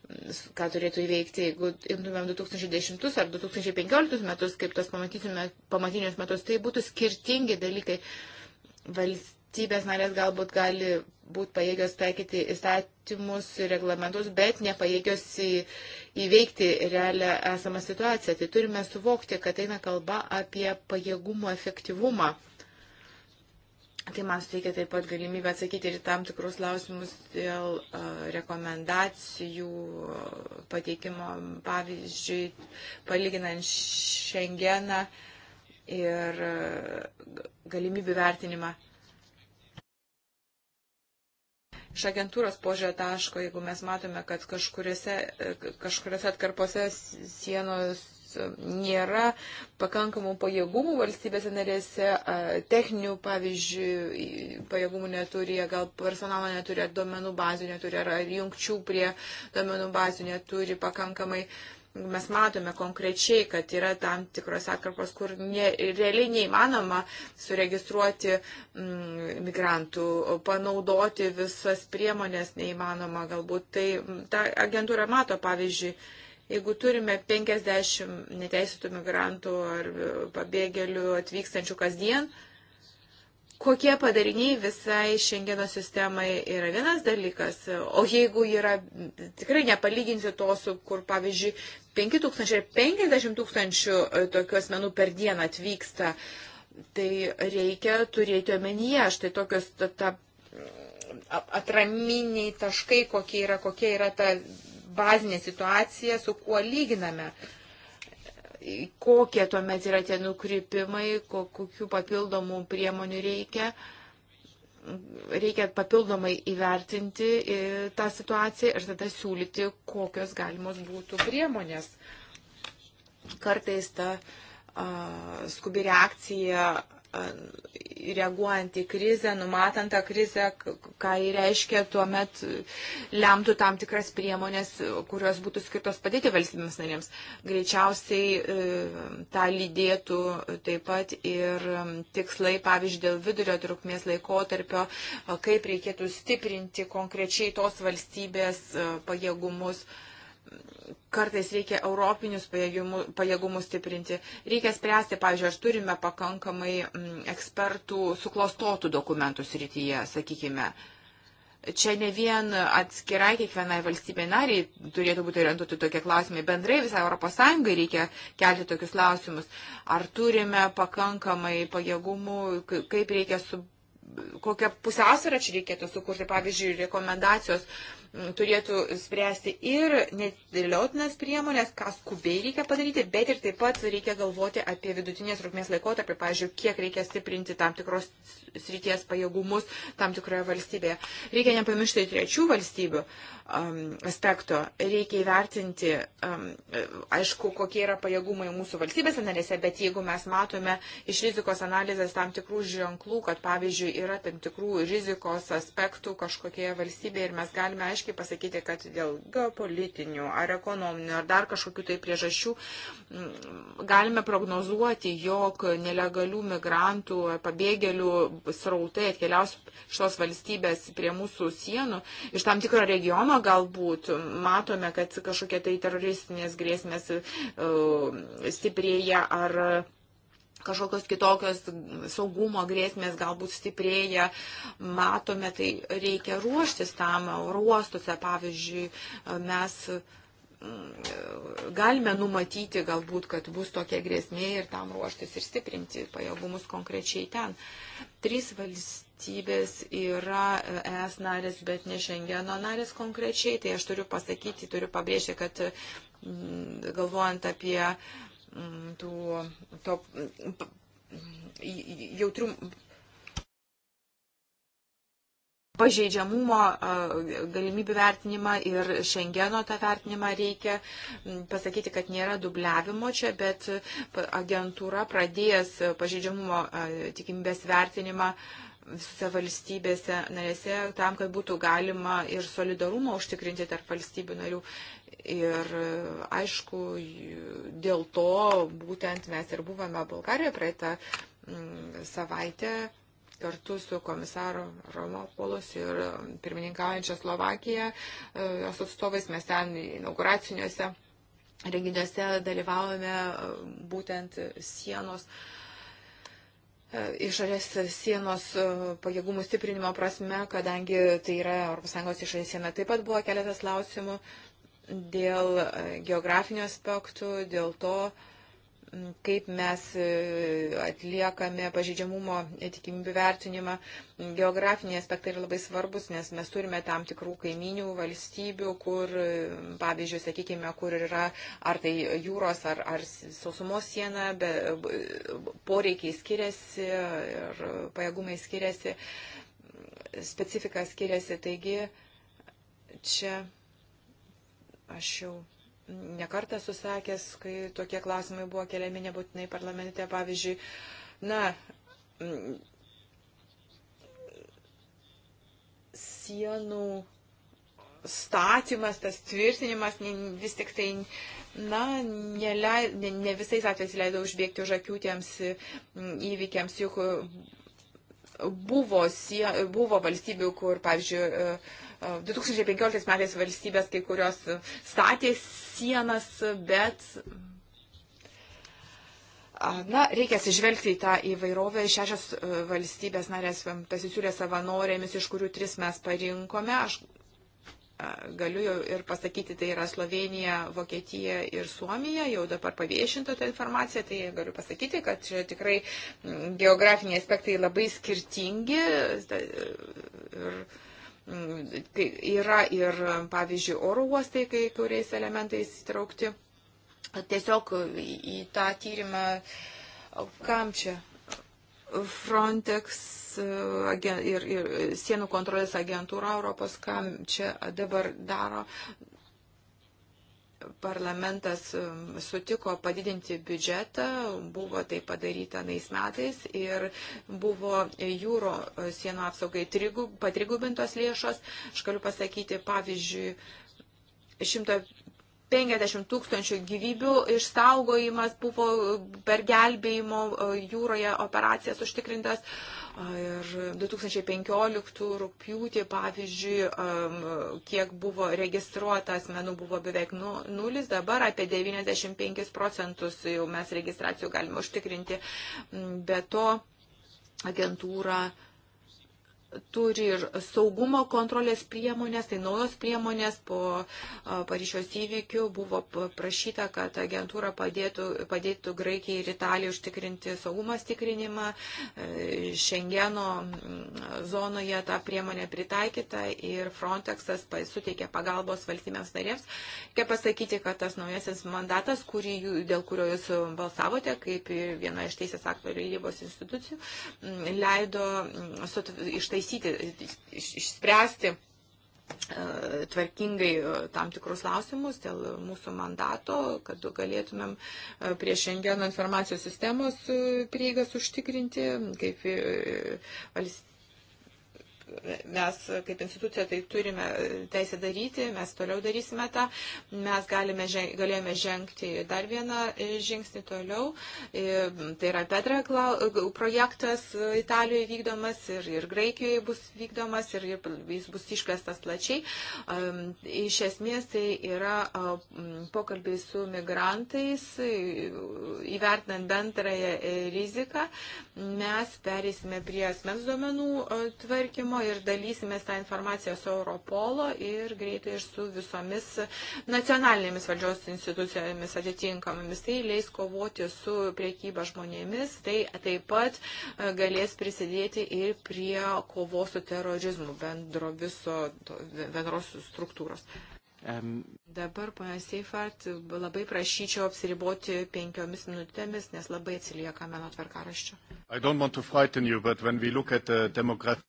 Speaker 2: mm, ką turėtų įveikti, jeigu imtumėm 2010 ar 2015 metus, kaip tos pamatinius metus, tai būtų skirtingi dalykai. Valst valstybės narės galbūt gali būti pajėgios taikyti įstatymus ir reglamentus, bet nepajėgios į, įveikti realią esamą situaciją. Tai turime suvokti, kad eina kalba apie pajėgumo efektyvumą. Tai man suteikia taip pat galimybę atsakyti ir tam tikrus klausimus dėl uh, rekomendacijų uh, pateikimo, pavyzdžiui, palyginant šiandieną ir uh, galimybių vertinimą. Uh, iš agentūros požiūrio taško, jeigu mes matome, kad kažkuriuose, kažkuriuose atkarpose sienos nėra pakankamų pajėgumų valstybėse narėse, techninių, pavyzdžiui, pajėgumų neturi, gal personalo neturi, ar duomenų bazių neturi, ar jungčių prie duomenų bazių neturi pakankamai. Uh, mes matome konkrečiai, kad yra tam tikros atkarpos, kur ne, realiai neįmanoma suregistruoti m, mm, migrantų, panaudoti visas priemonės neįmanoma galbūt. Tai mm, ta agentūra mato, pavyzdžiui, jeigu turime 50 neteisėtų migrantų ar e, pabėgėlių atvykstančių kasdien, mm, kokie padariniai visai šengeno sistemai yra vienas dalykas, o jeigu yra, tikrai nepalyginsi to su, kur pavyzdžiui 5 tūkstančiai ir 50 tūkstančių e, tokių asmenų per dieną atvyksta, tai reikia turėti omenyje, štai tokios ta, ta, atraminiai taškai, kokie yra, kokia yra ta bazinė situacija, su kuo lyginame. Uh, kokie tuomet yra tie nukrypimai, kokių papildomų priemonių reikia. Reikia papildomai įvertinti e, tą situaciją ir tada siūlyti, kokios galimos būtų priemonės. Kartais ta a, skubi reakcija reaguojant į krizę, numatant tą krizę, ką jį reiškia, tuomet lemtų tam tikras priemonės, kurios būtų skirtos padėti valstybėms narėms. Greičiausiai e, tą lydėtų taip pat ir tikslai, pavyzdžiui, dėl vidurio trukmės laikotarpio, kaip reikėtų stiprinti konkrečiai tos valstybės e, pajėgumus kartais reikia europinius pajėgumus, pajėgumus stiprinti. Reikia spręsti, pavyzdžiui, ar turime pakankamai mm, ekspertų suklastotų dokumentų srityje, sakykime. Čia ne vien atskirai kiekvienai valstybė nariai turėtų būti orientuoti tokie klausimai, bendrai visai ES reikia kelti tokius klausimus. Ar turime pakankamai pajėgumų, kaip reikia su kokią pusiausvyrą čia reikėtų sukurti, pavyzdžiui, rekomendacijos uh, turėtų spręsti ir nedėliotinas priemonės, ką skubiai reikia padaryti, bet ir taip pat reikia galvoti apie vidutinės rūkmės laikotarpį, pavyzdžiui, kiek reikia stiprinti tam tikros srities pajėgumus tam tikroje valstybėje. Reikia nepamiršti trečių valstybių um, aspekto, reikia įvertinti, um, aišku, kokie yra pajėgumai mūsų valstybės analėse, bet jeigu mes matome iš rizikos analizės tam tikrų ženklų, kad pavyzdžiui yra tam tikrų rizikos aspektų kažkokioje valstybėje ir mes galime, aišku, aiškiai pasakyti, kad dėl geopolitinių ar ekonominių ar dar kažkokių tai priežasčių mm, galime prognozuoti, jog nelegalių migrantų ar pabėgėlių srautai atkeliaus šios valstybės prie mūsų sienų. Iš tam tikro regiono galbūt matome, kad kažkokie tai teroristinės grėsmės e, stiprėja ar kažkokios kitokios saugumo grėsmės galbūt stiprėja, matome, tai reikia ruoštis tam ruostuose, pavyzdžiui, mes mm, galime numatyti galbūt, kad bus tokia grėsmė ir tam ruoštis ir stiprinti pajėgumus konkrečiai ten. Trys valstybės yra ES narės, bet ne Šengeno narės konkrečiai, tai aš turiu pasakyti, turiu pabrėžti, kad mm, galvojant apie uh, Mm, tų to, jautrių pažeidžiamumo galimybių vertinimą ir Šengeno tą vertinimą reikia pasakyti, kad nėra dubliavimo čia, bet agentūra pradėjęs pažeidžiamumo tikimybės vertinimą uh, visose valstybėse narėse, tam, kad būtų galima ir solidarumą užtikrinti tarp valstybių narių. Ir aišku, dėl to būtent mes ir buvome Bulgarijoje praeitą mm, savaitę kartu su komisaru Romopolus ir pirmininkaujančia Slovakija, e, jos atstovais mes ten inauguraciniuose renginiuose dalyvavome e, būtent sienos uh, E, išorės sienos e, pajėgumų stiprinimo prasme, kadangi tai yra ES išorės siena. Taip pat buvo keletas klausimų dėl e, geografinių aspektų, dėl to, kaip mes e, atliekame pažydžiamumo tikimybių vertinimą. Geografiniai aspektai yra labai svarbus, nes mes turime tam tikrų kaiminių valstybių, kur, e, pavyzdžiui, sakykime, kur yra ar tai jūros ar, ar sausumos siena, be, e, poreikiai skiriasi ir pajėgumai skiriasi, specifika skiriasi. Taigi čia aš jau nekartą susakęs, kai tokie klausimai buvo keliami nebūtinai parlamente, pavyzdžiui, na, mm, sienų statymas, tas tvirtinimas vis tik tai, na, nelei, ne, ne visais atvejais leido užbėgti už akių tiems mm, įvykiams, juk buvo, sie, buvo valstybių, kur, pavyzdžiui, 2015 metais valstybės kai kurios statė sienas, bet Na, reikia atsižvelgti į tą įvairovę. Šešios e, valstybės narės pasisiūlė savanorėmis, iš kurių tris mes parinkome. Aš galiu jau ir pasakyti, tai yra Slovenija, Vokietija ir Suomija, jau dabar paviešinta ta informacija, tai galiu pasakyti, kad čia tikrai geografiniai aspektai labai skirtingi. Ir Yra ir, pavyzdžiui, oro uostai, kai kuriais elementais įtraukti. Tiesiog į tą tyrimą, kam čia Frontex ir, ir sienų kontrolės agentūra Europos, kam čia dabar daro, parlamentas um, sutiko padidinti biudžetą, buvo tai padaryta nais metais ir buvo jūro uh, sienų apsaugai trigub, patrigubintos lėšos. Aš galiu pasakyti, pavyzdžiui, 100 50 tūkstančių gyvybių išsaugojimas buvo per gelbėjimo e, jūroje operacijas užtikrintas. Ir 2015 rūpjūtį, pavyzdžiui, kiek buvo registruota asmenų buvo beveik nu, nulis, dabar apie 95 procentus jau mes registracijų galime užtikrinti. Mm, be to agentūra uh, turi ir saugumo kontrolės priemonės, tai naujos priemonės po Paryžiaus įvykių buvo prašyta, kad agentūra padėtų, padėtų Graikijai ir Italijai užtikrinti saugumo stikrinimą. E, Šengeno mm, zonoje ta priemonė pritaikyta ir Frontexas suteikė pagalbos valstybėms narėms. Kaip pasakyti, kad tas naujasis mandatas, kurį, dėl kurio jūs balsavote, kaip viena iš teisės aktorių lygybos institucijų, mm, leido mm, ištai ištaisyti, iš, išspręsti e, tvarkingai e, tam tikrus klausimus dėl mūsų mandato, kad galėtumėm e, prie šiandien informacijos sistemos prieigas užtikrinti, kaip mes kaip institucija tai turime teisę daryti, mes toliau darysime tą, mes galime, galėjome žengti dar vieną žingsnį toliau. E, tai yra Pedra projektas Italijoje vykdomas ir, ir Graikijoje bus vykdomas ir, ir jis bus išplėstas plačiai. Iš esmės tai yra pokalbiai su migrantais, įvertinant bendrąją e, riziką, mes perėsime prie asmens duomenų tvarkymo tyrimo ir dalysimės tą informaciją su Europolo ir greitai ir su visomis nacionalinėmis valdžios institucijomis atitinkamomis. Tai leis kovoti su priekyba žmonėmis, tai taip pat e, galės prisidėti ir prie kovos su terorizmu bendro viso, bendros struktūros. Um, Dabar, ponia Seifart, labai prašyčiau apsiriboti penkiomis minutėmis, nes labai atsiliekame nuo tvarkaraščio.
Speaker 1: You, the uh, demograph...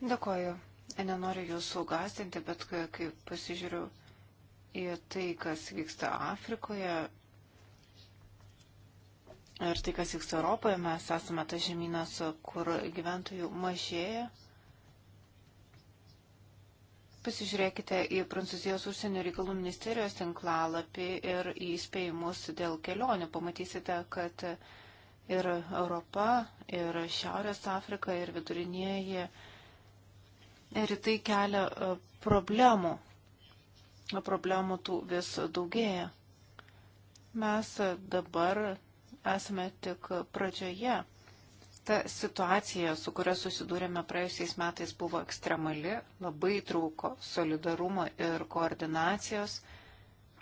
Speaker 1: Dėkoju. E, nenoriu jūsų gastinti, bet kai pasižiūriu į tai, kas vyksta Afrikoje ir tai, kas vyksta Europoje, mes esame ta žemynas, kur gyventojų mažėja. Pasižiūrėkite į Prancūzijos užsienio reikalų ministerijos tinklalapį ir į įspėjimus dėl kelionių. Pamatysite, kad ir Europa, ir Šiaurės Afrika, ir vidurinėje ir tai kelia e, problemų. Problemų tų vis daugėja. Mes dabar esame tik pradžioje. Ta situacija, su kuria susidūrėme praėjusiais metais, buvo ekstremali, labai trūko solidarumo ir koordinacijos,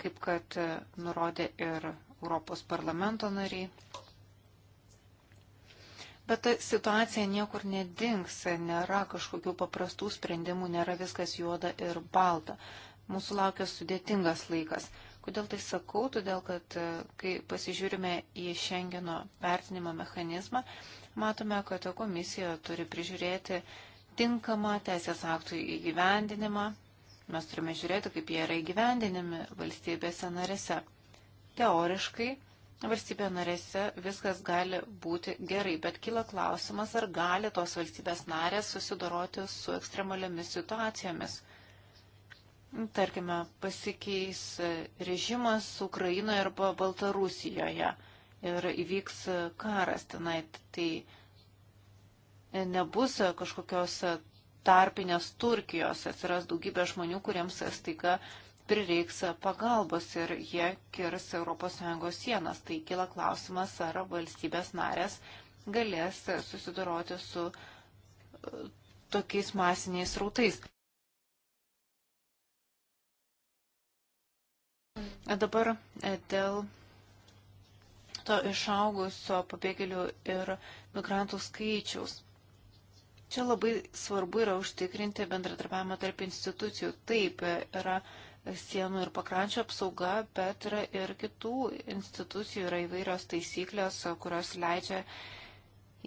Speaker 1: kaip kad nurodė ir Europos parlamento nariai. Bet ta situacija niekur nedings, nėra kažkokių paprastų sprendimų, nėra viskas juoda ir balta. Mūsų laukia sudėtingas laikas. Kodėl tai sakau? Todėl, kad e, kai pasižiūrime į Šengeno vertinimo mechanizmą, matome, kad komisija turi prižiūrėti tinkamą teisės aktų įgyvendinimą. Mes turime žiūrėti, kaip jie yra įgyvendinimi valstybėse narėse. Teoriškai valstybė narėse viskas gali būti gerai, bet kyla klausimas, ar gali tos valstybės narės susidoroti su ekstremaliomis situacijomis. Tarkime, pasikeis režimas Ukrainoje arba Baltarusijoje ir įvyks karas tenai, tai nebus kažkokios tarpinės Turkijos, atsiras daugybė žmonių, kuriems staiga prireiks pagalbos ir jie kirs ES sienas. Tai kila klausimas, ar valstybės narės galės susidoroti su e, tokiais masiniais rautais. Dabar e, dėl to išaugusio pabėgėlių ir migrantų skaičiaus. Čia labai svarbu yra užtikrinti bendradarbiavimą tarp institucijų. Taip, e, yra sienų ir pakrančio apsauga, bet yra ir kitų institucijų, yra įvairios taisyklės, kurios leidžia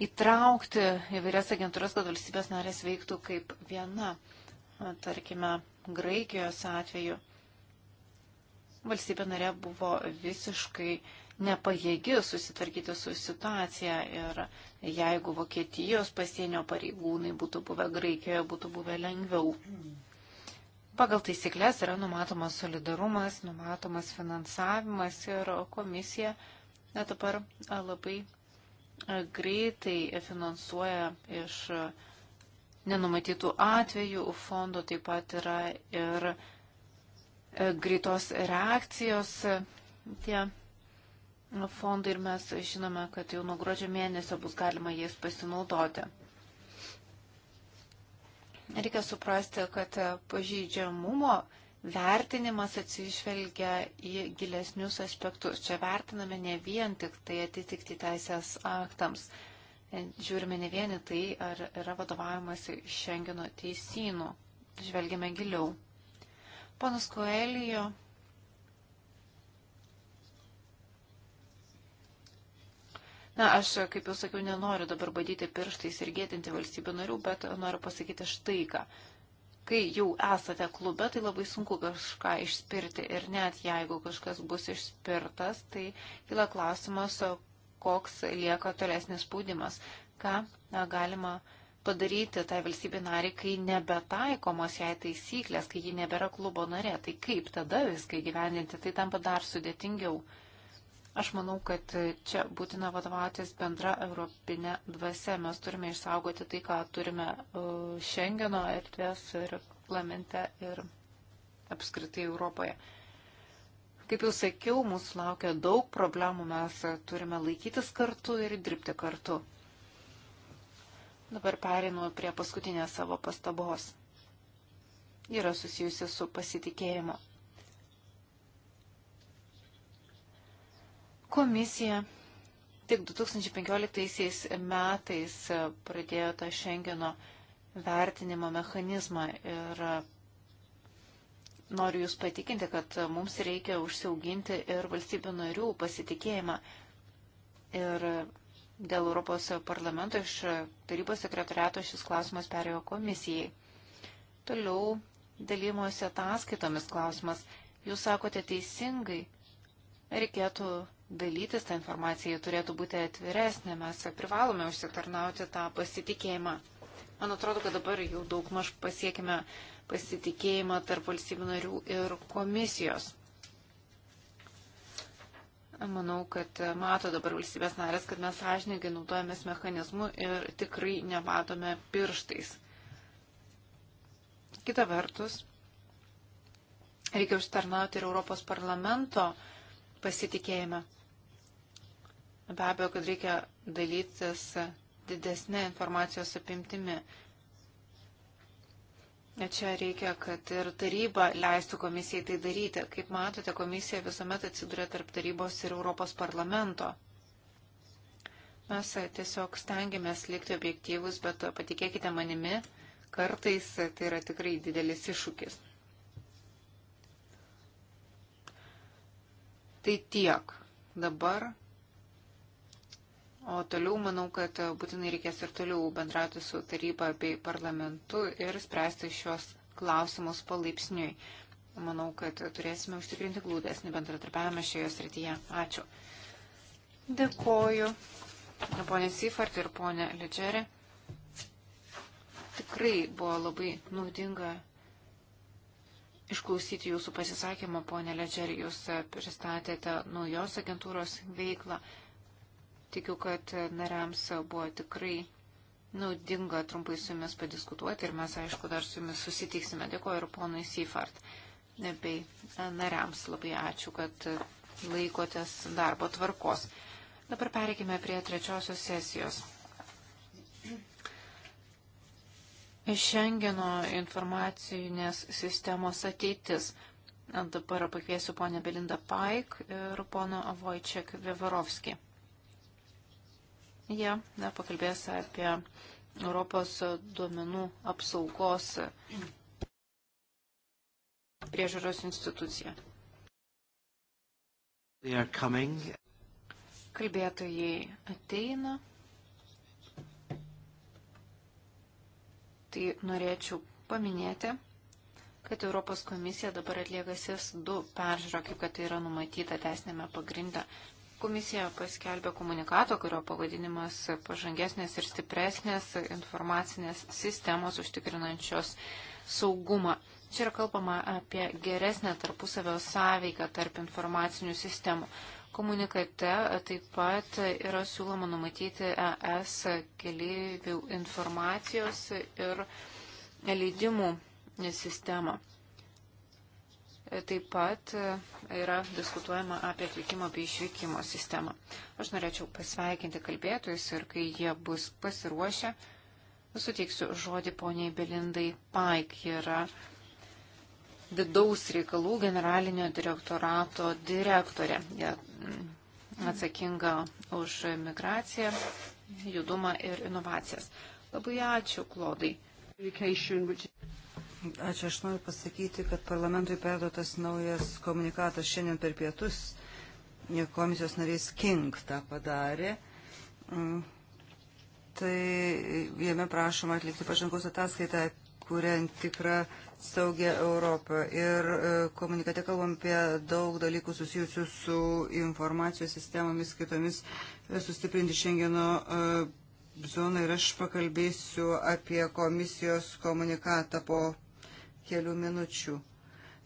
Speaker 1: įtraukti įvairias agentūras, kad valstybės narės veiktų kaip viena. Tarkime, Graikijos atveju valstybė narė buvo visiškai nepajėgi susitvarkyti su situacija ir jeigu Vokietijos pasienio pareigūnai būtų buvę Graikijoje, būtų buvę lengviau. Mm. Pagal taisyklės yra numatomas solidarumas, numatomas finansavimas ir komisija dabar labai greitai finansuoja iš nenumatytų atvejų fondo, taip pat yra ir greitos reakcijos tie fondai ir mes žinome, kad jau nuo gruodžio mėnesio bus galima jais pasinaudoti. Reikia suprasti, kad pažeidžiamumo vertinimas atsižvelgia į gilesnius aspektus. Čia vertiname ne vien tik tai atitikti teisės aktams. Žiūrime ne vien į tai, ar yra vadovavimas Šengeno teisynų. Žvelgiame giliau. Ponas Koelijo Na, aš, kaip jau sakiau, nenoriu dabar badyti pirštais ir gėdinti valstybių narių, bet noriu pasakyti štai ką. Kai jau esate klube, tai labai sunku kažką išspirti ir net jeigu kažkas bus išspirtas, tai kyla klausimas, koks lieka tolesnis spaudimas, ką galima padaryti tai valstybė nariai, kai nebetaikomos jai taisyklės, kai ji nebėra klubo narė, tai kaip tada viską gyvendinti, tai tampa dar sudėtingiau. Aš manau, kad čia būtina vadovautis bendra europinė dvasia. Mes turime išsaugoti tai, ką turime e, Šengeno erdvės reglamente ir apskritai Europoje. Kaip jau sakiau, mūsų laukia daug problemų, mes turime laikytis kartu ir dirbti kartu. Dabar perinu prie paskutinės savo pastabos. Yra susijusi su pasitikėjimu. Komisija tik 2015 metais pradėjo tą Šengeno vertinimo mechanizmą ir noriu Jūs patikinti, kad mums reikia užsiauginti ir valstybių narių pasitikėjimą. Ir dėl Europos parlamento iš tarybos sekretariato šis klausimas perėjo komisijai. Toliau dalymosi ataskaitomis klausimas. Jūs sakote teisingai, reikėtų dalytis tą informaciją, turėtų būti atviresnė, mes privalome užsitarnauti tą pasitikėjimą. Man atrodo, kad dabar jau daug maž pasiekime pasitikėjimą tarp valstybių narių ir komisijos. Manau, kad mato dabar valstybės narės, kad mes sąžininkai naudojamės mechanizmu ir tikrai nematome pirštais. Kita vertus, reikia užtarnauti ir Europos parlamento pasitikėjimą. Be abejo, kad reikia dalytis didesnė informacijos apimtimi. Čia reikia, kad ir taryba leistų komisijai tai daryti. Kaip matote, komisija visuomet atsiduria tarp tarybos ir Europos parlamento. Mes tiesiog stengiamės likti objektyvus, bet patikėkite manimi, kartais tai yra tikrai didelis iššūkis. Tai tiek. Dabar O toliau manau, kad e, būtinai reikės ir toliau bendrauti su taryba bei parlamentu ir spręsti šios klausimus palaipsniui. Manau, kad turėsime užtikrinti glūdesnį bendratarpiavimą šioje srityje. Ačiū. Dėkoju. Ponė Sifart ir ponė Ledžerė. Tikrai buvo labai naudinga išklausyti jūsų pasisakymą, ponė Ledžerė. Jūs e, pristatėte naujos agentūros veiklą. Tikiu, kad nariams buvo tikrai naudinga trumpai su jumis padiskutuoti ir mes, aišku, dar su jumis susitiksime. Dėkuoju ir ponui Seifart, bei e, nariams labai ačiū, kad laikotės darbo tvarkos. Dabar pereikime prie trečiosios sesijos. Šengeno informacinės sistemos ateitis. Dabar pakviesiu ponę Belindą Paik ir poną Vojčiak Vevarovskį. Jie na, pakalbės apie Europos duomenų apsaugos priežiūros instituciją. Kalbėtojai ateina. Tai norėčiau paminėti, kad Europos komisija dabar atlieka SIS 2 peržiūrą, kaip kad tai yra numatyta teisinėme pagrindė. Komisija paskelbė komunikato, kurio pavadinimas pažangesnės ir stipresnės informacinės sistemos užtikrinančios saugumą. Čia yra kalbama apie geresnę tarpusavio sąveiką tarp informacinių sistemų. Komunikate taip pat yra siūloma numatyti ES keleivių informacijos ir leidimų sistemą. Taip pat e, yra diskutuojama apie atvykimo bei išvykimo sistemą. Aš norėčiau pasveikinti kalbėtojus ir kai jie bus pasiruošę, suteiksiu žodį poniai Belindai Paik. yra vidaus reikalų generalinio direktorato direktorė. Jie mm, atsakinga už migraciją, judumą ir inovacijas. Labai ačiū, Klodai. Ačiū, aš
Speaker 3: noriu pasakyti, kad parlamentui perduotas naujas komunikatas šiandien per pietus. Komisijos narys King tą padarė. Mm. Tai jame prašoma atlikti pažangos ataskaitą, kuriant tikrą saugę Europą. Ir e, komunikate kalbam apie daug dalykų susijusių su informacijos sistemomis, kitomis e, sustiprinti Šengeno e, zoną. Ir aš pakalbėsiu apie komisijos komunikatą po kelių minučių.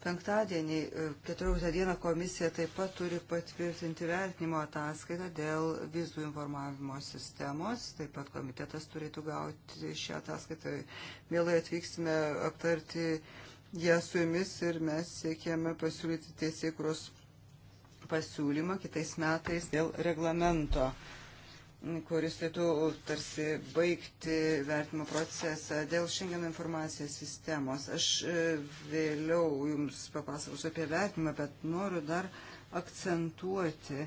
Speaker 3: Penktadienį, 14 e, dieną komisija taip pat turi patvirtinti vertinimo ataskaitą dėl vizų informavimo sistemos. Taip pat komitetas turėtų gauti šią ataskaitą. Mielai atvyksime aptarti ją su jumis ir mes siekiame pasiūlyti teisėkros pasiūlymą kitais metais dėl reglamento kuris turėtų tarsi baigti vertimo procesą dėl šiandien informacijos sistemos. Aš e, vėliau jums papasakosiu apie vertimą, bet noriu dar akcentuoti,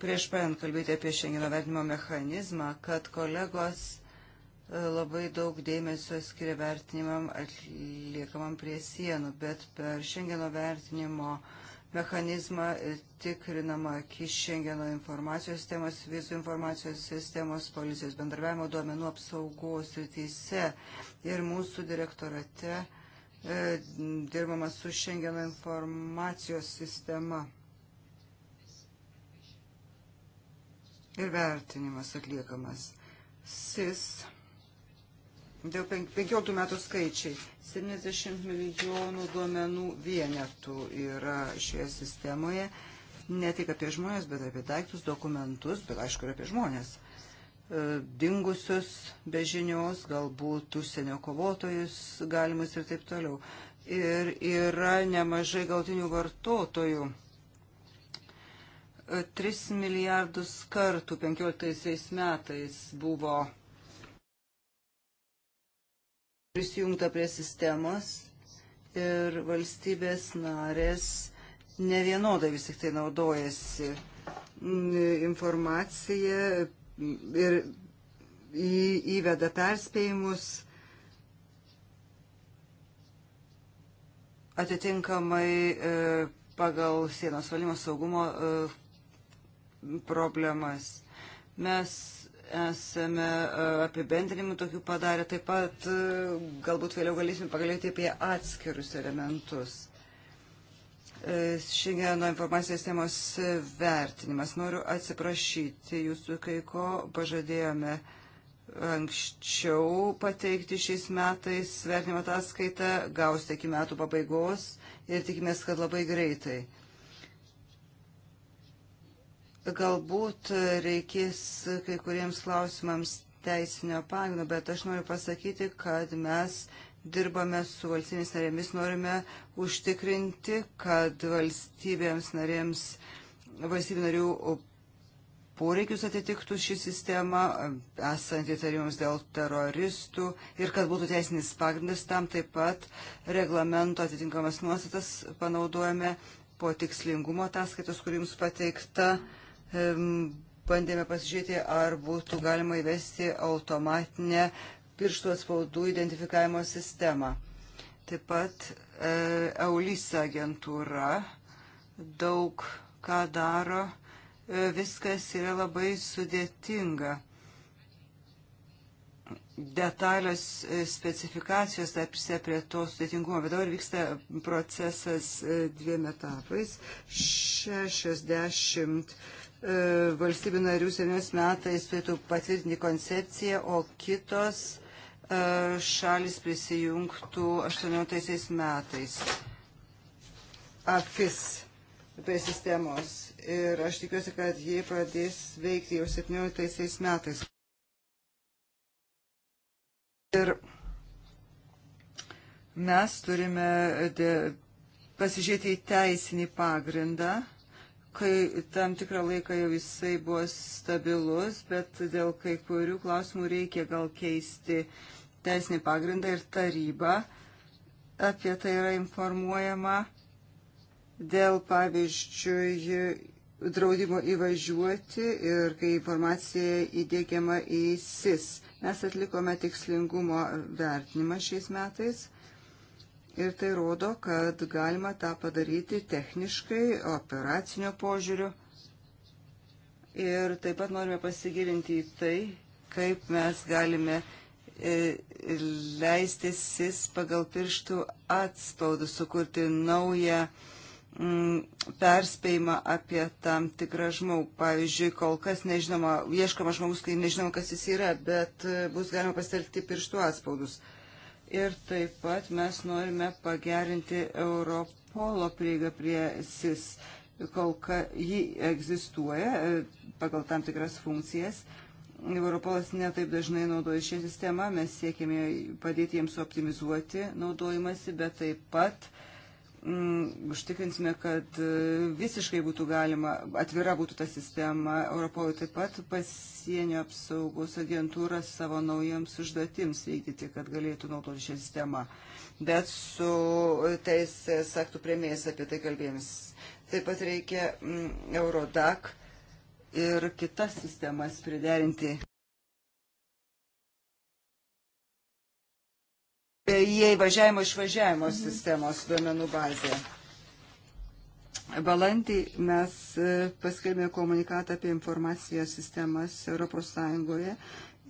Speaker 3: prieš pradant kalbėti apie šiandieno vertimo mechanizmą, kad kolegos e, labai daug dėmesio skiria vertinimam atliekamam prie sienų, bet per šiandieno vertinimo uh, mechanizmą e, tikrinama kišengeno informacijos sistemos, vizų informacijos sistemos, policijos bendravimo duomenų apsaugos rytise ir mūsų direktorate e, dirbama su šengeno informacijos sistema. Ir vertinimas atliekamas. SIS Dėl 15 metų skaičiai 70 milijonų duomenų vienetų yra šioje sistemoje. Ne tik apie žmonės, bet apie daiktus, dokumentus, bet aišku ir apie žmonės. E, dingusius be žinios, galbūt užsienio kovotojus galimus ir taip toliau. Ir yra nemažai galtinių vartotojų 3 e, milijardus kartų 15 metais buvo prisijungta prie sistemos ir valstybės narės ne vienodai vis tik tai naudojasi mm, informacija ir įveda perspėjimus atitinkamai e, pagal sienos valymo saugumo e, problemas. Mes esame e, apibendrinimų tokių padarę, taip pat e, galbūt vėliau galėsime pagalėti apie atskirus elementus. E, Šengeno informacijos sistemos vertinimas. Noriu atsiprašyti jūsų, kai ko pažadėjome anksčiau pateikti šiais metais vertinimo ataskaitą, gausite iki metų pabaigos ir tikimės, kad labai greitai. Galbūt reikės kai kuriems klausimams teisinio pagrindo, bet aš noriu pasakyti, kad mes dirbame su valstybės narėmis, norime užtikrinti, kad valstybėms narėms, valstybių narių poreikius atitiktų ši sistema, esant įtarimams dėl teroristų ir kad būtų teisinis pagrindas tam taip pat reglamento atitinkamas nuostatas panaudojame po tikslingumo ataskaitos, kur jums pateikta. Mm bandėme pasižiūrėti, ar būtų galima įvesti automatinę pirštų atspaudų identifikavimo sistemą. Taip pat e, EULIS agentūra daug ką daro, e, viskas yra labai sudėtinga detalios e, specifikacijos apsė prie to sudėtingumo, bet dabar vyksta procesas dviem etapais. 60 E, valstybių narių senės metais turėtų patvirtinti koncepciją, o kitos e, šalis prisijungtų 18 metais. AFIS prie sistemos. Ir aš tikiuosi, kad jie pradės veikti jau 17 metais. Ir mes turime pasižiūrėti į teisinį pagrindą kai tam tikrą laiką jau jisai buvo stabilus, bet dėl kai kurių klausimų reikia gal keisti teisinį pagrindą ir taryba apie tai yra informuojama dėl, pavyzdžiui, draudimo įvažiuoti ir kai informacija įdėkiama į SIS. Mes atlikome tikslingumo vertinimą šiais metais Ir tai rodo, kad galima tą padaryti techniškai, operacinio požiūriu. Ir taip pat norime pasigilinti į tai, kaip mes galime e, leistysis pagal pirštų atspaudus sukurti naują mm, perspėjimą apie tam tikrą žmogų. Pavyzdžiui, kol kas nežinoma, ieškoma žmogus, kai nežinoma, kas jis yra, bet e, bus galima pasitelkti pirštų atspaudus. Uh, ir taip pat mes norime pagerinti Europolo prieigą prie SIS. Kol ka, ji egzistuoja e, pagal tam tikras funkcijas. Europolas netaip dažnai naudoja šią sistemą, mes siekėme padėti jiems optimizuoti naudojimasi, bet taip pat uh, mm, užtikrinsime, kad e, visiškai būtų galima, atvira būtų ta sistema. Europoje taip pat pasienio apsaugos agentūra savo naujams užduotims vykdyti, kad galėtų naudoti šią sistemą. Bet su teisės aktų premjais apie tai kalbėjams. Taip pat reikia mm, Eurodac ir kitas sistemas priderinti. E, jie įvažiavimo išvažiavimo sistemos duomenų bazė. Balandį mes e, paskelbėme komunikatą apie informacijos sistemas ES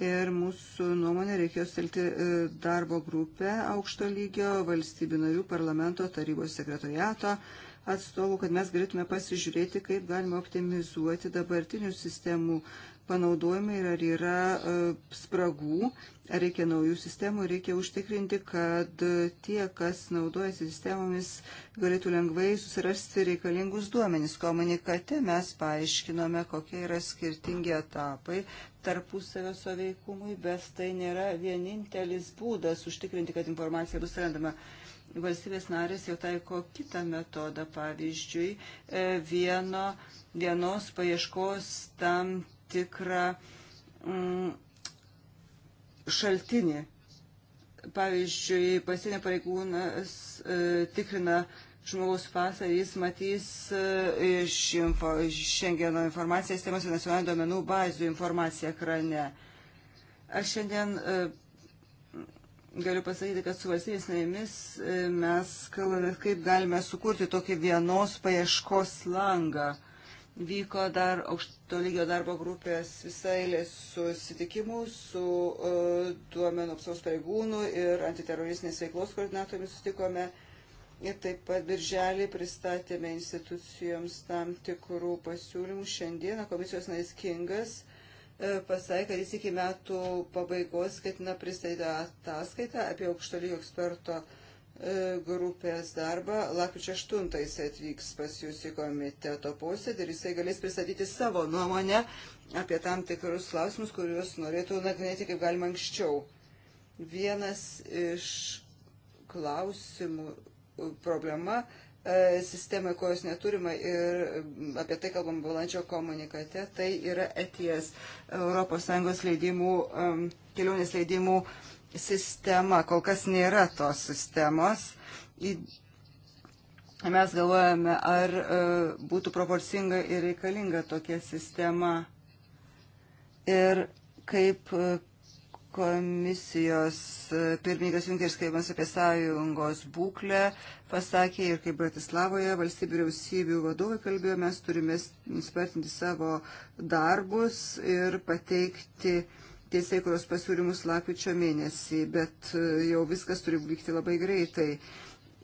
Speaker 3: ir mūsų nuomonė reikėjo stelti e, darbo grupę aukšto lygio valstybių narių parlamento tarybos sekretoriato atstovų, kad mes galėtume pasižiūrėti, kaip galima optimizuoti dabartinių sistemų panaudojami ir ar yra e, spragų, ar reikia naujų sistemų, reikia užtikrinti, kad e, tie, kas naudojasi sistemomis, galėtų lengvai susirasti reikalingus duomenys. Komunikate mes paaiškinome, kokie yra skirtingi etapai tarpusavio soveikumui, bet tai nėra vienintelis būdas užtikrinti, kad informacija bus randama valstybės narės jau taiko kitą metodą, pavyzdžiui, e, vieno, vienos paieškos tam tikrą mm, šaltinį. Pavyzdžiui, pasienio pareigūnas e, tikrina žmogaus pasą ir jis matys e, iš info, Schengeno informacijos sistemos ir nacionalinių duomenų bazių informaciją ekrane. Aš šiandien e, galiu pasakyti, kad su valstybės narėmis e, mes kalbame, kaip galime sukurti tokį vienos paieškos langą. E, Vyko dar aukšto lygio darbo grupės visai lės susitikimų su uh, duomenų apsaus pareigūnų ir antiteroristinės veiklos koordinatoriumi susitikome. Ir taip pat birželį pristatėme institucijoms tam tikrų pasiūlymų. Šiandieną komisijos narys Kingas e, pasakė, kad jis iki metų pabaigos ketina pristatyti ataskaitą apie aukšto lygio eksperto uh, E, grupės darbą. Lapkričio 8 jis atvyks pas jūs į komiteto posėdį ir jisai galės pristatyti savo nuomonę apie tam tikrus klausimus, kuriuos norėtų nagrinėti kaip galima anksčiau. Vienas iš klausimų problema e, sistemai, kurios neturime ir apie tai kalbam balandžio komunikate, tai yra ETS, ES leidimų, kelionės leidimų sistema, kol kas nėra tos sistemos. Mes galvojame, ar e, būtų proporcinga ir reikalinga tokia sistema. Ir kaip e, komisijos e, pirmininkas Junkeris, kalbant apie sąjungos būklę, pasakė ir kaip Bratislavoje valstybių vyriausybių vadovai kalbėjo, mes turime spartinti savo darbus ir pateikti uh, teisėkuros pasiūlymus lapkričio mėnesį, bet e, jau viskas turi vykti labai greitai.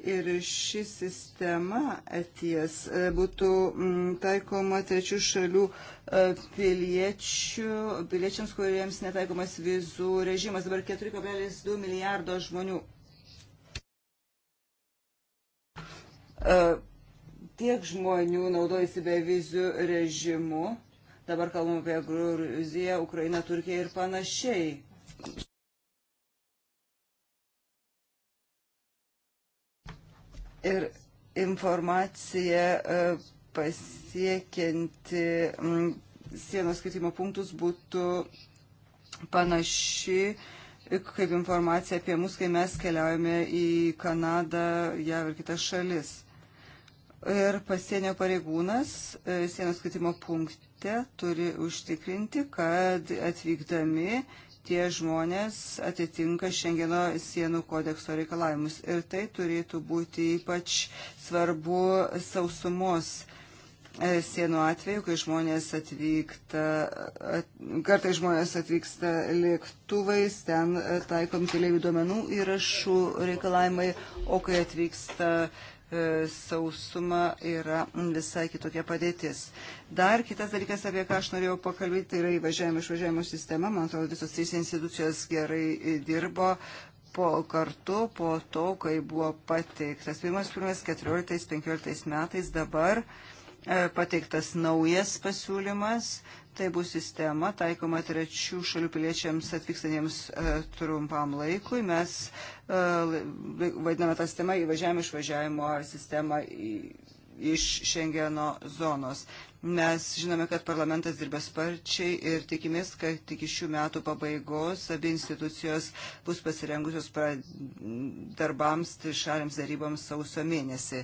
Speaker 3: Ir ši sistema ateities e, būtų mm, taikoma trečių šalių e, piliečių, piliečiams, kuriems netaikomas vizų režimas. Dabar 4,2 milijardo žmonių. Tiek žmonių naudojasi be vizų režimu Dabar kalbam apie Gruziją, Ukrainą, Turkiją ir panašiai. Ir informacija e, pasiekianti sienos skaitimo punktus būtų panaši e, kaip informacija apie mus, kai mes keliaujame į Kanadą, JAV ir kitas šalis. Ir pasienio pareigūnas e, sienos skaitimo punkte parlamente turi užtikrinti, kad atvykdami tie žmonės atitinka Šengeno sienų kodekso reikalavimus. Ir tai turėtų būti ypač svarbu sausumos e, sienų atveju, kai žmonės atvyksta, at, kartai žmonės atvyksta lėktuvais, ten taikom keliaivių duomenų įrašų reikalavimai, o kai atvyksta uh, E, sausuma yra visai kitokia padėtis. Dar kitas dalykas, apie ką aš norėjau pakalbėti, tai yra įvažiavimo išvažiavimo sistema. Man atrodo, visos trys institucijos gerai e, dirbo po kartu po to, kai buvo pateiktas pirmas pirmas 14-15 metais dabar e, pateiktas naujas pasiūlymas, Tai bus sistema taikoma trečių šalių piliečiams atvykstantiems e, trumpam laikui. Mes e, vadiname tą sistemą įvažiavimo išvažiavimo sistemą iš Šengeno zonos. Mes žinome, kad parlamentas dirba sparčiai ir tikimės, kad iki šių metų pabaigos abi institucijos bus pasirengusios darbams, trišaliams daryboms sausio mėnesį.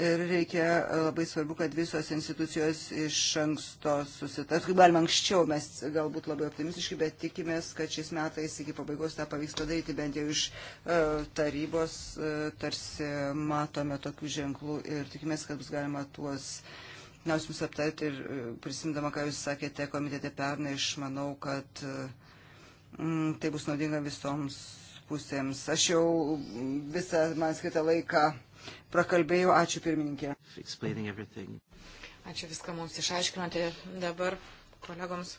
Speaker 3: Ir reikia e, labai svarbu, kad visos institucijos iš anksto susitartų. Kaip galima anksčiau, mes galbūt labai optimistiški, bet tikimės, kad šiais metais iki pabaigos tą pavyks padaryti, bent jau iš uh, tarybos uh, tarsi matome tokių ženklų ir tikimės, kad bus galima tuos klausimus aptarti ir uh, prisimdama, ką jūs sakėte komitete pernai, aš manau, kad mm, tai bus naudinga visoms pusėms. Aš jau visą man skirtą laiką prakalbėjau. Ačiū pirmininkė.
Speaker 2: Ačiū viską mums išaiškinote dabar kolegoms,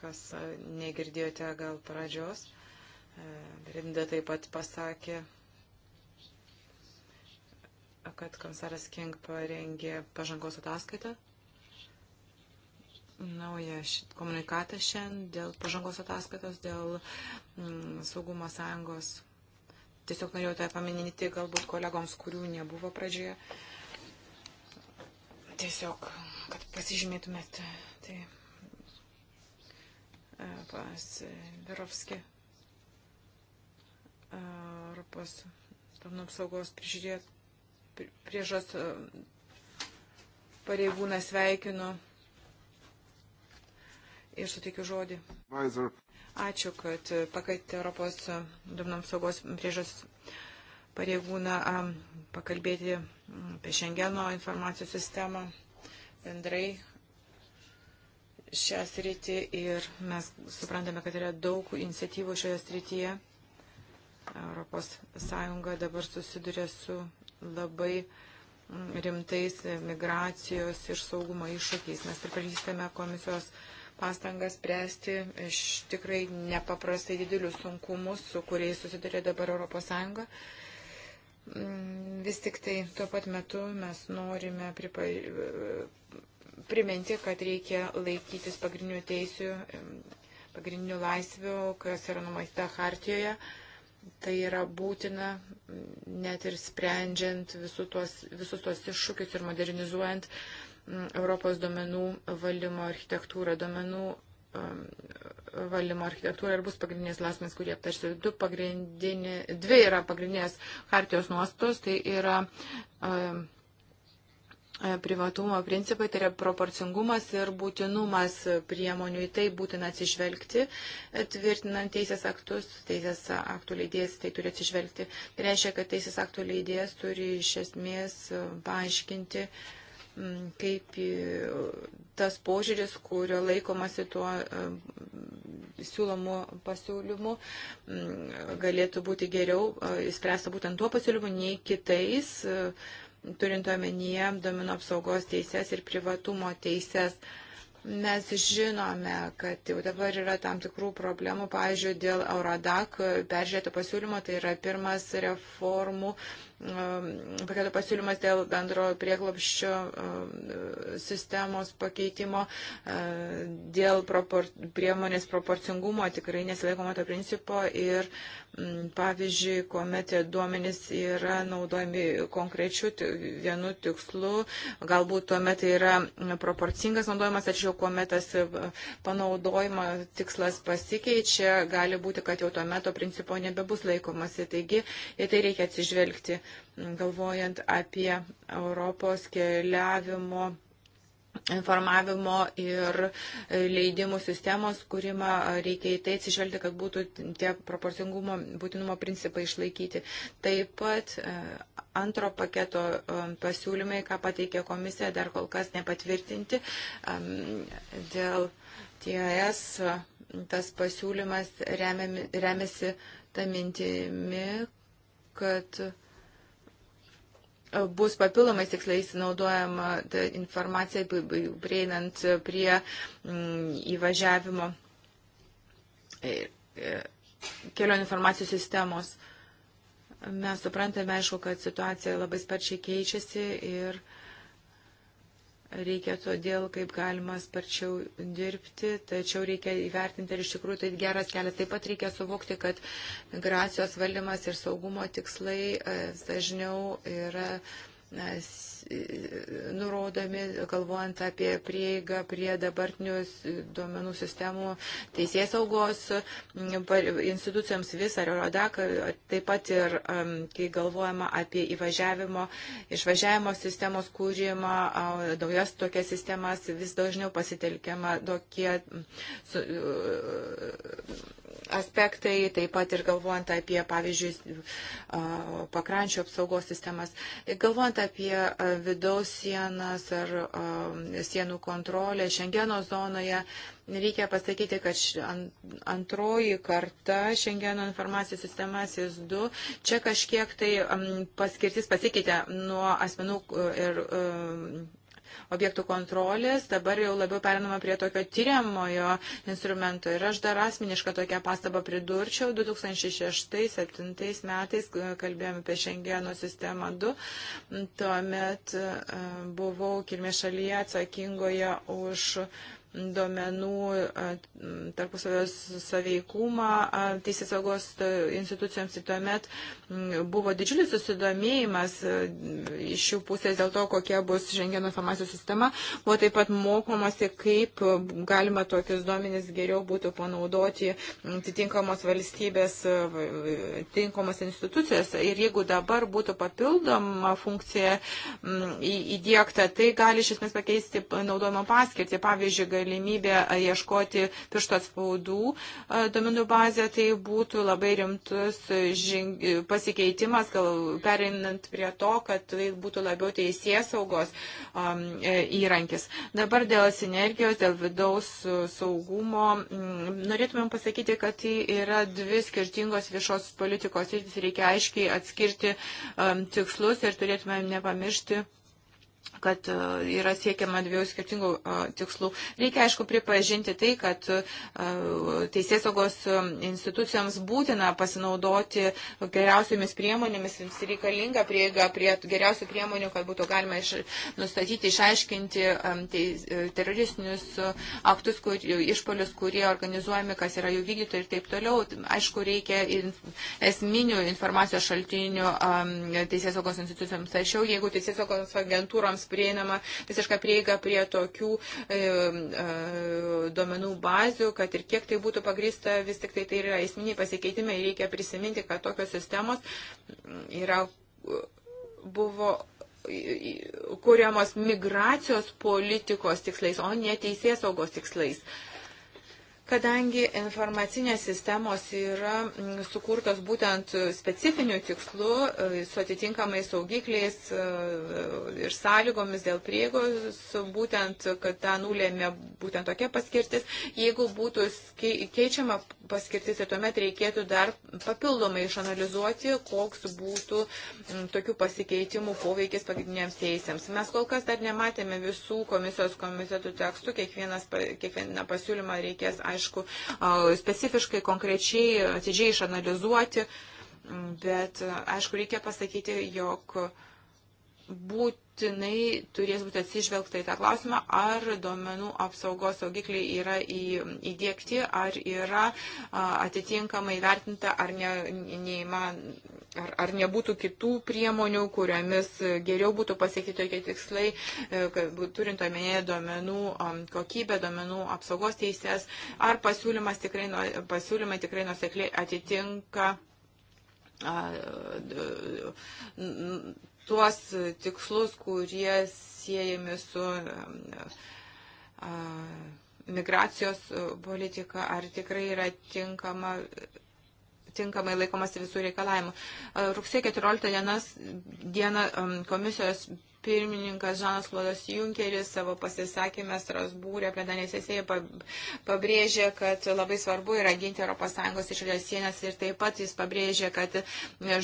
Speaker 2: kas e, negirdėjote gal pradžios. E, Rinda taip pat pasakė, kad komisaras King parengė pažangos ataskaitą naują komunikatą šiandien dėl pažangos ataskaitos, dėl mm, saugumo sąjungos Tiesiog norėjau tai paminėti galbūt kolegoms, kurių nebuvo pradžioje. Tiesiog, kad pasižymėtumėt, tai e, pas Verovski, Europos duomenų apsaugos prižiūrėt, priežas e, pareigūną sveikinu ir suteikiu žodį. Advisor. Ačiū, kad pakvietėte Europos duomenų apsaugos priežas pareigūną pakalbėti apie Šengeno informacijos sistemą bendrai šią sritį ir mes suprantame, kad yra daug iniciatyvų šioje srityje. Europos Sąjunga dabar susiduria su labai rimtais migracijos ir saugumo iššūkiais. Mes pripažįstame komisijos uh, pastangas spręsti iš tikrai nepaprastai didelius sunkumus, su kuriais susiduria dabar ES. Mm, vis tik tai tuo pat metu mes norime pripa... priminti, kad reikia laikytis pagrindinių teisių, pagrindinių laisvių, kas yra numatyta Hartijoje. Tai yra būtina mm, net ir sprendžiant visus tuos, visus tuos iššūkius ir modernizuojant uh, Europos duomenų valdymo architektūrą. Duomenų um, valdymo architektūra ir bus pagrindinis lasmės, kurį aptarsiu. Du pagrindinė, dvi yra pagrindinės hartijos nuostos, tai yra um, privatumo principai, tai yra proporcingumas ir būtinumas priemonių, į tai būtina atsižvelgti, tvirtinant teisės aktus, teisės aktų leidėjas tai turi atsižvelgti. Tai reiškia, kad teisės aktų leidėjas turi iš esmės um, paaiškinti uh, kaip tas požiūris, kurio laikomasi tuo siūlomu pasiūlymu, galėtų būti geriau įspręsta būtent tuo pasiūlymu nei kitais, turint omenyje domino apsaugos teises ir privatumo teises mes žinome, kad jau dabar yra tam tikrų problemų, pavyzdžiui, dėl Euradak peržiūrėto pasiūlymo, tai yra pirmas reformų Um, paketo pasiūlymas dėl bendro prieglopščio um, sistemos pakeitimo, uh, dėl propor priemonės proporcingumo tikrai nesilaikoma to principo ir mm, pavyzdžiui, kuomet duomenys yra naudojami konkrečiu vienu tikslu, galbūt tuomet tai yra proporcingas naudojimas, tačiau kuomet tas uh, panaudojimo tikslas pasikeičia, gali būti, kad jau tuomet to principo nebebus laikomasi. Taigi, į tai reikia atsižvelgti galvojant apie Europos keliavimo informavimo ir leidimų sistemos kūrimą reikia į tai atsižvelgti, kad būtų tie proporcingumo būtinumo principai išlaikyti. Taip pat e, antro paketo e, pasiūlymai, ką pateikė komisija, dar kol kas nepatvirtinti dėl TIS tas pasiūlymas remiasi tą mintimi, kad uh, bus papildomais tikslais naudojama informacija prieinant prie mm, įvažiavimo e, e, kelionių informacijų sistemos. Mes suprantame, aišku, kad situacija labai sparčiai keičiasi ir uh, Reikia todėl, kaip galima sparčiau dirbti, tačiau reikia įvertinti, ar iš tikrųjų tai geras kelias. Taip pat reikia suvokti, kad migracijos valdymas ir saugumo tikslai e, dažniau yra e, nurodomi, galvojant apie prieigą prie dabartinius duomenų sistemų teisės saugos institucijoms vis ar Eurodaką, taip pat ir kai galvojama apie įvažiavimo, išvažiavimo sistemos kūrimą, naujas tokias sistemas vis dažniau pasitelkiama tokie su, aspektai, taip pat ir galvojant apie, pavyzdžiui, pakrančių apsaugos sistemas, galvojant apie vidaus sienas ar um, sienų kontrolę Šengeno zonoje. Reikia pasakyti, kad antroji karta Šengeno informacijos sistema SIS-2, čia kažkiek tai um, paskirtis pasikeitė nuo asmenų uh, ir um, objektų kontrolės, dabar jau labiau perinama prie tokio tyriamojo instrumento. Ir aš dar asmenišką tokią pastabą pridurčiau. 2006-2007 metais kalbėjome apie Šengeno sistemą 2. Tuomet e, buvau kilmės šalyje atsakingoje už duomenų tarpusavio saveikumą teisės saugos institucijoms ir tuomet buvo didžiulis susidomėjimas iš jų pusės dėl to, kokia bus žengeno informacijos sistema. Buvo taip pat mokomasi, kaip galima tokius duomenis geriau būtų panaudoti atitinkamos valstybės, tinkamos institucijos. Ir jeigu dabar būtų papildoma funkcija įdėkta, tai gali iš esmės pakeisti naudojimo paskirtį. Pavyzdžiui, galimybę ieškoti piršto atspaudų domenų bazę, tai būtų labai rimtus žing... pasikeitimas, gal perinant prie to, kad tai būtų labiau teisės saugos um, e, įrankis. Dabar dėl sinergijos, dėl vidaus saugumo, m, norėtumėm pasakyti, kad tai yra dvi skirtingos viešos politikos ir reikia aiškiai atskirti um, tikslus ir turėtumėm nepamiršti kad e, yra siekiama dviejų skirtingų e, tikslų. Reikia, aišku, pripažinti tai, kad e, teisėsaugos institucijoms būtina pasinaudoti geriausiomis priemonėmis, jums reikalinga prieiga prie geriausių priemonių, kad būtų galima iš, nustatyti, išaiškinti teis, teroristinius aktus, kur, išpolius, kurie organizuojami, kas yra jų vykdytojai ir taip toliau. Aišku, reikia in, esminių informacijos šaltinių teisėsaugos institucijoms. Tačiau, jeigu teisėsaugos agentūroms piliečiams prieinama visišką prieigą prie tokių e, e, duomenų bazių, kad ir kiek tai būtų pagrįsta, vis tik tai tai yra esminiai pasikeitimai. Reikia prisiminti, kad tokios sistemos yra, buvo kuriamos migracijos politikos tikslais, o ne teisės saugos tikslais. Uh, Kadangi informacinės sistemos yra mm, sukurtos būtent specifiniu tikslu, e, su atitinkamais saugikliais e, ir sąlygomis dėl prieigos, būtent, kad tą nulėmė būtent tokia paskirtis, jeigu būtų keičiama paskirtis, tai tuomet reikėtų dar papildomai išanalizuoti, koks būtų mm, tokių pasikeitimų poveikis pagrindiniams teisėms. Mes kol kas dar nematėme visų komisijos komitetų tekstų, kiekvieną pasiūlymą reikės aiškiai aišku, specifiškai, konkrečiai, atidžiai išanalizuoti, mm, bet aišku, reikia pasakyti, jog būtinai turės būti atsižvelgta į tą klausimą, ar duomenų apsaugos saugikliai yra į, įdėkti, ar yra atitinkamai vertinta, ar, ne, neįman, ar, ar nebūtų kitų priemonių, kuriomis geriau būtų pasiekti tokie tikslai, e, turint omenyje duomenų kokybę, duomenų apsaugos teisės, ar pasiūlymas tikrai, pasiūlymai tikrai nusekliai atitinka tuos tikslus, kurie siejami su migracijos politika, ar tikrai yra tinkama tinkamai laikomasi visų reikalavimų. Rugsėjo 14 dienas, diena komisijos pirmininkas Žanas Klodas Junkeris savo pasisakymę Strasbūrė plenarinėje sesijoje pabrėžė, kad labai svarbu yra ginti ES išorės sienas ir taip pat jis pabrėžė, kad e,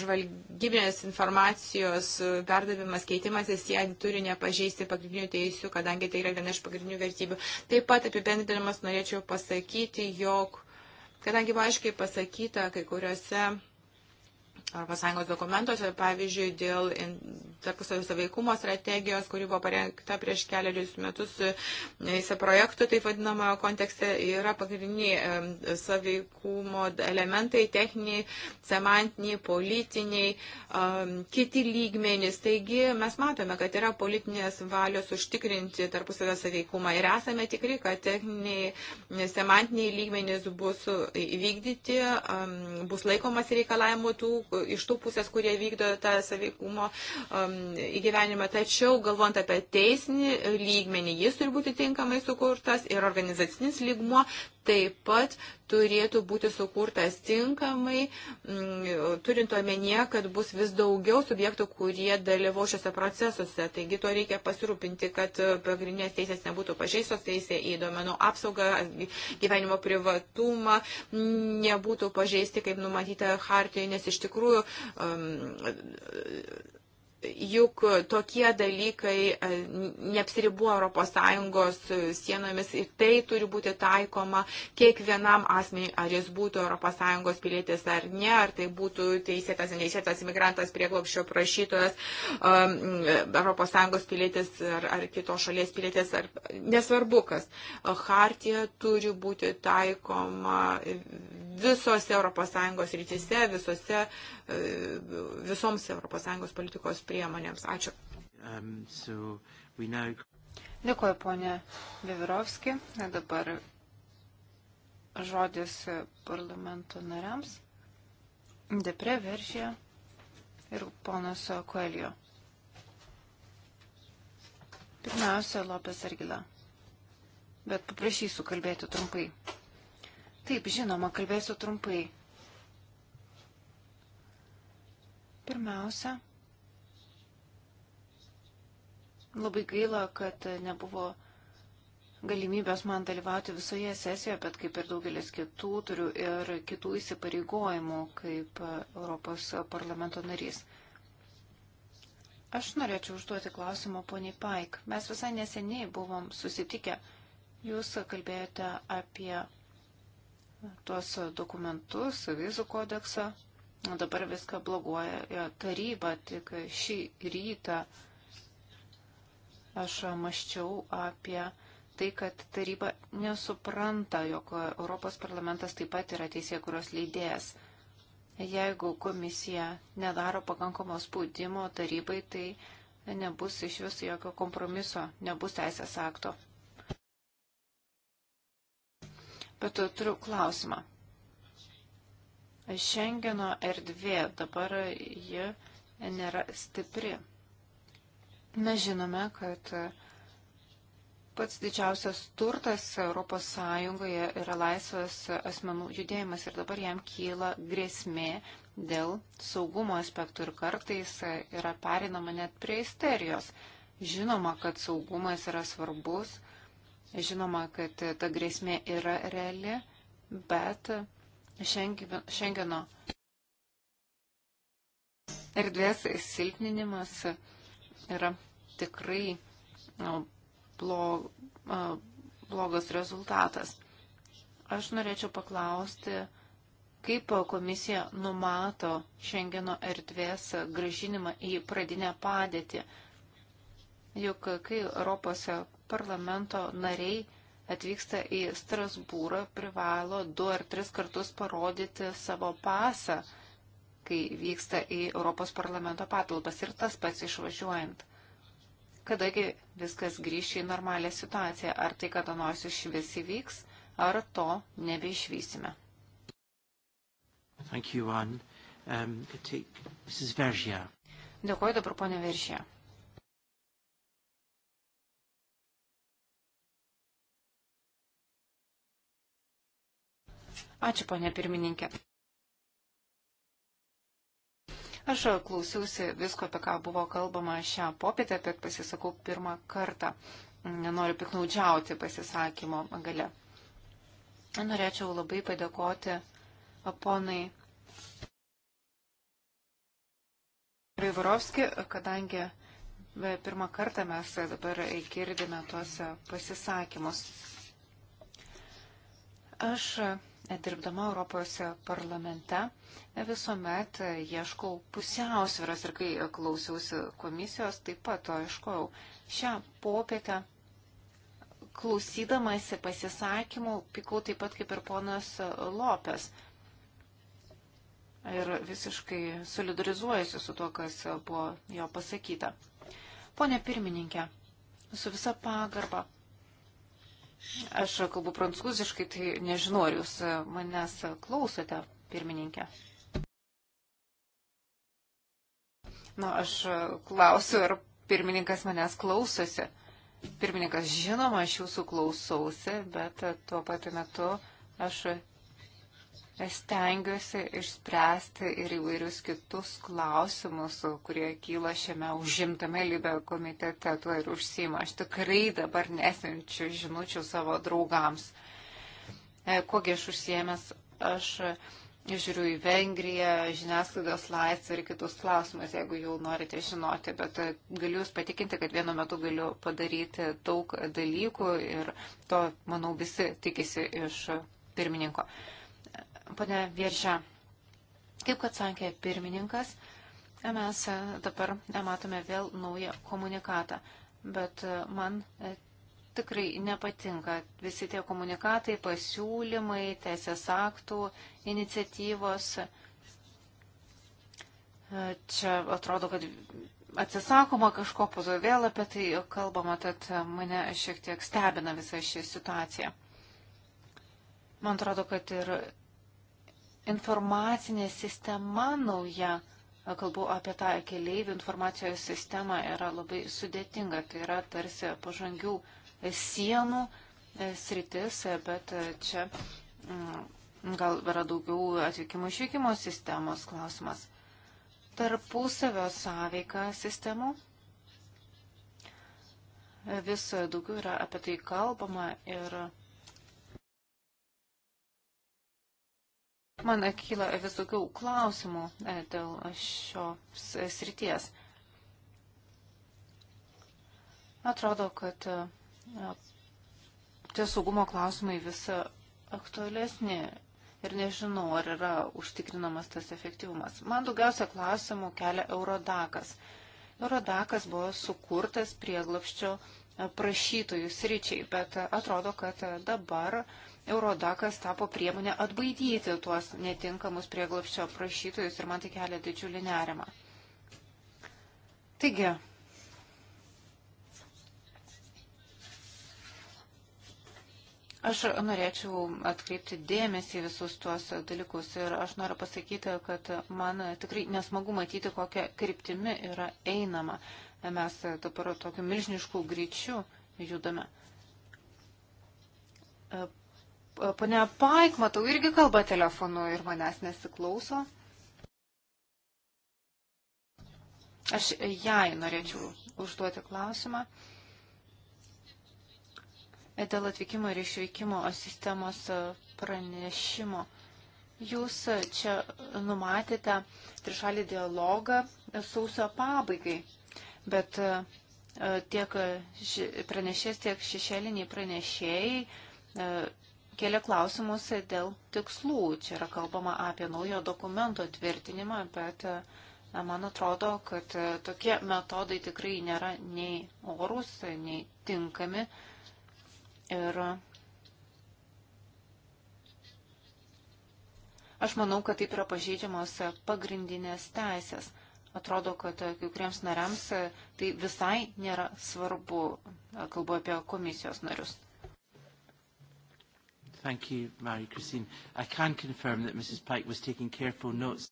Speaker 2: žvalgybinės informacijos e, perdavimas keitimasis jie turi nepažeisti pagrindinių teisių, kadangi tai yra viena iš pagrindinių vertybių. Taip pat apibendrinamas norėčiau pasakyti, jog kadangi buvo aiškiai pasakyta kai kuriuose ES dokumentuose, pavyzdžiui, dėl tarpusavio saveikumo strategijos, kuri buvo parengta prieš keliarius metus įse e, projektų, taip vadinamojo kontekste, yra pagrindiniai saveikumo elementai, techniniai, semantiniai, politiniai, kiti lygmenys. Taigi mes matome, kad yra politinės valios užtikrinti tarpusavio saveikumą ir esame tikri, kad techniniai, semantiniai lygmenys bus įvykdyti, bus laikomas reikalavimų tų iš tų pusės, kurie vykdo tą saveikumo um, įgyvenimą. Tačiau, galvant apie teisinį lygmenį, jis turi būti tinkamai sukurtas ir organizacinis lygmo taip pat turėtų būti sukurtas tinkamai, mm, turint omenyje, kad bus vis daugiau subjektų, kurie dalyvau šiuose procesuose. Taigi to reikia pasirūpinti, kad pagrindinės teisės nebūtų pažeistos teisė į domenų apsaugą, gyvenimo privatumą, nebūtų pažeisti, kaip numatyta hartijoje, nes iš tikrųjų um, juk tokie dalykai e, neapsiribuo ES e, sienomis ir tai turi būti taikoma kiekvienam asmeniui, ar jis būtų ES pilietis ar ne, ar tai būtų teisėtas, neteisėtas imigrantas, prieglopščio prašytojas, ES pilietis ar, ar kitos šalies pilietis, ar nesvarbu kas. Hartija turi būti taikoma visose ES rytise, visose, e, visoms ES politikos priemonėms priemonėms. Ačiū. Um, so now...
Speaker 1: Dėkuoju, ponė Vivirovski. Na, dabar žodis parlamento nariams. Depre veržė ir ponas Koelio. Pirmiausia, Lopes Argila. Bet paprašysiu kalbėti trumpai. Taip, žinoma, kalbėsiu trumpai. Pirmiausia, Labai gaila, kad nebuvo galimybės man dalyvauti visoje sesijoje, bet kaip ir daugelis kitų turiu ir kitų įsipareigojimų kaip Europos parlamento narys. Aš norėčiau užduoti klausimą poniai Paik. Mes visai neseniai buvom susitikę. Jūs kalbėjote apie tuos dokumentus, vizų kodeksą. Dabar viską bloguoja taryba, tik šį rytą aš maščiau apie tai, kad taryba nesupranta, jog Europos parlamentas taip pat yra teisė, kurios leidėjas. Jeigu komisija nedaro pakankamo spaudimo tarybai, tai nebus iš vis jokio kompromiso, nebus teisės akto. Bet turiu klausimą. Šengeno erdvė dabar ji nėra stipri. Mes žinome, kad pats didžiausias turtas ES yra laisvas asmenų judėjimas ir dabar jam kyla grėsmė dėl saugumo aspektų ir kartais yra perinama net prie isterijos. Žinoma, kad saugumas yra svarbus, žinoma, kad ta grėsmė yra reali, bet Šengeno erdvės silpninimas yra tikrai blogas rezultatas. Aš norėčiau paklausti, kaip komisija numato Šengeno erdvės gražinimą į pradinę padėtį. Juk kai Europos parlamento nariai atvyksta į Strasbūrą, privalo du ar tris kartus parodyti savo pasą, kai vyksta į Europos parlamento patalpas ir tas pats išvažiuojant kadangi viskas grįš į normalią situaciją, ar tai kada nors iš vis įvyks, ar to nebeišvysime. Um, Dėkuoju dabar, ponė Veržė. Ačiū, ponė pirmininkė. Aš klausiausi visko, apie ką buvo kalbama šią popietę, bet pasisakau pirmą kartą. Nenoriu piknaudžiauti pasisakymo gale. Norėčiau labai padėkoti ponai Raivorovski, kadangi pirmą kartą mes dabar girdime tuos pasisakymus. Aš dirbdama Europos parlamente visuomet ieškau pusiausviros ir kai klausiausi komisijos, taip pat to ieškojau. Šią popietę klausydamasi pasisakymų pikau taip pat kaip ir ponas Lopes. Ir visiškai solidarizuojasi su to, kas buvo jo pasakyta. Pone pirmininkė, su visa pagarba Aš kalbu prancūziškai, tai nežinau, ar jūs e, manęs klausote, pirmininkė. Na, aš e, klausiu, ar pirmininkas manęs klausosi. Pirmininkas, žinoma, aš jūsų klausausi, bet e, tuo pat metu aš stengiuosi išspręsti ir įvairius kitus klausimus, kurie kyla šiame užimtame libe komitete, tuo ir užsima. Aš tikrai dabar nesinčiu žinučių savo draugams. E, Kogi aš užsiemęs, aš žiūriu į Vengriją, žiniasklaidos laisvę ir kitus klausimus, jeigu jau norite žinoti, bet e, galiu Jūs patikinti, kad vienu metu galiu padaryti daug dalykų ir to, manau, visi tikisi iš pirmininko. Uh, Pane Viržia, kaip kad sankė pirmininkas, mes dabar matome vėl naują komunikatą, bet man e, tikrai nepatinka visi tie komunikatai, pasiūlymai, teisės aktų, iniciatyvos. E, čia atrodo, kad atsisakoma kažko, po to vėl apie tai kalbama, tad mane šiek tiek stebina visa ši situacija. Man atrodo, kad ir informacinė sistema nauja, kalbu apie tą keleivių informacijos sistemą, yra labai sudėtinga. Tai yra tarsi pažangių sienų e, sritis, e, bet e, čia mm, gal yra daugiau atvykimo išvykimo sistemos klausimas. Tarpusavio sąveika sistemų. Vis daugiau yra apie tai kalbama ir Man kyla vis daugiau klausimų e, dėl šios srities. Atrodo, kad e, tie saugumo klausimai vis aktualesni ir nežinau, ar yra užtikrinamas tas efektyvumas. Man daugiausia klausimų kelia Eurodakas. Eurodakas buvo sukurtas prieglapščio e, prašytojų sričiai, bet atrodo, kad dabar Eurodakas tapo priemonė atbaidyti tuos netinkamus prieglopščio prašytojus ir man tai kelia didžiulį nerimą. Taigi, Aš norėčiau atkreipti dėmesį visus tuos dalykus ir aš noriu pasakyti, kad man tikrai nesmagu matyti, kokia kryptimi yra einama. Mes dabar tokiu milžinišku greičiu judame. Pane Paik, matau, irgi kalba telefonu ir manęs nesiklauso. Aš jai norėčiau užduoti klausimą. Dėl atvykimo ir išvykimo sistemos pranešimo. Jūs čia numatėte trišalį dialogą sausio pabaigai, bet tiek pranešės, tiek šešėliniai pranešėjai kėlė klausimus dėl tikslų. Čia yra kalbama apie naujo dokumento tvirtinimą, bet man atrodo, kad tokie metodai tikrai nėra nei orus, nei tinkami. Ir Aš manau, kad taip yra pažeidžiamos pagrindinės teisės. Atrodo, kad kai kuriems nariams tai visai nėra svarbu, kalbu apie komisijos narius.
Speaker 3: Thank you, Mary Christine. I can confirm that Mrs. Pike was taking careful notes.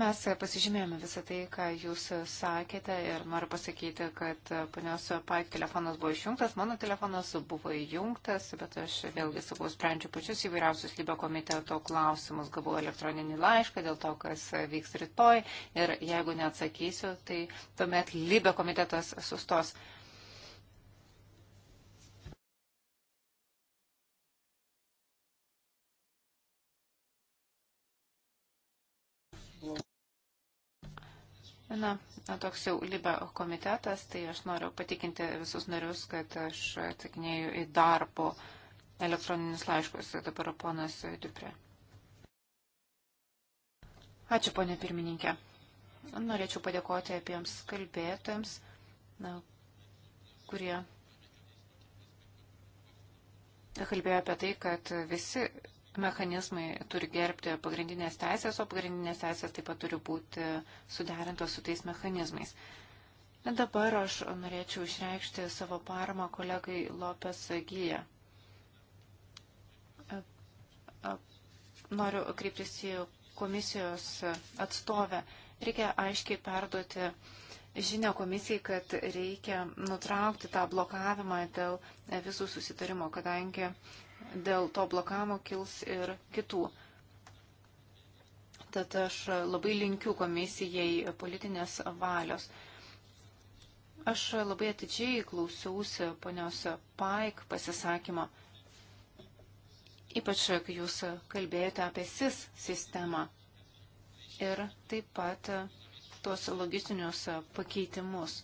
Speaker 1: Mes pasižymėjome visą tai, ką jūs sakėte ir noriu pasakyti, kad panios Paik telefonas buvo išjungtas, mano telefonas buvo įjungtas, bet aš vėlgi sakau, sprendžiu pačius įvairiausius lybio komiteto klausimus, gavau elektroninį laišką dėl to, kas vyks rytoj ir jeigu neatsakysiu, tai tuomet lybio komitetas sustos. Na, toks jau liba komitetas, tai aš noriu patikinti visus narius, kad aš atsakinėju į darbo elektroninius laiškus. Dabar ponas Dupre. Ačiū, ponė pirmininkė. Norėčiau padėkoti abiems kalbėtojams, na, kurie kalbėjo apie tai, kad visi mechanizmai turi gerbti pagrindinės teisės, o pagrindinės teisės taip pat turi būti suderintos su tais mechanizmais. Dabar aš norėčiau išreikšti savo paramą kolegai Lopes Gyja. Noriu kreiptis į komisijos atstovę. Reikia aiškiai perduoti žinia komisijai, kad reikia nutraukti tą blokavimą dėl visų susitarimo, kadangi dėl to blokavimo kils ir kitų. Tad aš labai linkiu komisijai politinės valios. Aš labai atidžiai klausiausi ponios Paik pasisakymo, ypač kai jūs kalbėjote apie SIS sistemą ir taip pat tuos logistinius pakeitimus.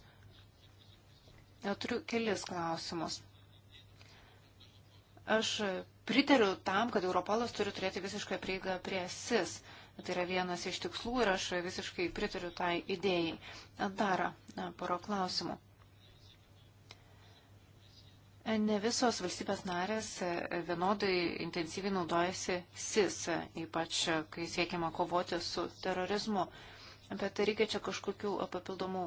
Speaker 1: Turiu kelis klausimus. Aš pritariu tam, kad Europolas turi turėti visišką prieigą prie SIS. Tai yra vienas iš tikslų ir aš visiškai pritariu tai idėjai. Dar poro klausimų. Ne visos valstybės narės vienodai intensyviai naudojasi SIS, ypač kai siekiama kovoti su terorizmu. Bet reikia čia kažkokių papildomų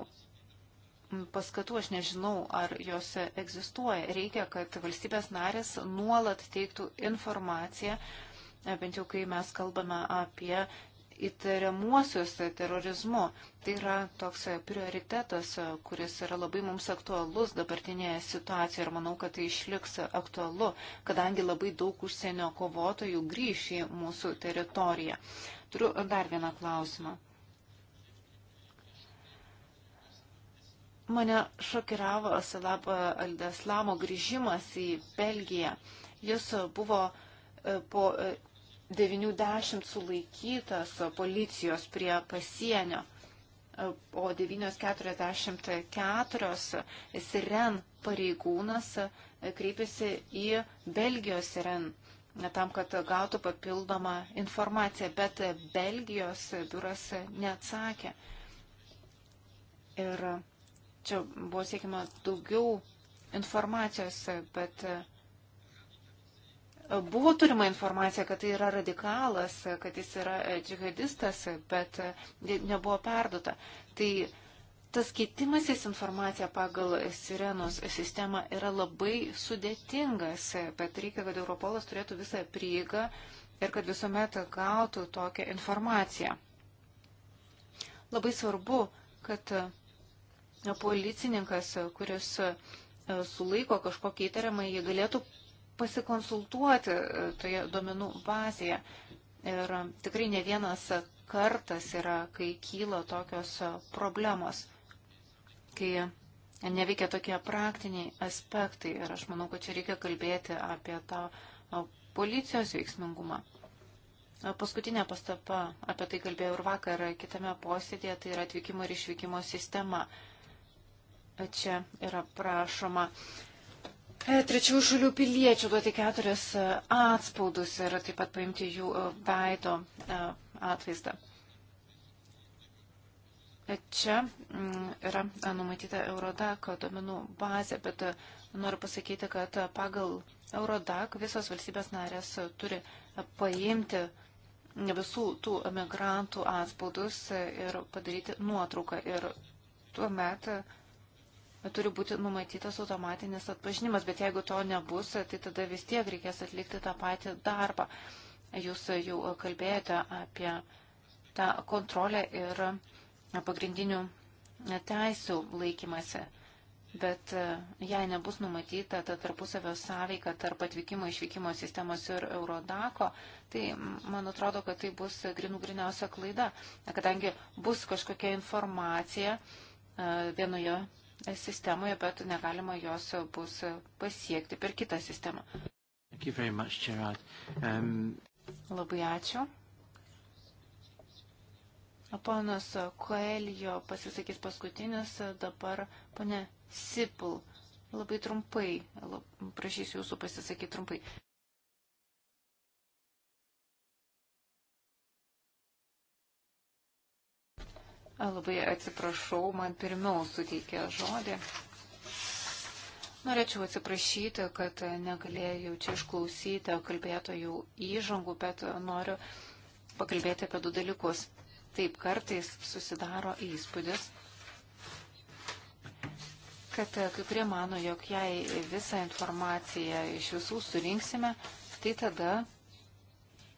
Speaker 1: paskatų aš nežinau, ar jos egzistuoja. Reikia, kad valstybės narės nuolat teiktų informaciją, e, bent jau kai mes kalbame apie įtariamuosius terorizmu. Tai yra toks prioritetas, e, kuris yra labai mums aktualus dabartinėje situacijoje ir manau, kad tai išliks aktualu, kadangi labai daug užsienio kovotojų grįš į mūsų teritoriją. Turiu dar vieną klausimą. Mane šokiravo Salaba Aldeslamo grįžimas į Belgiją. Jis buvo e, po 90 e, sulaikytas policijos prie pasienio, e, o 9.44 Siren pareigūnas kreipėsi į Belgijos Siren tam, kad gautų papildomą informaciją, bet Belgijos biuras neatsakė. Ir Čia buvo siekima daugiau informacijos, bet e, buvo turima informacija, kad tai yra radikalas, kad jis yra e, džihadistas, bet e, nebuvo perduota. Tai tas keitimasis informacija pagal sirenos sistemą yra labai sudėtingas, bet reikia, kad Europolas turėtų visą prieigą ir kad visuomet gautų tokią informaciją. Labai svarbu, kad policininkas, kuris e, sulaiko kažkokį įtariamą, jie galėtų pasikonsultuoti e, toje duomenų bazėje. Ir e, tikrai ne vienas kartas yra, kai kyla tokios problemos, kai neveikia tokie praktiniai aspektai. Ir aš manau, kad čia reikia kalbėti apie tą policijos veiksmingumą. Paskutinė pastaba, apie tai kalbėjau ir vakar kitame posėdėje, tai yra atvykimo ir išvykimo sistema čia yra prašoma e, trečių šalių piliečių duoti keturis e, atspaudus ir taip pat paimti jų e, veido atvaizdą. Čia mm, yra numatyta Eurodac domenų bazė, bet noriu pasakyti, kad pagal Eurodac visos valstybės narės turi paimti visų tų migrantų atspaudus ir padaryti nuotrauką. Ir tuomet metu turi būti numatytas automatinis atpažinimas, bet jeigu to nebus, tai tada vis tiek reikės atlikti tą patį darbą. Jūs jau kalbėjote apie tą kontrolę ir pagrindinių teisų laikymasi, bet jei nebus numatyta ta tarpusavio sąveika tarp atvykimo išvykimo sistemos ir Eurodako, tai man atrodo, kad tai bus grinų griniausia klaida, kadangi bus kažkokia informacija vienoje sistemoje, bet negalima jos bus pasiekti per kitą sistemą. Much, um... Labai ačiū. Ponas Koelio pasisakys paskutinis, dabar ponė Sipul. Labai trumpai, lab, prašysiu jūsų pasisakyti trumpai. Labai atsiprašau, man pirmiau suteikė žodį. Norėčiau atsiprašyti, kad negalėjau čia išklausyti kalbėtojų įžangų, bet noriu pakalbėti apie du dalykus. Taip kartais susidaro įspūdis, kad kai kurie mano, jog jei visą informaciją iš visų surinksime, tai tada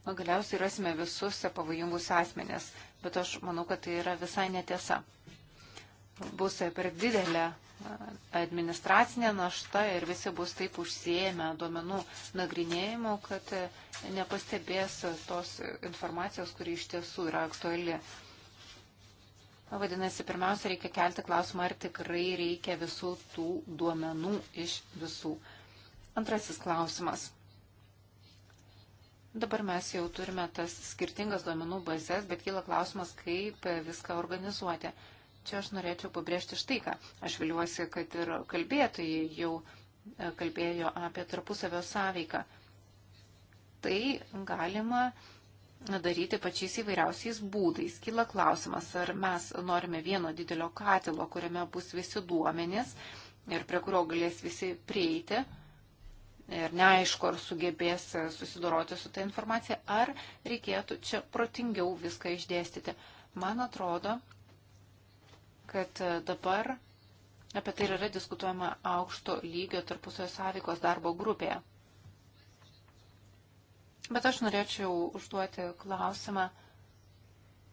Speaker 1: galiausiai rasime visus pavojingus asmenės bet aš manau, kad tai yra visai netiesa. Bus tai per didelė administracinė našta ir visi bus taip užsiejame duomenų nagrinėjimu, kad e, nepastebės tos informacijos, kuri iš tiesų yra aktuali. Vadinasi, pirmiausia, reikia kelti klausimą, ar tikrai reikia visų tų duomenų iš visų. Antrasis klausimas. Dabar mes jau turime tas skirtingas duomenų bazės, bet kyla klausimas, kaip viską organizuoti. Čia aš norėčiau pabrėžti štai ką. Aš viliuosi, kad ir kalbėtojai jau e, kalbėjo apie tarpusavio sąveiką. Tai galima daryti pačiais įvairiausiais būdais. Kyla klausimas, ar mes norime vieno didelio katilo, kuriame bus visi duomenys ir prie kurio galės visi prieiti ir neaišku, ar sugebės e, susidoroti su tą informacija, ar reikėtų čia protingiau viską išdėstyti. Man atrodo, kad e, dabar apie tai yra diskutuojama aukšto lygio tarpusio sąveikos darbo grupėje. Bet aš norėčiau užduoti klausimą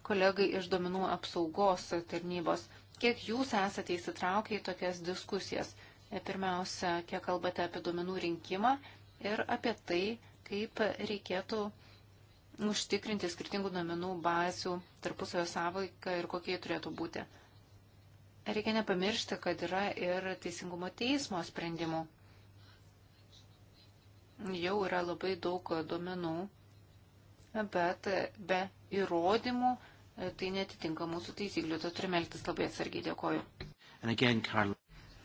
Speaker 1: kolegai iš domenų apsaugos tarnybos. Kiek jūs esate įsitraukę į tokias diskusijas? E, pirmiausia, kiek kalbate apie duomenų rinkimą ir apie tai, kaip reikėtų užtikrinti skirtingų duomenų bazių tarpusavio sąvaiką ir kokie turėtų būti. Reikia nepamiršti, kad yra ir teisingumo teismo sprendimų. Jau yra labai daug duomenų, bet be įrodymų e, tai netitinka mūsų taisyklių, tad turime elgtis labai atsargiai. Dėkoju.
Speaker 3: Again, Karl...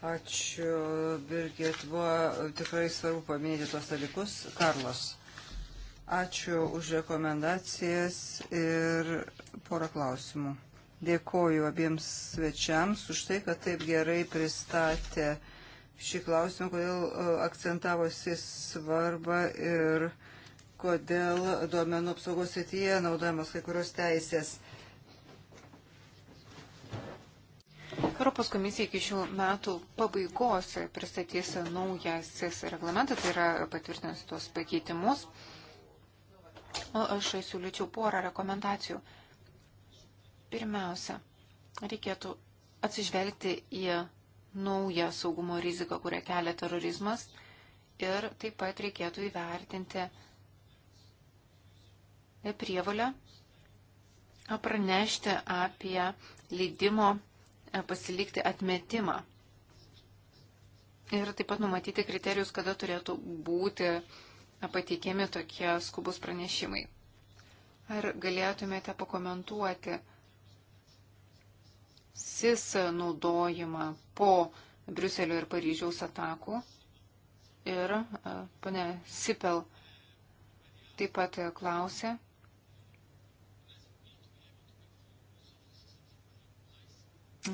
Speaker 3: Ačiū, Birgit. Buvo tikrai svarbu paminėti tos dalykus. Karlos. Ačiū už rekomendacijas ir porą klausimų. Dėkoju abiems svečiams už tai, kad taip gerai pristatė šį klausimą, kodėl e, akcentavosi svarba ir kodėl duomenų apsaugos srityje naudojamos kai kurios teisės.
Speaker 1: Europos komisija iki šių metų pabaigos pristatys naują SIS e reglamentą, tai yra patvirtins tuos pakeitimus. O aš siūlyčiau porą rekomendacijų. Pirmiausia, reikėtų atsižvelgti į naują saugumo riziką, kurią kelia terorizmas ir taip pat reikėtų įvertinti prievalę pranešti apie leidimo E, pasilikti atmetimą. Ir taip pat numatyti kriterijus, kada turėtų būti e, pateikiami tokie skubus pranešimai. Ar galėtumėte pakomentuoti SIS naudojimą po Briuselio ir Paryžiaus atakų? Ir e, ponė Sipel taip pat klausė,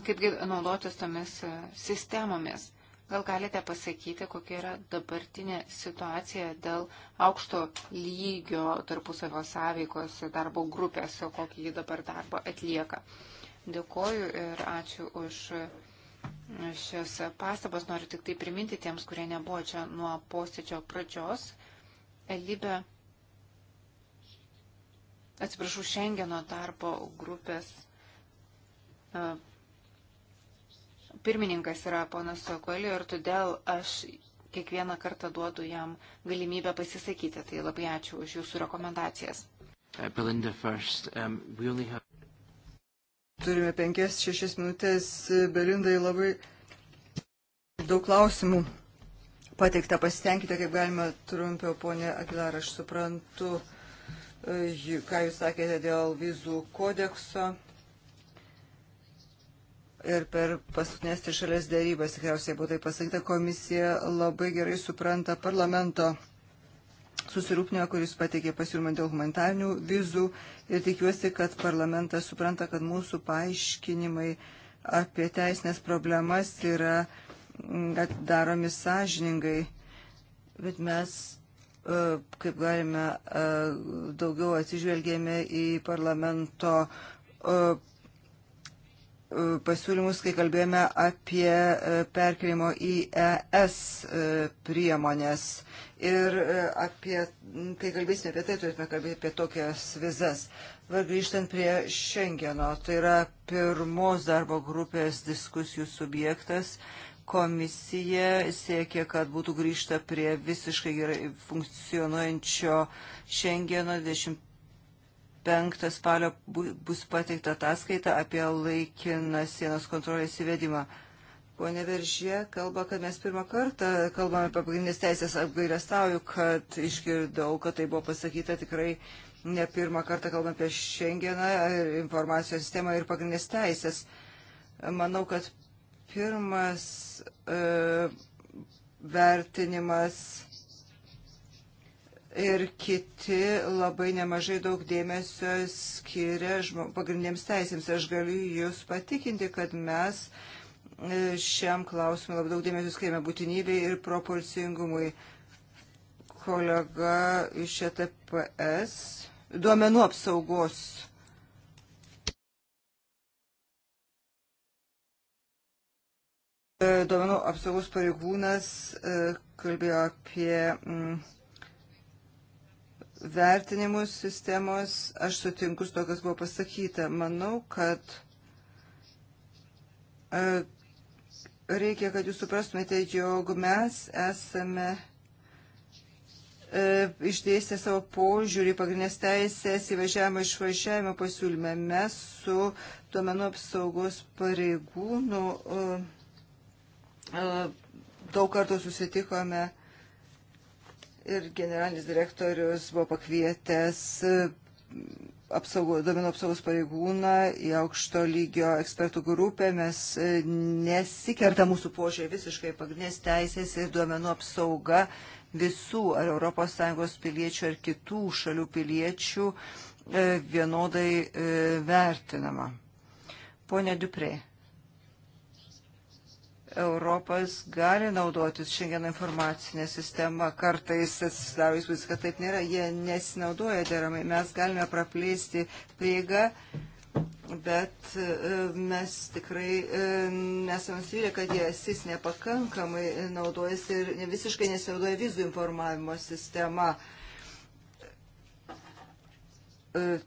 Speaker 1: kaipgi naudotis tomis e, sistemomis. Gal galite pasakyti, kokia yra dabartinė situacija dėl aukšto lygio tarpusavio sąveikos darbo grupės, kokį jį dabar darbą atlieka. Dėkoju ir ačiū už e, šios pastabas. Noriu tik tai priminti tiems, kurie nebuvo čia nuo posėdžio pradžios. Elybė, atsiprašau, Šengeno darbo grupės e, pirmininkas yra ponas Sokoli ir todėl aš kiekvieną kartą duodu jam galimybę pasisakyti. Tai labai ačiū už jūsų rekomendacijas. Uh, Belinda first. Um, we only have...
Speaker 3: Turime penkias, šešias minutės. Belindai labai daug klausimų pateikta. Pasitenkite, kaip galima trumpiau, ponė Aguilar, aš suprantu, uh, ką jūs sakėte dėl vizų kodekso ir per paskutinės trišalės dėrybas, tikriausiai buvo tai pasakyta, komisija labai gerai supranta parlamento susirūpinimą, kuris pateikė pasiūlymą dėl humanitarnių vizų ir tikiuosi, kad parlamentas supranta, kad mūsų paaiškinimai apie teisinės problemas yra mm, daromi sąžiningai, bet mes e, kaip galime e, daugiau atsižvelgėme į parlamento e, pasiūlymus, kai kalbėjome apie e, perkelimo į ES e, priemonės. Ir e, apie, kai kalbėsime apie tai, turėtume kalbėti apie tokias vizas. Dabar grįžtant prie Šengeno, tai yra pirmos darbo grupės diskusijų subjektas. Komisija siekia, kad būtų grįžta prie visiškai gerai funkcionuojančio Šengeno 20 5 spalio bus pateikta ataskaita apie laikiną sienos kontrolės įvedimą. Pone Veržė kalba, kad mes pirmą kartą kalbame apie pagrindinės teisės apgailestauju, kad išgirdau, kad tai buvo pasakyta tikrai ne pirmą kartą kalbame apie Šengeną, informacijos sistemą ir pagrindinės teisės. Manau, kad pirmas e, vertinimas ir kiti labai nemažai daug dėmesio skiria pagrindiniams teisėms. Aš galiu Jūs patikinti, kad mes e, šiam klausimui labai daug dėmesio skiriame būtinybei ir proporcingumui. Kolega iš ETPS, duomenų apsaugos. E, duomenų apsaugos pareigūnas e, kalbėjo apie mm, vertinimų sistemos, aš sutinku su to, kas buvo pasakyta. Manau, kad e, reikia, kad jūs suprastumėte, jog mes esame e, išdėstę savo požiūrį pagrindinės teisės įvažiavimo išvažiavimo pasiūlymę. Mes su duomenų apsaugos pareigūnų e, daug kartų susitikome uh, ir generalinis direktorius buvo pakvietęs e, apsaugo, domino apsaugos pareigūną į aukšto lygio ekspertų grupę. Mes e, nesikerta mūsų požiūrė visiškai pagrindinės teisės ir duomenų apsauga visų ar ES piliečių ar kitų šalių piliečių e, vienodai vertinama. Pone Duprei. Europas gali naudotis šiandien informacinė sistema, kartais atsidaro įspūdis, kad taip nėra, jie nesinaudoja deramai, mes galime praplėsti prieigą, bet e, mes tikrai e, nesame svylę, kad jie SIS nepakankamai naudojasi ir visiškai nesinaudoja vizų informavimo sistema
Speaker 2: e,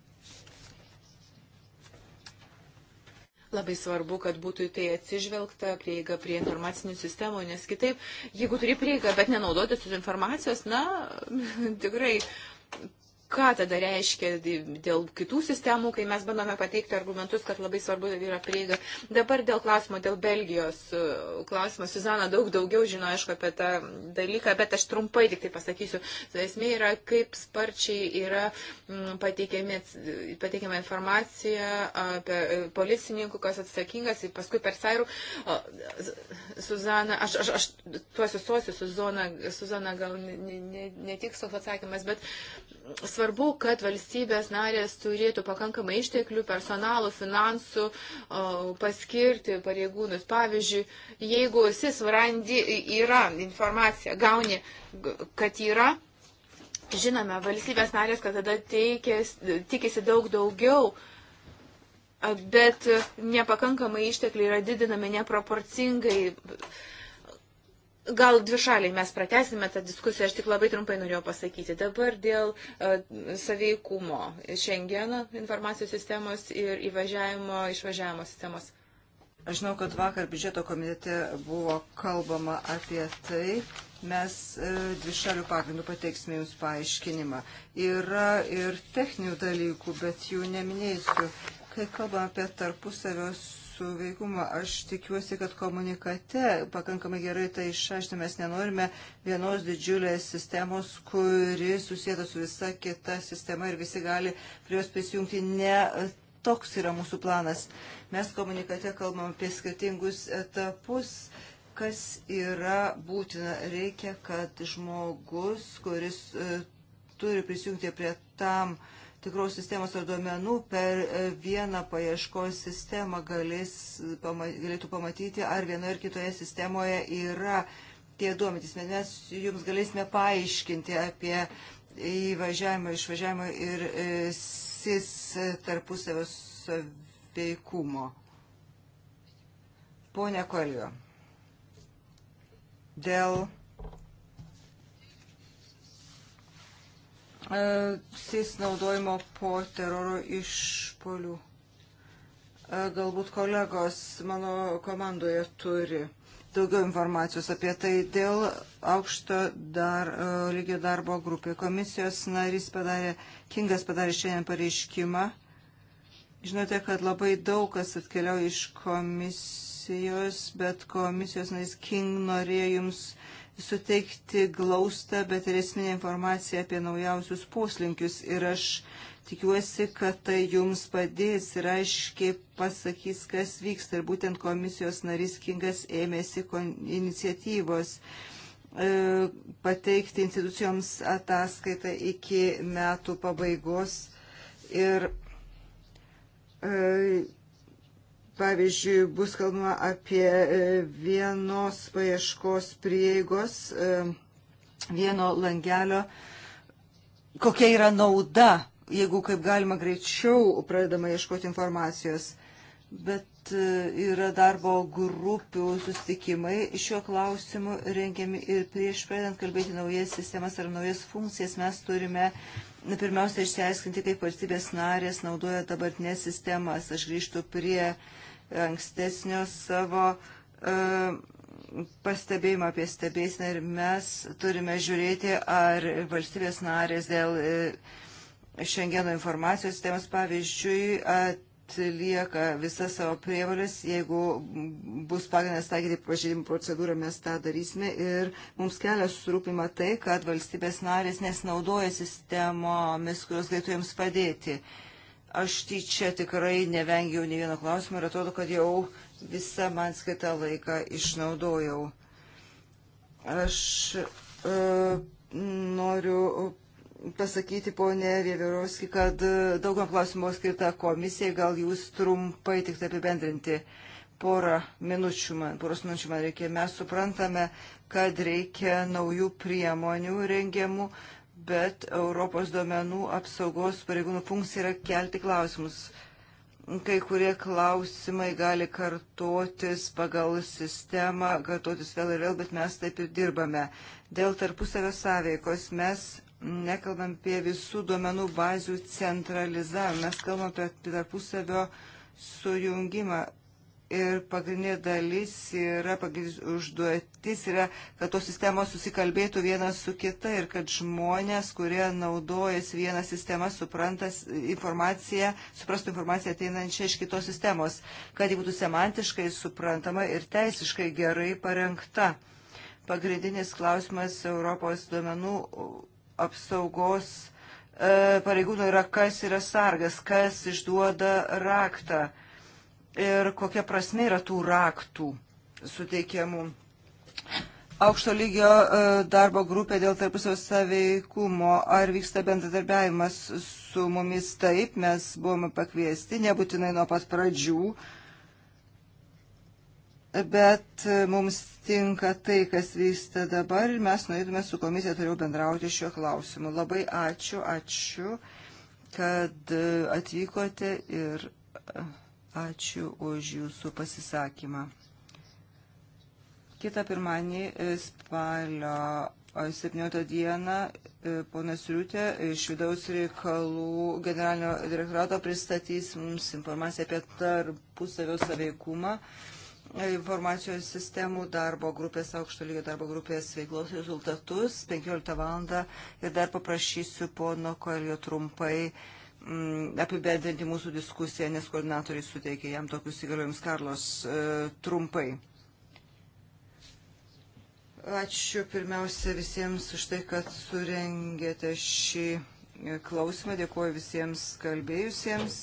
Speaker 2: Labai svarbu, kad būtų į tai atsižvelgta prieiga prie informacinių sistemų, nes kitaip, jeigu turi prieigą, bet nenaudotis informacijos, na, tikrai ką tada reiškia dėl kitų sistemų, kai mes bandome pateikti argumentus, kad labai svarbu yra prieiga. Dabar dėl klausimo, dėl Belgijos e, klausimo, Suzana daug daugiau žino, aišku, apie tą dalyką, bet aš trumpai tik tai pasakysiu. Tai esmė yra, kaip sparčiai yra mm, pateikiama informacija apie e, policininkų, kas atsakingas, ir paskui per Sairų. Suzana, aš, aš, aš tuos susosiu, Suzana, Suzana gal ne, ne, ne, ne tik savo atsakymas, bet svarbu, kad valstybės narės turėtų pakankamai išteklių, personalų, finansų paskirti pareigūnus. Pavyzdžiui, jeigu SIS randi, yra informacija, gauni, kad yra. Žinome, valstybės narės, kad tada teikės, tikisi daug daugiau, bet nepakankamai ištekliai yra didinami neproporcingai Gal dvišaliai mes pratesime tą diskusiją, aš tik labai trumpai norėjau pasakyti. Dabar dėl uh, saveikumo Schengeno informacijos sistemos ir įvažiavimo, išvažiavimo sistemos. Aš
Speaker 3: žinau, kad vakar biudžeto komitete buvo kalbama apie tai. Mes uh, dvišalių pagrindų pateiksime Jums paaiškinimą. Yra ir techninių dalykų, bet jų neminėsiu. Kai kalbame apie tarpusavio suveikumą. Aš tikiuosi, kad komunikate pakankamai gerai tai išaiškinti. Mes nenorime vienos didžiulės sistemos, kuri susėda su visa kita sistema ir visi gali prie jos prisijungti. Ne toks yra mūsų planas. Mes komunikate kalbam apie skirtingus etapus kas yra būtina. Reikia, kad žmogus, kuris e, turi prisijungti prie tam e, tikros sistemos ar duomenų per e, vieną paieškos sistemą galės, pama, galėtų pamatyti, ar vienoje ar kitoje sistemoje yra tie duomenys. Mes jums galėsime paaiškinti apie įvažiavimą, išvažiavimą ir e, sis tarpusavio veikumo. Pone Kolio, dėl E, sis naudojimo po teroro išpolių. E, galbūt kolegos mano komandoje turi daugiau informacijos apie tai. Dėl aukšto dar, e, lygio darbo grupė komisijos narys padarė, Kingas padarė šiandien pareiškimą. Žinote, kad labai daug kas atkeliauja iš komisijos, bet komisijos narys King norėjo jums uh, suteikti glaustą, bet ir esminę informaciją apie naujausius poslinkius. Ir aš tikiuosi, kad tai jums padės ir aiškiai pasakys, kas vyksta. Ir būtent komisijos narys Kingas ėmėsi iniciatyvos e, pateikti institucijoms ataskaitą iki metų pabaigos. Ir e, Pavyzdžiui, bus kalbama apie e, vienos paieškos prieigos, e, vieno langelio, kokia yra nauda, jeigu kaip galima greičiau pradedama ieškoti informacijos. Bet e, yra darbo grupių susitikimai šiuo klausimu rengiami ir prieš pradedant kalbėti naujas sistemas ar naujas funkcijas mes turime pirmiausia išsiaiškinti, kaip valstybės narės naudoja dabartinės sistemas. Aš grįžtu prie uh, ankstesnio savo e, pastebėjimą apie stebėsiną ir mes turime žiūrėti, ar valstybės narės dėl e, Šengeno informacijos sistemos pavyzdžiui atlieka visas savo prievalės, jeigu bus pagrindas taikyti pažeidimų procedūrą, mes tą darysime ir mums kelia susirūpima tai, kad valstybės narės nesinaudoja sistemomis, kurios galėtų jiems padėti. Uh, Aš tyčia tai tikrai nevengiau ne vieno klausimo ir atrodo, kad jau visą man skaitą laiką išnaudojau. Aš e, noriu pasakyti, ponė Vėverovski, kad daugam klausimų skirta komisijai, gal jūs trumpai tik tai apibendrinti porą minučių man, poros minučių man reikia. Mes suprantame, kad reikia naujų priemonių rengiamų, bet Europos duomenų apsaugos pareigūnų funkcija yra kelti klausimus. Kai kurie klausimai gali kartotis pagal sistemą, kartotis vėl ir vėl, bet mes taip ir dirbame. Dėl tarpusavio sąveikos mes nekalbam apie visų duomenų bazių centralizavimą, mes kalbam apie tarpusavio sujungimą ir pagrindinė dalis yra, pagrindinė užduotis yra, kad tos sistemos susikalbėtų viena su kita ir kad žmonės, kurie naudojasi vieną sistemą, suprantas informaciją, suprastų informaciją ateinančią iš kitos sistemos, kad ji būtų semantiškai suprantama ir teisiškai gerai parengta. Pagrindinis klausimas Europos duomenų apsaugos e, pareigūnų yra, kas yra sargas, kas išduoda raktą. E, ir kokia prasme yra tų raktų suteikiamų. Aukšto lygio e, darbo grupė dėl tarpusio saveikumo. Ar vyksta bendradarbiavimas su mumis? Taip, mes buvome pakviesti, nebūtinai nuo pat pradžių, bet e, mums tinka tai, kas vyksta dabar ir mes norėtume su komisija toliau bendrauti šiuo klausimu. Labai ačiū, ačiū, kad e, atvykote ir. Uh, Ačiū už jūsų pasisakymą. Kita pirmąjį e, spalio 17 e, dieną e, ponas Riutė iš vidaus reikalų generalinio direktorato pristatys mums informaciją apie tarpusavio saveikumą informacijos sistemų darbo grupės, aukšto lygio darbo grupės veiklos rezultatus 15 val. ir dar paprašysiu pono Koelio trumpai uh, Mm, apibendrinti mūsų diskusiją, nes koordinatoriai suteikė jam tokius įgaliojimus Karlos e, trumpai. Ačiū pirmiausia visiems už tai, kad surengėte šį klausimą. Dėkuoju visiems kalbėjusiems.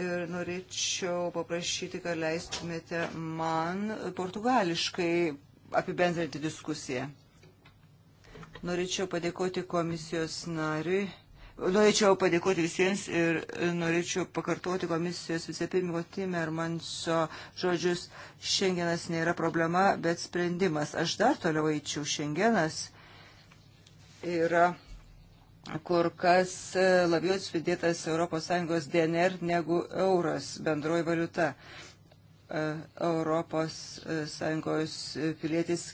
Speaker 3: Ir norėčiau paprašyti, kad leistumėte man portugališkai apibendrinti diskusiją. Norėčiau padėkoti komisijos nariui Norėčiau padėkoti visiems ir norėčiau pakartoti komisijos vicepirmigo Timermanso žodžius. Šengenas nėra problema, bet sprendimas. Aš dar toliau eičiau. Šengenas yra kur kas labiau atspindėtas ES DNR negu euras bendroji valiuta. ES pilietis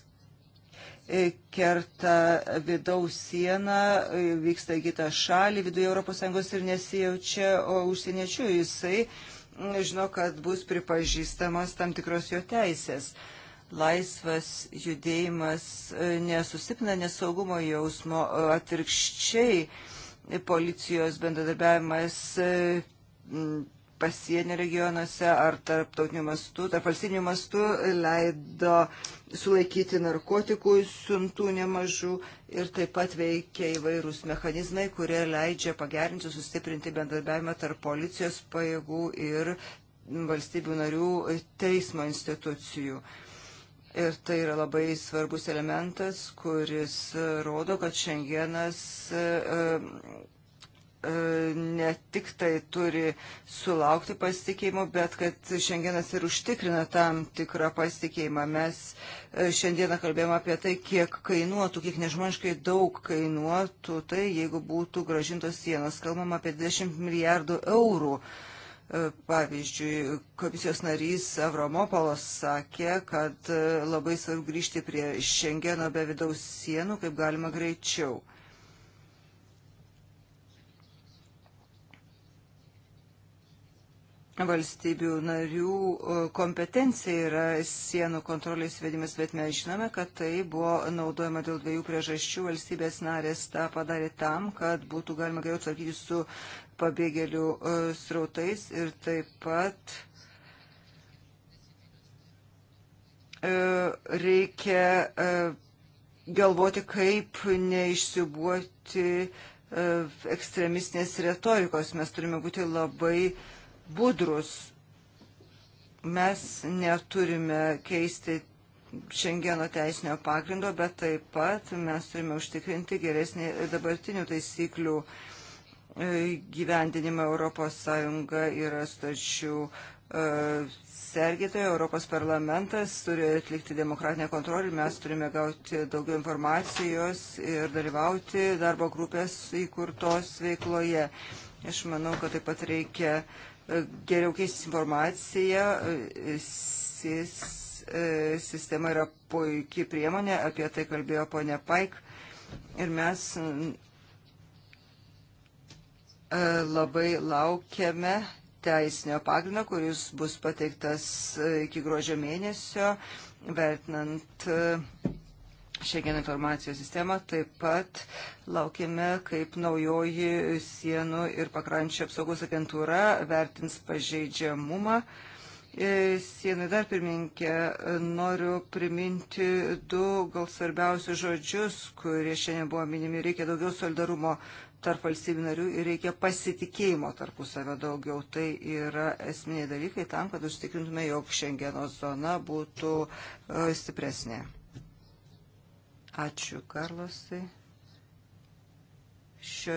Speaker 3: E, kerta vidaus sieną, e, vyksta į kitą šalį viduje ES ir nesijaučia užsieniečių. Jisai žino, kad bus pripažįstamas tam tikros jo teisės. Laisvas judėjimas e, nesusipina nesaugumo jausmo, atvirkščiai policijos bendradarbiavimas pasienio regionuose ar tarptautiniu mastu, tarp valstybiniu mastu leido sulaikyti narkotikų siuntų nemažų ir taip pat veikia įvairūs mechanizmai, kurie leidžia pagerinti, sustiprinti bendradarbiavimą tarp policijos pajėgų ir valstybių narių teismo institucijų. Ir tai yra labai svarbus elementas, kuris rodo, kad šiandienas E, ne tik tai turi sulaukti pasitikėjimo, bet kad šiandienas ir užtikrina tam tikrą pasitikėjimą. Mes e, šiandieną kalbėjome apie tai, kiek kainuotų, kiek nežmoniškai daug kainuotų, tai jeigu būtų gražintos sienos, kalbam apie 20 milijardų eurų. E, pavyzdžiui, komisijos narys Avromopolos sakė, kad labai svarbu grįžti prie Šengeno be vidaus sienų, kaip galima greičiau. valstybių narių kompetencija yra sienų kontrolės vedimas, bet mes žinome, kad tai buvo naudojama dėl dviejų priežasčių. Valstybės narės tą padarė tam, kad būtų galima geriau tvarkyti su pabėgėlių srautais ir taip pat e, reikia e, galvoti, kaip neišsibuoti e, ekstremistinės retorikos. Mes turime būti labai uh, budrus. Mes neturime keisti šengeno teisinio pagrindo, bet taip pat mes turime užtikrinti geresnį dabartinių taisyklių e, gyvendinimą Europos Sąjunga yra stačių e, sergėtoje, Europos parlamentas turi atlikti demokratinę kontrolę, mes turime gauti daugiau informacijos ir dalyvauti darbo grupės įkurtos veikloje. Aš manau, kad taip pat reikia uh, geriau keistis informacija, SIS e, sistema yra puikiai priemonė, apie tai kalbėjo ponia Paik. Ir mes e, labai laukiame teisinio pagrindo, kuris bus pateiktas e, iki gruodžio mėnesio, vertinant Šengen informacijos sistemą. Taip pat laukime, kaip naujoji sienų ir pakrančio apsaugos agentūra vertins pažeidžiamumą. E, Sienai dar pirmininkė, noriu priminti du gal svarbiausius žodžius, kurie šiandien buvo minimi. Reikia daugiau solidarumo tarp valstybių narių ir reikia pasitikėjimo tarpusavio daugiau. Tai yra esminiai dalykai tam, kad užtikrintume, jog Šengeno zona būtų e, stipresnė. Ačiū, Karlosai. Šio,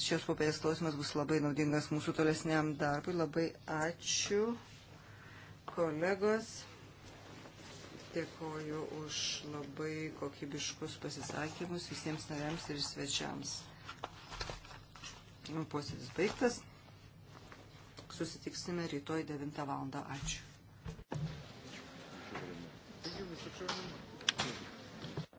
Speaker 3: šios popės klausimas bus labai naudingas mūsų tolesniam darbui. Labai ačiū, kolegos. Dėkoju už labai kokybiškus pasisakymus visiems nariams ir svečiams. Nu, posėdis baigtas. Susitiksime rytoj 9 val. Ačiū.